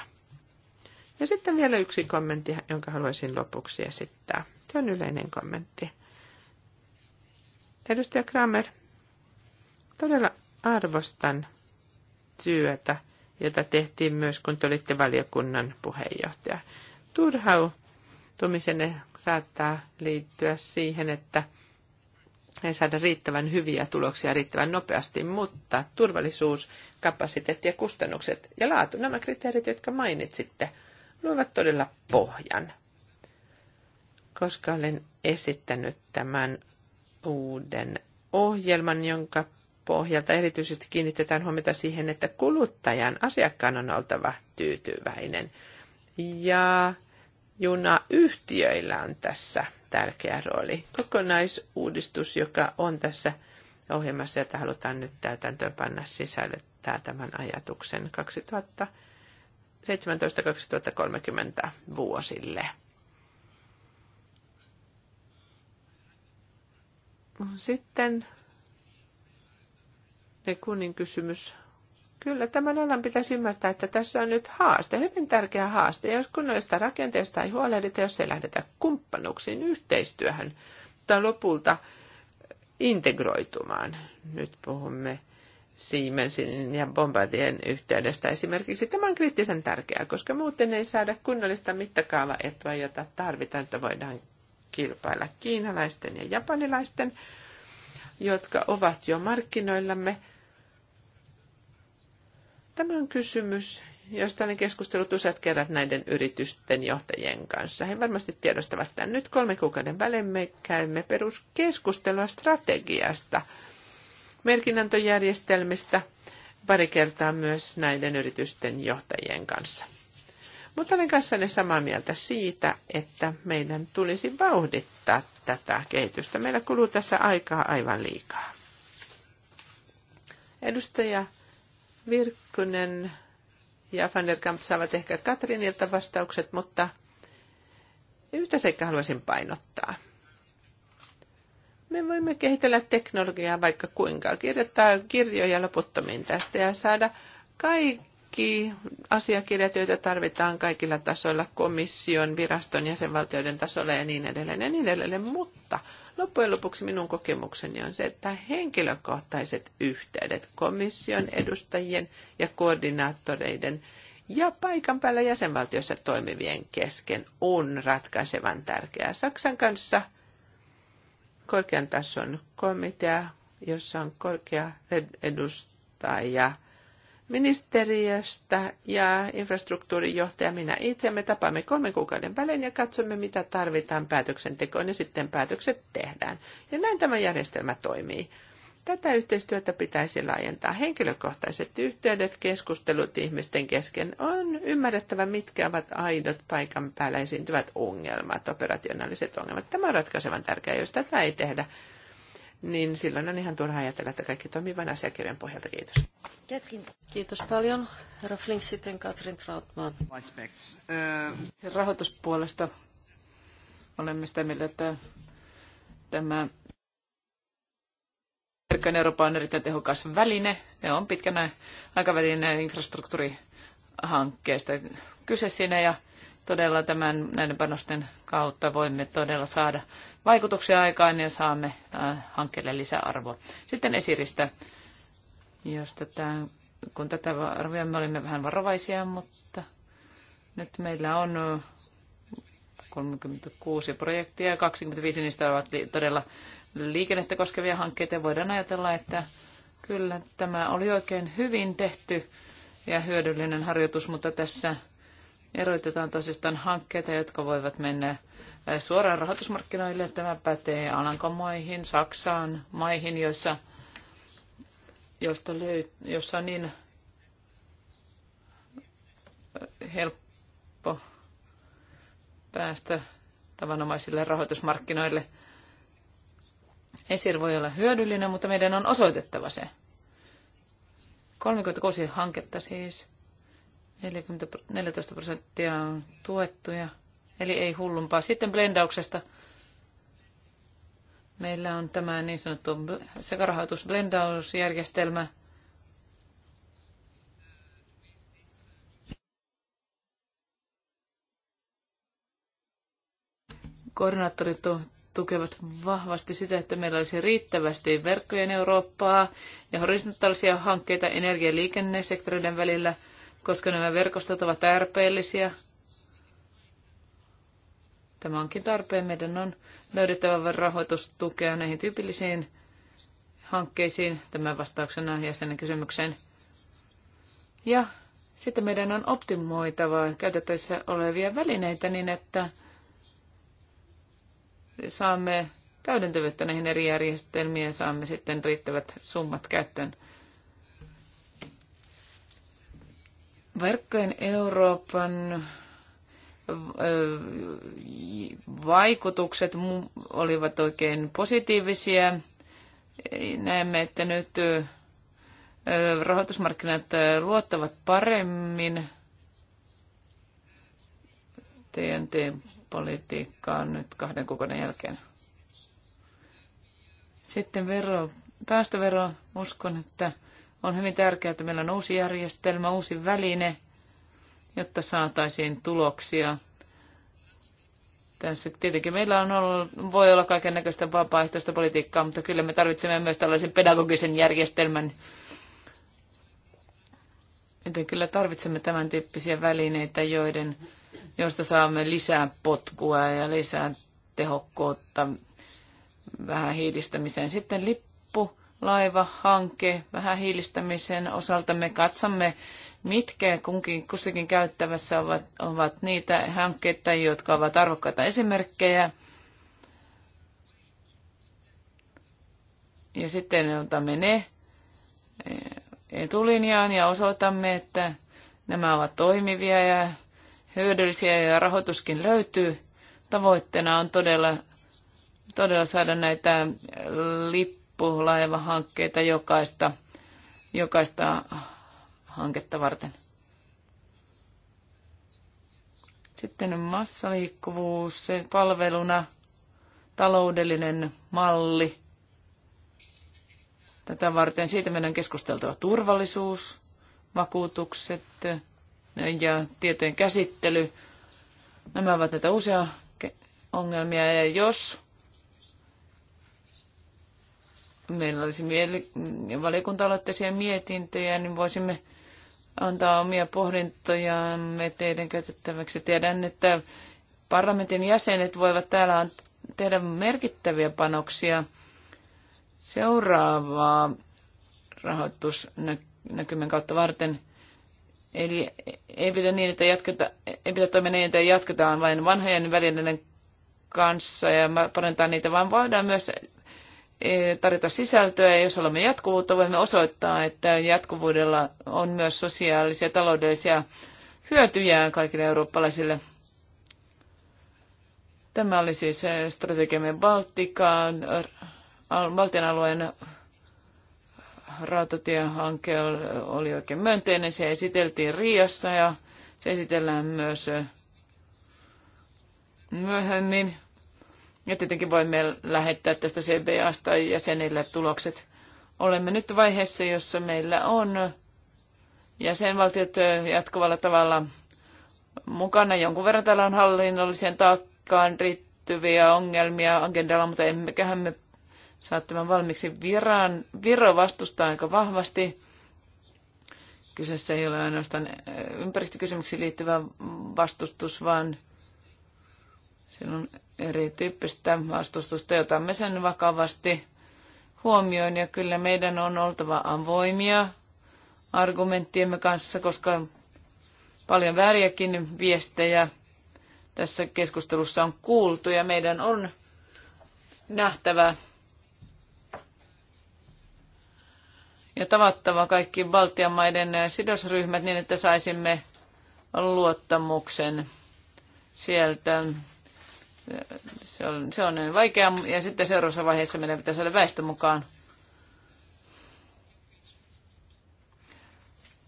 Ja sitten vielä yksi kommentti, jonka haluaisin lopuksi esittää. Se on yleinen kommentti. Edustaja Kramer, todella arvostan työtä, jota tehtiin myös, kun te olitte valiokunnan puheenjohtaja. Turhau onnistumisen saattaa liittyä siihen, että ei saada riittävän hyviä tuloksia riittävän nopeasti, mutta turvallisuus, kapasiteetti ja kustannukset ja laatu, nämä kriteerit, jotka mainitsitte, luovat todella pohjan. Koska olen esittänyt tämän uuden ohjelman, jonka pohjalta erityisesti kiinnitetään huomiota siihen, että kuluttajan, asiakkaan on oltava tyytyväinen. Ja junayhtiöillä on tässä tärkeä rooli. Kokonaisuudistus, joka on tässä ohjelmassa, jota halutaan nyt panna sisällyttää tämän ajatuksen 2017-2030 vuosille. Sitten kunnin kysymys Kyllä tämän alan pitäisi ymmärtää, että tässä on nyt haaste, hyvin tärkeä haaste. Jos kunnollista rakenteesta ei huolehdita, jos ei lähdetä kumppanuksiin, yhteistyöhön tai lopulta integroitumaan. Nyt puhumme Siemensin ja Bombardien yhteydestä esimerkiksi. Tämä on kriittisen tärkeää, koska muuten ei saada kunnollista mittakaavaetua, jota tarvitaan, että voidaan kilpailla kiinalaisten ja japanilaisten, jotka ovat jo markkinoillamme – Tämä on kysymys, josta olen keskustellut useat kerrat näiden yritysten johtajien kanssa. He varmasti tiedostavat tämän. Nyt kolme kuukauden välein me käymme peruskeskustelua strategiasta, merkinnäntöjärjestelmistä, pari kertaa myös näiden yritysten johtajien kanssa. Mutta olen kanssanne samaa mieltä siitä, että meidän tulisi vauhdittaa tätä kehitystä. Meillä kuluu tässä aikaa aivan liikaa. Edustaja Virkkunen ja Van der Kamp saavat ehkä Katrinilta vastaukset, mutta yhtä seikkaa haluaisin painottaa. Me voimme kehitellä teknologiaa vaikka kuinka, kirjoittaa kirjoja loputtomiin tästä ja saada kaikki asiakirjat, joita tarvitaan kaikilla tasoilla, komission, viraston, jäsenvaltioiden tasolla ja niin edelleen ja niin edelleen, mutta – Loppujen lopuksi minun kokemukseni on se, että henkilökohtaiset yhteydet komission edustajien ja koordinaattoreiden ja paikan päällä jäsenvaltiossa toimivien kesken on ratkaisevan tärkeää. Saksan kanssa korkean tason komitea, jossa on korkea edustaja – ministeriöstä ja infrastruktuurin johtaja minä itse. Me tapaamme kolmen kuukauden välein ja katsomme, mitä tarvitaan päätöksentekoon ja sitten päätökset tehdään. Ja näin tämä järjestelmä toimii. Tätä yhteistyötä pitäisi laajentaa. Henkilökohtaiset yhteydet, keskustelut ihmisten kesken on ymmärrettävä, mitkä ovat aidot paikan päällä esiintyvät ongelmat, operationaaliset ongelmat. Tämä on ratkaisevan tärkeää, jos tätä ei tehdä niin silloin on ihan turha ajatella, että kaikki toimii vain asiakirjan pohjalta. Kiitos. Kiitos paljon. Herra Flink, sitten Katrin Trautman. Sen rahoituspuolesta olemme sitä mieltä, että tämä Verkkojen Eurooppa on erittäin tehokas väline. Ne on pitkänä aikavälinen infrastruktuurihankkeesta kyse siinä ja todella tämän, näiden panosten kautta voimme todella saada vaikutuksia aikaan ja saamme äh, hankkeelle lisäarvoa. Sitten esiristä, jos tätä, kun tätä arvioimme, olimme vähän varovaisia, mutta nyt meillä on 36 äh, projektia ja 25 niistä ovat todella liikennettä koskevia hankkeita. Voidaan ajatella, että kyllä tämä oli oikein hyvin tehty ja hyödyllinen harjoitus, mutta tässä erotetaan tosistaan hankkeita, jotka voivat mennä suoraan rahoitusmarkkinoille. Tämä pätee Alankomaihin, Saksaan, maihin, joissa, josta löy- jossa on niin helppo päästä tavanomaisille rahoitusmarkkinoille. Esir voi olla hyödyllinen, mutta meidän on osoitettava se. 36 hanketta siis 40, 14 prosenttia on tuettuja, eli ei hullumpaa. Sitten blendauksesta. Meillä on tämä niin sanottu sekarahoitusblendausjärjestelmä. Koordinaattorit tukevat vahvasti sitä, että meillä olisi riittävästi verkkojen Eurooppaa ja horisontaalisia hankkeita energia- ja liikennesektoreiden välillä – koska nämä verkostot ovat tarpeellisia. Tämä onkin tarpeen. Meidän on löydettävä rahoitustukea näihin tyypillisiin hankkeisiin tämän vastauksena jäsenen kysymykseen. Ja sitten meidän on optimoitava käytettävissä olevia välineitä niin, että saamme täydentävyyttä näihin eri järjestelmiin ja saamme sitten riittävät summat käyttöön. Verkkojen Euroopan vaikutukset olivat oikein positiivisia. Näemme, että nyt rahoitusmarkkinat luottavat paremmin TNT-politiikkaan nyt kahden kuukauden jälkeen. Sitten vero, päästövero, uskon, että on hyvin tärkeää, että meillä on uusi järjestelmä, uusi väline, jotta saataisiin tuloksia. Tässä tietenkin meillä on ollut, voi olla kaiken näköistä vapaaehtoista politiikkaa, mutta kyllä me tarvitsemme myös tällaisen pedagogisen järjestelmän. Joten kyllä tarvitsemme tämän tyyppisiä välineitä, joiden, joista saamme lisää potkua ja lisää tehokkuutta vähän hiilistämiseen. Sitten lippu laivahanke vähän hiilistämisen osalta. Me katsomme, mitkä kunkin kussakin käyttävässä ovat, ovat niitä hankkeita, jotka ovat arvokkaita esimerkkejä. Ja sitten otamme ne eh, etulinjaan ja osoitamme, että nämä ovat toimivia ja hyödyllisiä ja rahoituskin löytyy. Tavoitteena on todella, todella saada näitä lippuja hankkeita jokaista, jokaista hanketta varten. Sitten massaliikkuvuus, se palveluna, taloudellinen malli. Tätä varten siitä meidän on keskusteltava turvallisuus, vakuutukset ja tietojen käsittely. Nämä ovat näitä usea ongelmia ja jos meillä olisi mieli- valiokunta-aloitteisia mietintöjä, niin voisimme antaa omia pohdintojamme teidän käytettäväksi. Tiedän, että parlamentin jäsenet voivat täällä tehdä merkittäviä panoksia seuraavaa rahoitusnäkymän kautta varten. Eli ei pidä, niin, että jatketa, ei pidä toimia niin, että jatketaan vain vanhojen välineiden kanssa ja parantaa niitä, vaan voidaan myös Eh, tarjota sisältöä ja jos olemme jatkuvuutta, voimme osoittaa, että jatkuvuudella on myös sosiaalisia ja taloudellisia hyötyjä kaikille eurooppalaisille. Tämä oli siis eh, strategiamme Baltikaan, Baltian alueen rautatiehanke oli oikein myönteinen. Se esiteltiin Riassa ja se esitellään myös eh, myöhemmin. Ja tietenkin voimme lähettää tästä CBAsta jäsenille tulokset. Olemme nyt vaiheessa, jossa meillä on jäsenvaltiot jatkuvalla tavalla mukana. Jonkun verran täällä on hallinnolliseen taakkaan riittyviä ongelmia agendalla, mutta emmeköhän me saa tämän valmiiksi. Viran, Viro vastustaa aika vahvasti. Kyseessä ei ole ainoastaan ympäristökysymyksiin liittyvä vastustus, vaan Siinä on erityyppistä vastustusta, jota me sen vakavasti huomioin ja kyllä meidän on oltava avoimia argumenttiemme kanssa, koska paljon vääriäkin viestejä tässä keskustelussa on kuultu ja meidän on nähtävä ja tavattava kaikki Baltian maiden sidosryhmät niin, että saisimme luottamuksen sieltä se on, se on vaikea ja sitten seuraavassa vaiheessa meidän pitää saada väestö mukaan.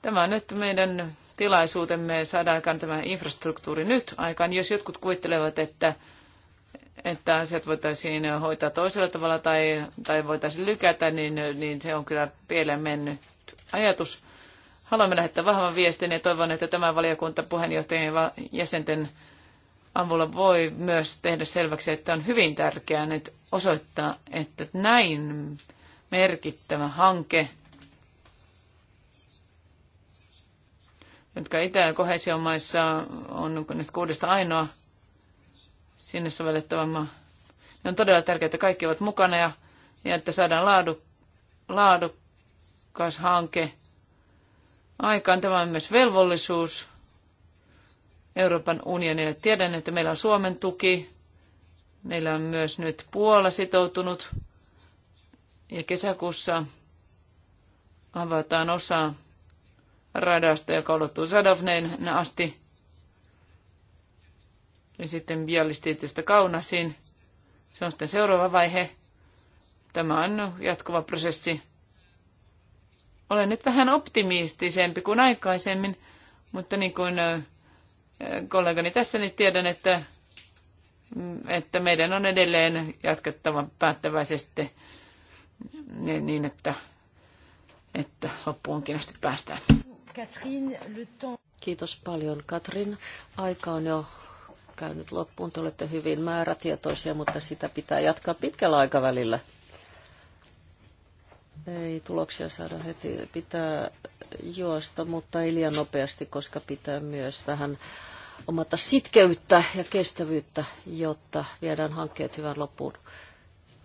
Tämä on nyt meidän tilaisuutemme saada aikaan tämä infrastruktuuri nyt aikaan. Jos jotkut kuvittelevat, että, että asiat voitaisiin hoitaa toisella tavalla tai, tai voitaisiin lykätä, niin, niin se on kyllä pieleen mennyt ajatus. Haluamme lähettää vahvan viestin ja toivon, että tämä valiokunta puheenjohtajien jäsenten avulla voi myös tehdä selväksi, että on hyvin tärkeää nyt osoittaa, että näin merkittävä hanke, jotka Itä- ja kohesiomaissa on nyt kuudesta ainoa sinne sovellettava maa. Ne on todella tärkeää, että kaikki ovat mukana ja, ja että saadaan laadu, laadukas hanke aikaan. Tämä on myös velvollisuus Euroopan unionille. Tiedän, että meillä on Suomen tuki, meillä on myös nyt Puola sitoutunut ja kesäkuussa avataan osa radasta, joka ulottuu Sadovneen asti ja sitten Bialistiitistä Kaunasiin. Se on sitten seuraava vaihe. Tämä on jatkuva prosessi. Olen nyt vähän optimistisempi kuin aikaisemmin, mutta niin kuin kollegani tässä, niin tiedän, että, että meidän on edelleen jatkettava päättäväisesti niin, että, että loppuunkin asti päästään. le Kiitos paljon Katrin. Aika on jo käynyt loppuun. Te olette hyvin määrätietoisia, mutta sitä pitää jatkaa pitkällä aikavälillä. Ei tuloksia saada heti. Pitää juosta, mutta ei liian nopeasti, koska pitää myös vähän omata sitkeyttä ja kestävyyttä, jotta viedään hankkeet hyvän loppuun.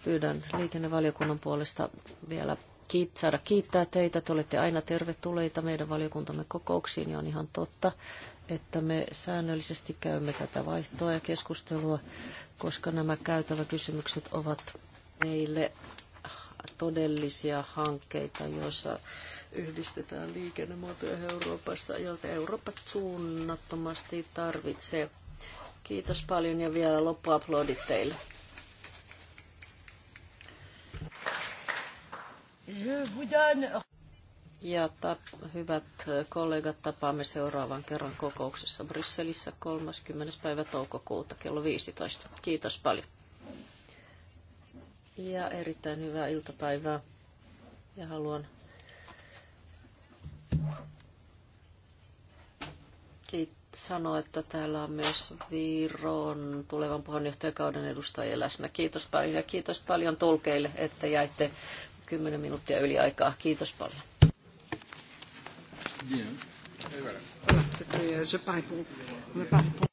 Pyydän liikennevaliokunnan puolesta vielä kiit- saada kiittää teitä. Te olette aina tervetulleita meidän valiokuntamme kokouksiin ja on ihan totta, että me säännöllisesti käymme tätä vaihtoa ja keskustelua, koska nämä käytäväkysymykset ovat meille todellisia hankkeita, joissa yhdistetään liikennemuotoja Euroopassa, joilta Eurooppa suunnattomasti tarvitsee. Kiitos paljon ja vielä loppuaplodit teille. Ja tap, hyvät kollegat, tapaamme seuraavan kerran kokouksessa Brysselissä 30. päivä toukokuuta kello 15. Kiitos paljon. Ja erittäin hyvää iltapäivää. Ja haluan sanoa, että täällä on myös Viron tulevan puheenjohtajakauden edustajia läsnä. Kiitos paljon ja kiitos paljon tulkeille, että jäitte 10 minuuttia yli aikaa. Kiitos paljon. Yeah.